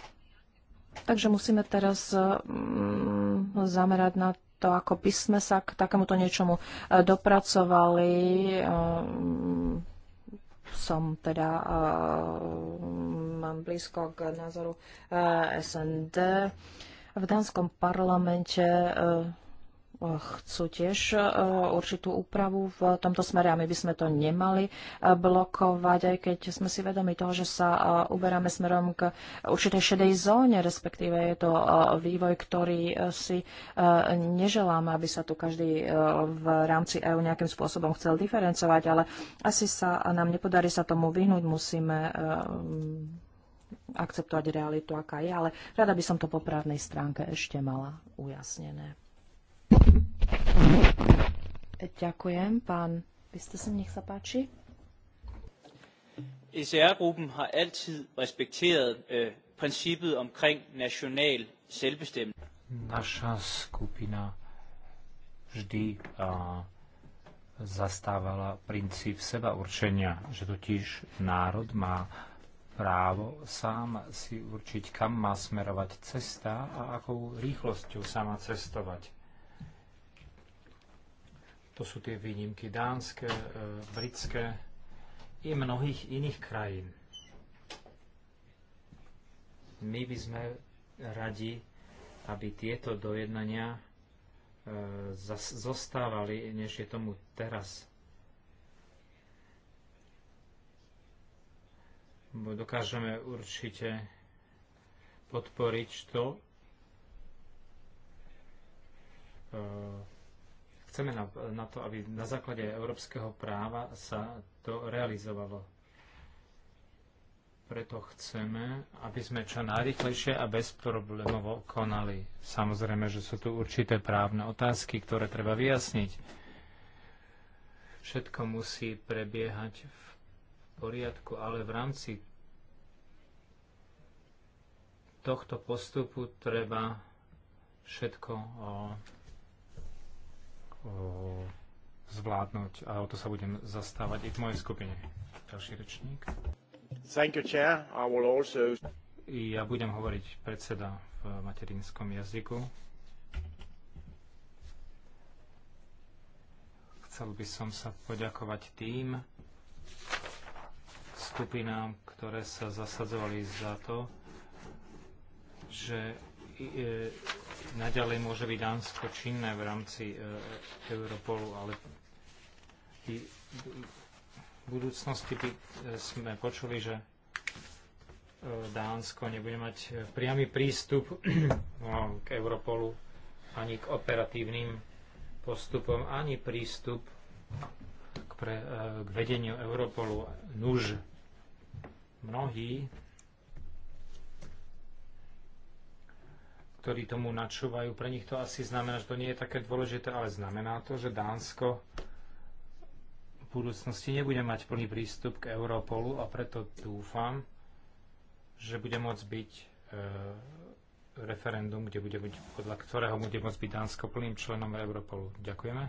takže musíme teraz mm, zamerať na to, ako by sme sa k takémuto niečomu dopracovali. Som teda, mám blízko k názoru SND. V dánskom parlamente chcú tiež e, určitú úpravu v tomto smere a my by sme to nemali e, blokovať, aj keď sme si vedomi toho, že sa e, uberáme smerom k určitej šedej zóne, respektíve je to vývoj, ktorý si neželáme, aby sa tu každý v rámci EÚ nejakým spôsobom chcel diferencovať, ale asi sa nám nepodarí sa tomu vyhnúť, musíme akceptovať realitu, aká je, ale rada by som to po právnej stránke ešte mala ujasnené. Ďakujem, pán Vistesen, nech sa páči. ECR-gruppen har altid respekteret øh, princippet omkring national selvbestemmelse. Naša skupina vždy a, zastávala princíp seba určenia, že totiž národ má právo sám si určiť, kam má smerovať cesta a akou rýchlosťou sa má cestovať to sú tie výnimky dánske, e, britské i mnohých iných krajín. My by sme radi, aby tieto dojednania e, zostávali, než je tomu teraz. Dokážeme určite podporiť to, e, chceme na, na to, aby na základe európskeho práva sa to realizovalo. Preto chceme, aby sme čo najrychlejšie a bezproblémovo konali. Samozrejme, že sú tu určité právne otázky, ktoré treba vyjasniť. Všetko musí prebiehať v poriadku, ale v rámci tohto postupu treba všetko Eh, zvládnuť a o to sa budem zastávať i v mojej skupine. Ďalší rečník. Thank you, chair. I will also... Ja budem hovoriť predseda v materinskom jazyku. Chcel by som sa poďakovať tým skupinám, ktoré sa zasadzovali za to, že e, naďalej môže byť Dánsko činné v rámci uh, Europolu, ale v budúcnosti by e, sme počuli, že e, Dánsko nebude mať priamy prístup no, k Europolu ani k operatívnym postupom, ani prístup k, pre, k vedeniu Europolu. Nuž, mnohí ktorí tomu načúvajú, pre nich to asi znamená, že to nie je také dôležité, ale znamená to, že Dánsko v budúcnosti nebude mať plný prístup k Europolu a preto dúfam, že bude môcť byť e, referendum, kde bude byť, podľa ktorého bude môcť byť Dánsko plným členom Europolu. Ďakujeme.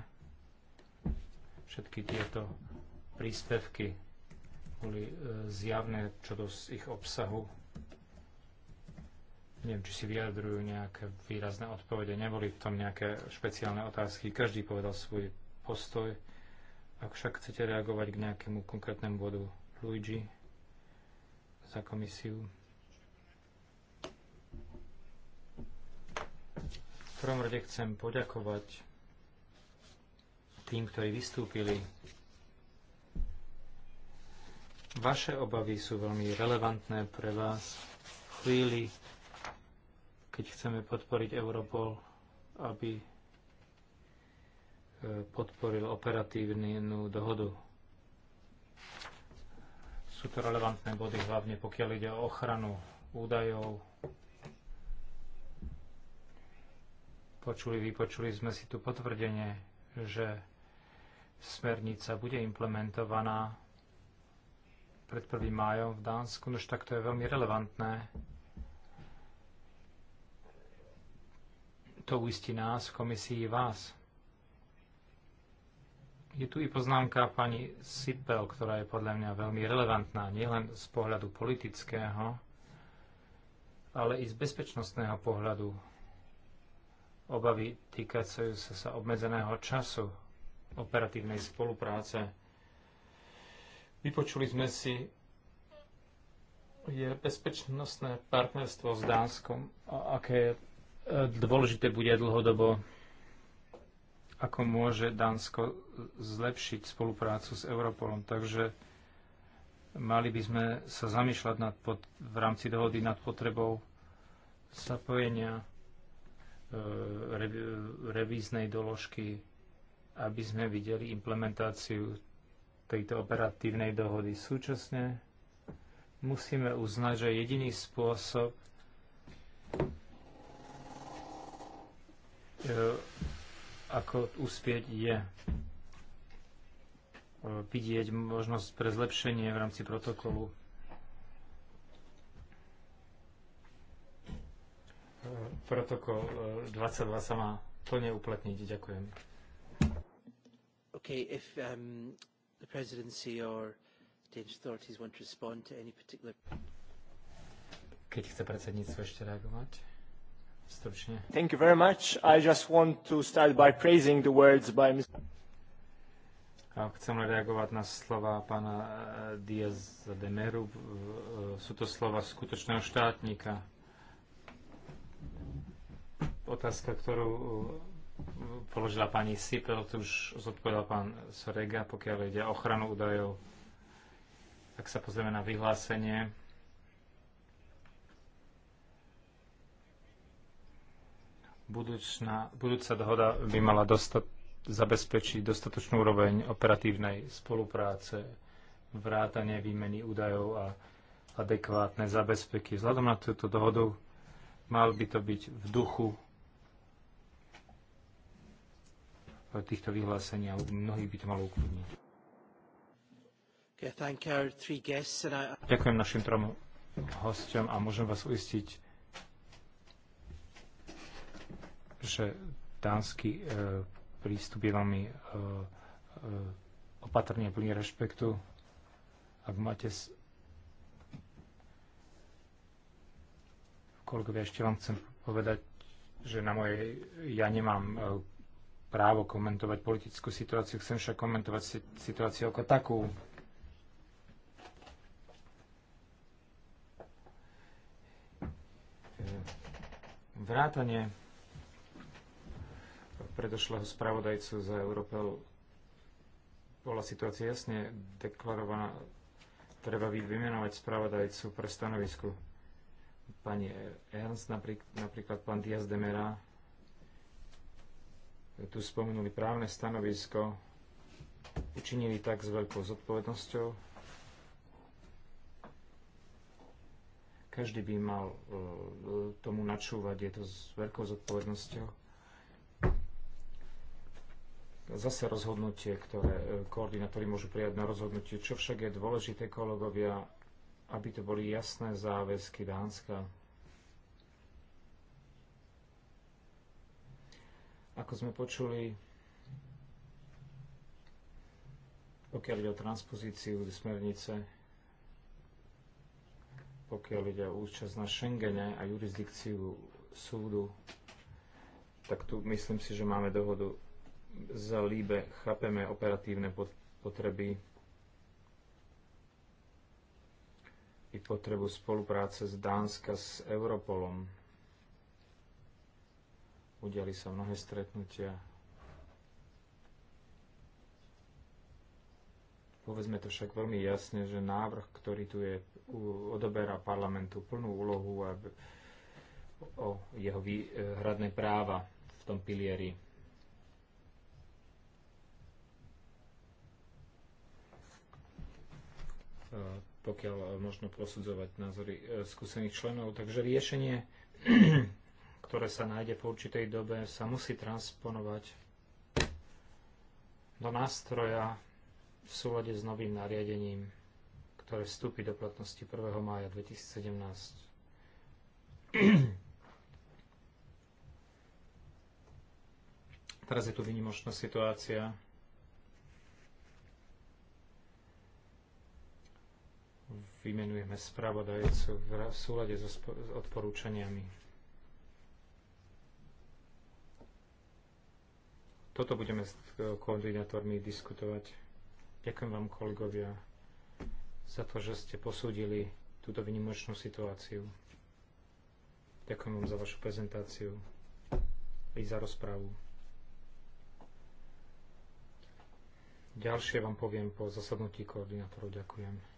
Všetky tieto príspevky boli e, zjavné čo do ich obsahu. Neviem, či si vyjadrujú nejaké výrazné odpovede. Neboli v tom nejaké špeciálne otázky. Každý povedal svoj postoj. Ak však chcete reagovať k nejakému konkrétnemu bodu, Luigi za komisiu. V prvom rade chcem poďakovať tým, ktorí vystúpili. Vaše obavy sú veľmi relevantné pre vás. V chvíli, keď chceme podporiť Europol, aby e, podporil operatívnu dohodu. Sú to relevantné body, hlavne pokiaľ ide o ochranu údajov. Počuli, vypočuli sme si tu potvrdenie, že smernica bude implementovaná pred 1. májom v Dánsku, nož tak to je veľmi relevantné to uistí nás, komisii vás. Je tu i poznámka pani Sipel, ktorá je podľa mňa veľmi relevantná, nielen z pohľadu politického, ale i z bezpečnostného pohľadu. Obavy týkajú sa, sa obmedzeného času operatívnej spolupráce. Vypočuli sme si, je bezpečnostné partnerstvo s Dánskom a aké je Dôležité bude dlhodobo, ako môže Dánsko zlepšiť spoluprácu s Europolom. Takže mali by sme sa zamýšľať nad pod, v rámci dohody nad potrebou zapojenia e, revíznej doložky, aby sme videli implementáciu tejto operatívnej dohody. Súčasne musíme uznať, že jediný spôsob, E, ako uspieť je e, vidieť možnosť pre zlepšenie v rámci protokolu. E, protokol 22 sa má plne uplatniť. Ďakujem. Okay, if um, the presidency or Danish authorities want to respond to any particular... Keď chce predsedníctvo ešte reagovať stručne. Thank you very much. I just want to start by praising the words by Mr. chcem reagovať na slova pána eh, Diaz de Meru. Eh, sú to slova skutočného štátnika. Otázka, ktorú eh, položila pani Sipel, to už zodpovedal pán Sorega, pokiaľ ide o ochranu údajov. Ak sa pozrieme na vyhlásenie Budúčná, budúca dohoda by mala dostat, zabezpečiť dostatočnú úroveň operatívnej spolupráce, vrátanie výmeny údajov a adekvátne zabezpeky. Vzhľadom na túto dohodu mal by to byť v duchu týchto vyhlásení a mnohých by to malo ukludniť. Ďakujem našim trom hosťom a môžem vás uistiť, že dánsky e, prístup je veľmi e, e, opatrne plný rešpektu. Ak máte kolegovia, ešte vám chcem povedať, že na mojej, ja nemám právo komentovať politickú situáciu, chcem však komentovať situáciu ako takú. Vrátanie predošlého spravodajcu za Europel bola situácia jasne deklarovaná. Treba vymenovať spravodajcu pre stanovisku. Pani Ernst, napríklad pán Diaz de Mera, tu spomenuli právne stanovisko, učinili tak s veľkou zodpovednosťou. Každý by mal e, tomu načúvať, je to s veľkou zodpovednosťou zase rozhodnutie, ktoré e, koordinátori môžu prijať na rozhodnutie. Čo však je dôležité, kolegovia, aby to boli jasné záväzky Dánska. Ako sme počuli, pokiaľ ide o transpozíciu smernice, pokiaľ ide o účasť na Schengene a jurisdikciu súdu, tak tu myslím si, že máme dohodu za líbe chápeme operatívne potreby i potrebu spolupráce z Dánska s Europolom. Udiali sa mnohé stretnutia. Povedzme to však veľmi jasne, že návrh, ktorý tu je, odoberá parlamentu plnú úlohu a o jeho výhradné eh, práva v tom pilieri pokiaľ možno posudzovať názory e, skúsených členov. Takže riešenie, <clears throat> ktoré sa nájde po určitej dobe, sa musí transponovať do nástroja v súlade s novým nariadením, ktoré vstúpi do platnosti 1. mája 2017. <clears throat> Teraz je tu vynimočná situácia, vymenujeme spravodajcu v súlade so odporúčaniami. Toto budeme s koordinátormi diskutovať. Ďakujem vám, kolegovia, za to, že ste posúdili túto vynimočnú situáciu. Ďakujem vám za vašu prezentáciu i za rozprávu. Ďalšie vám poviem po zasadnutí koordinátorov. Ďakujem.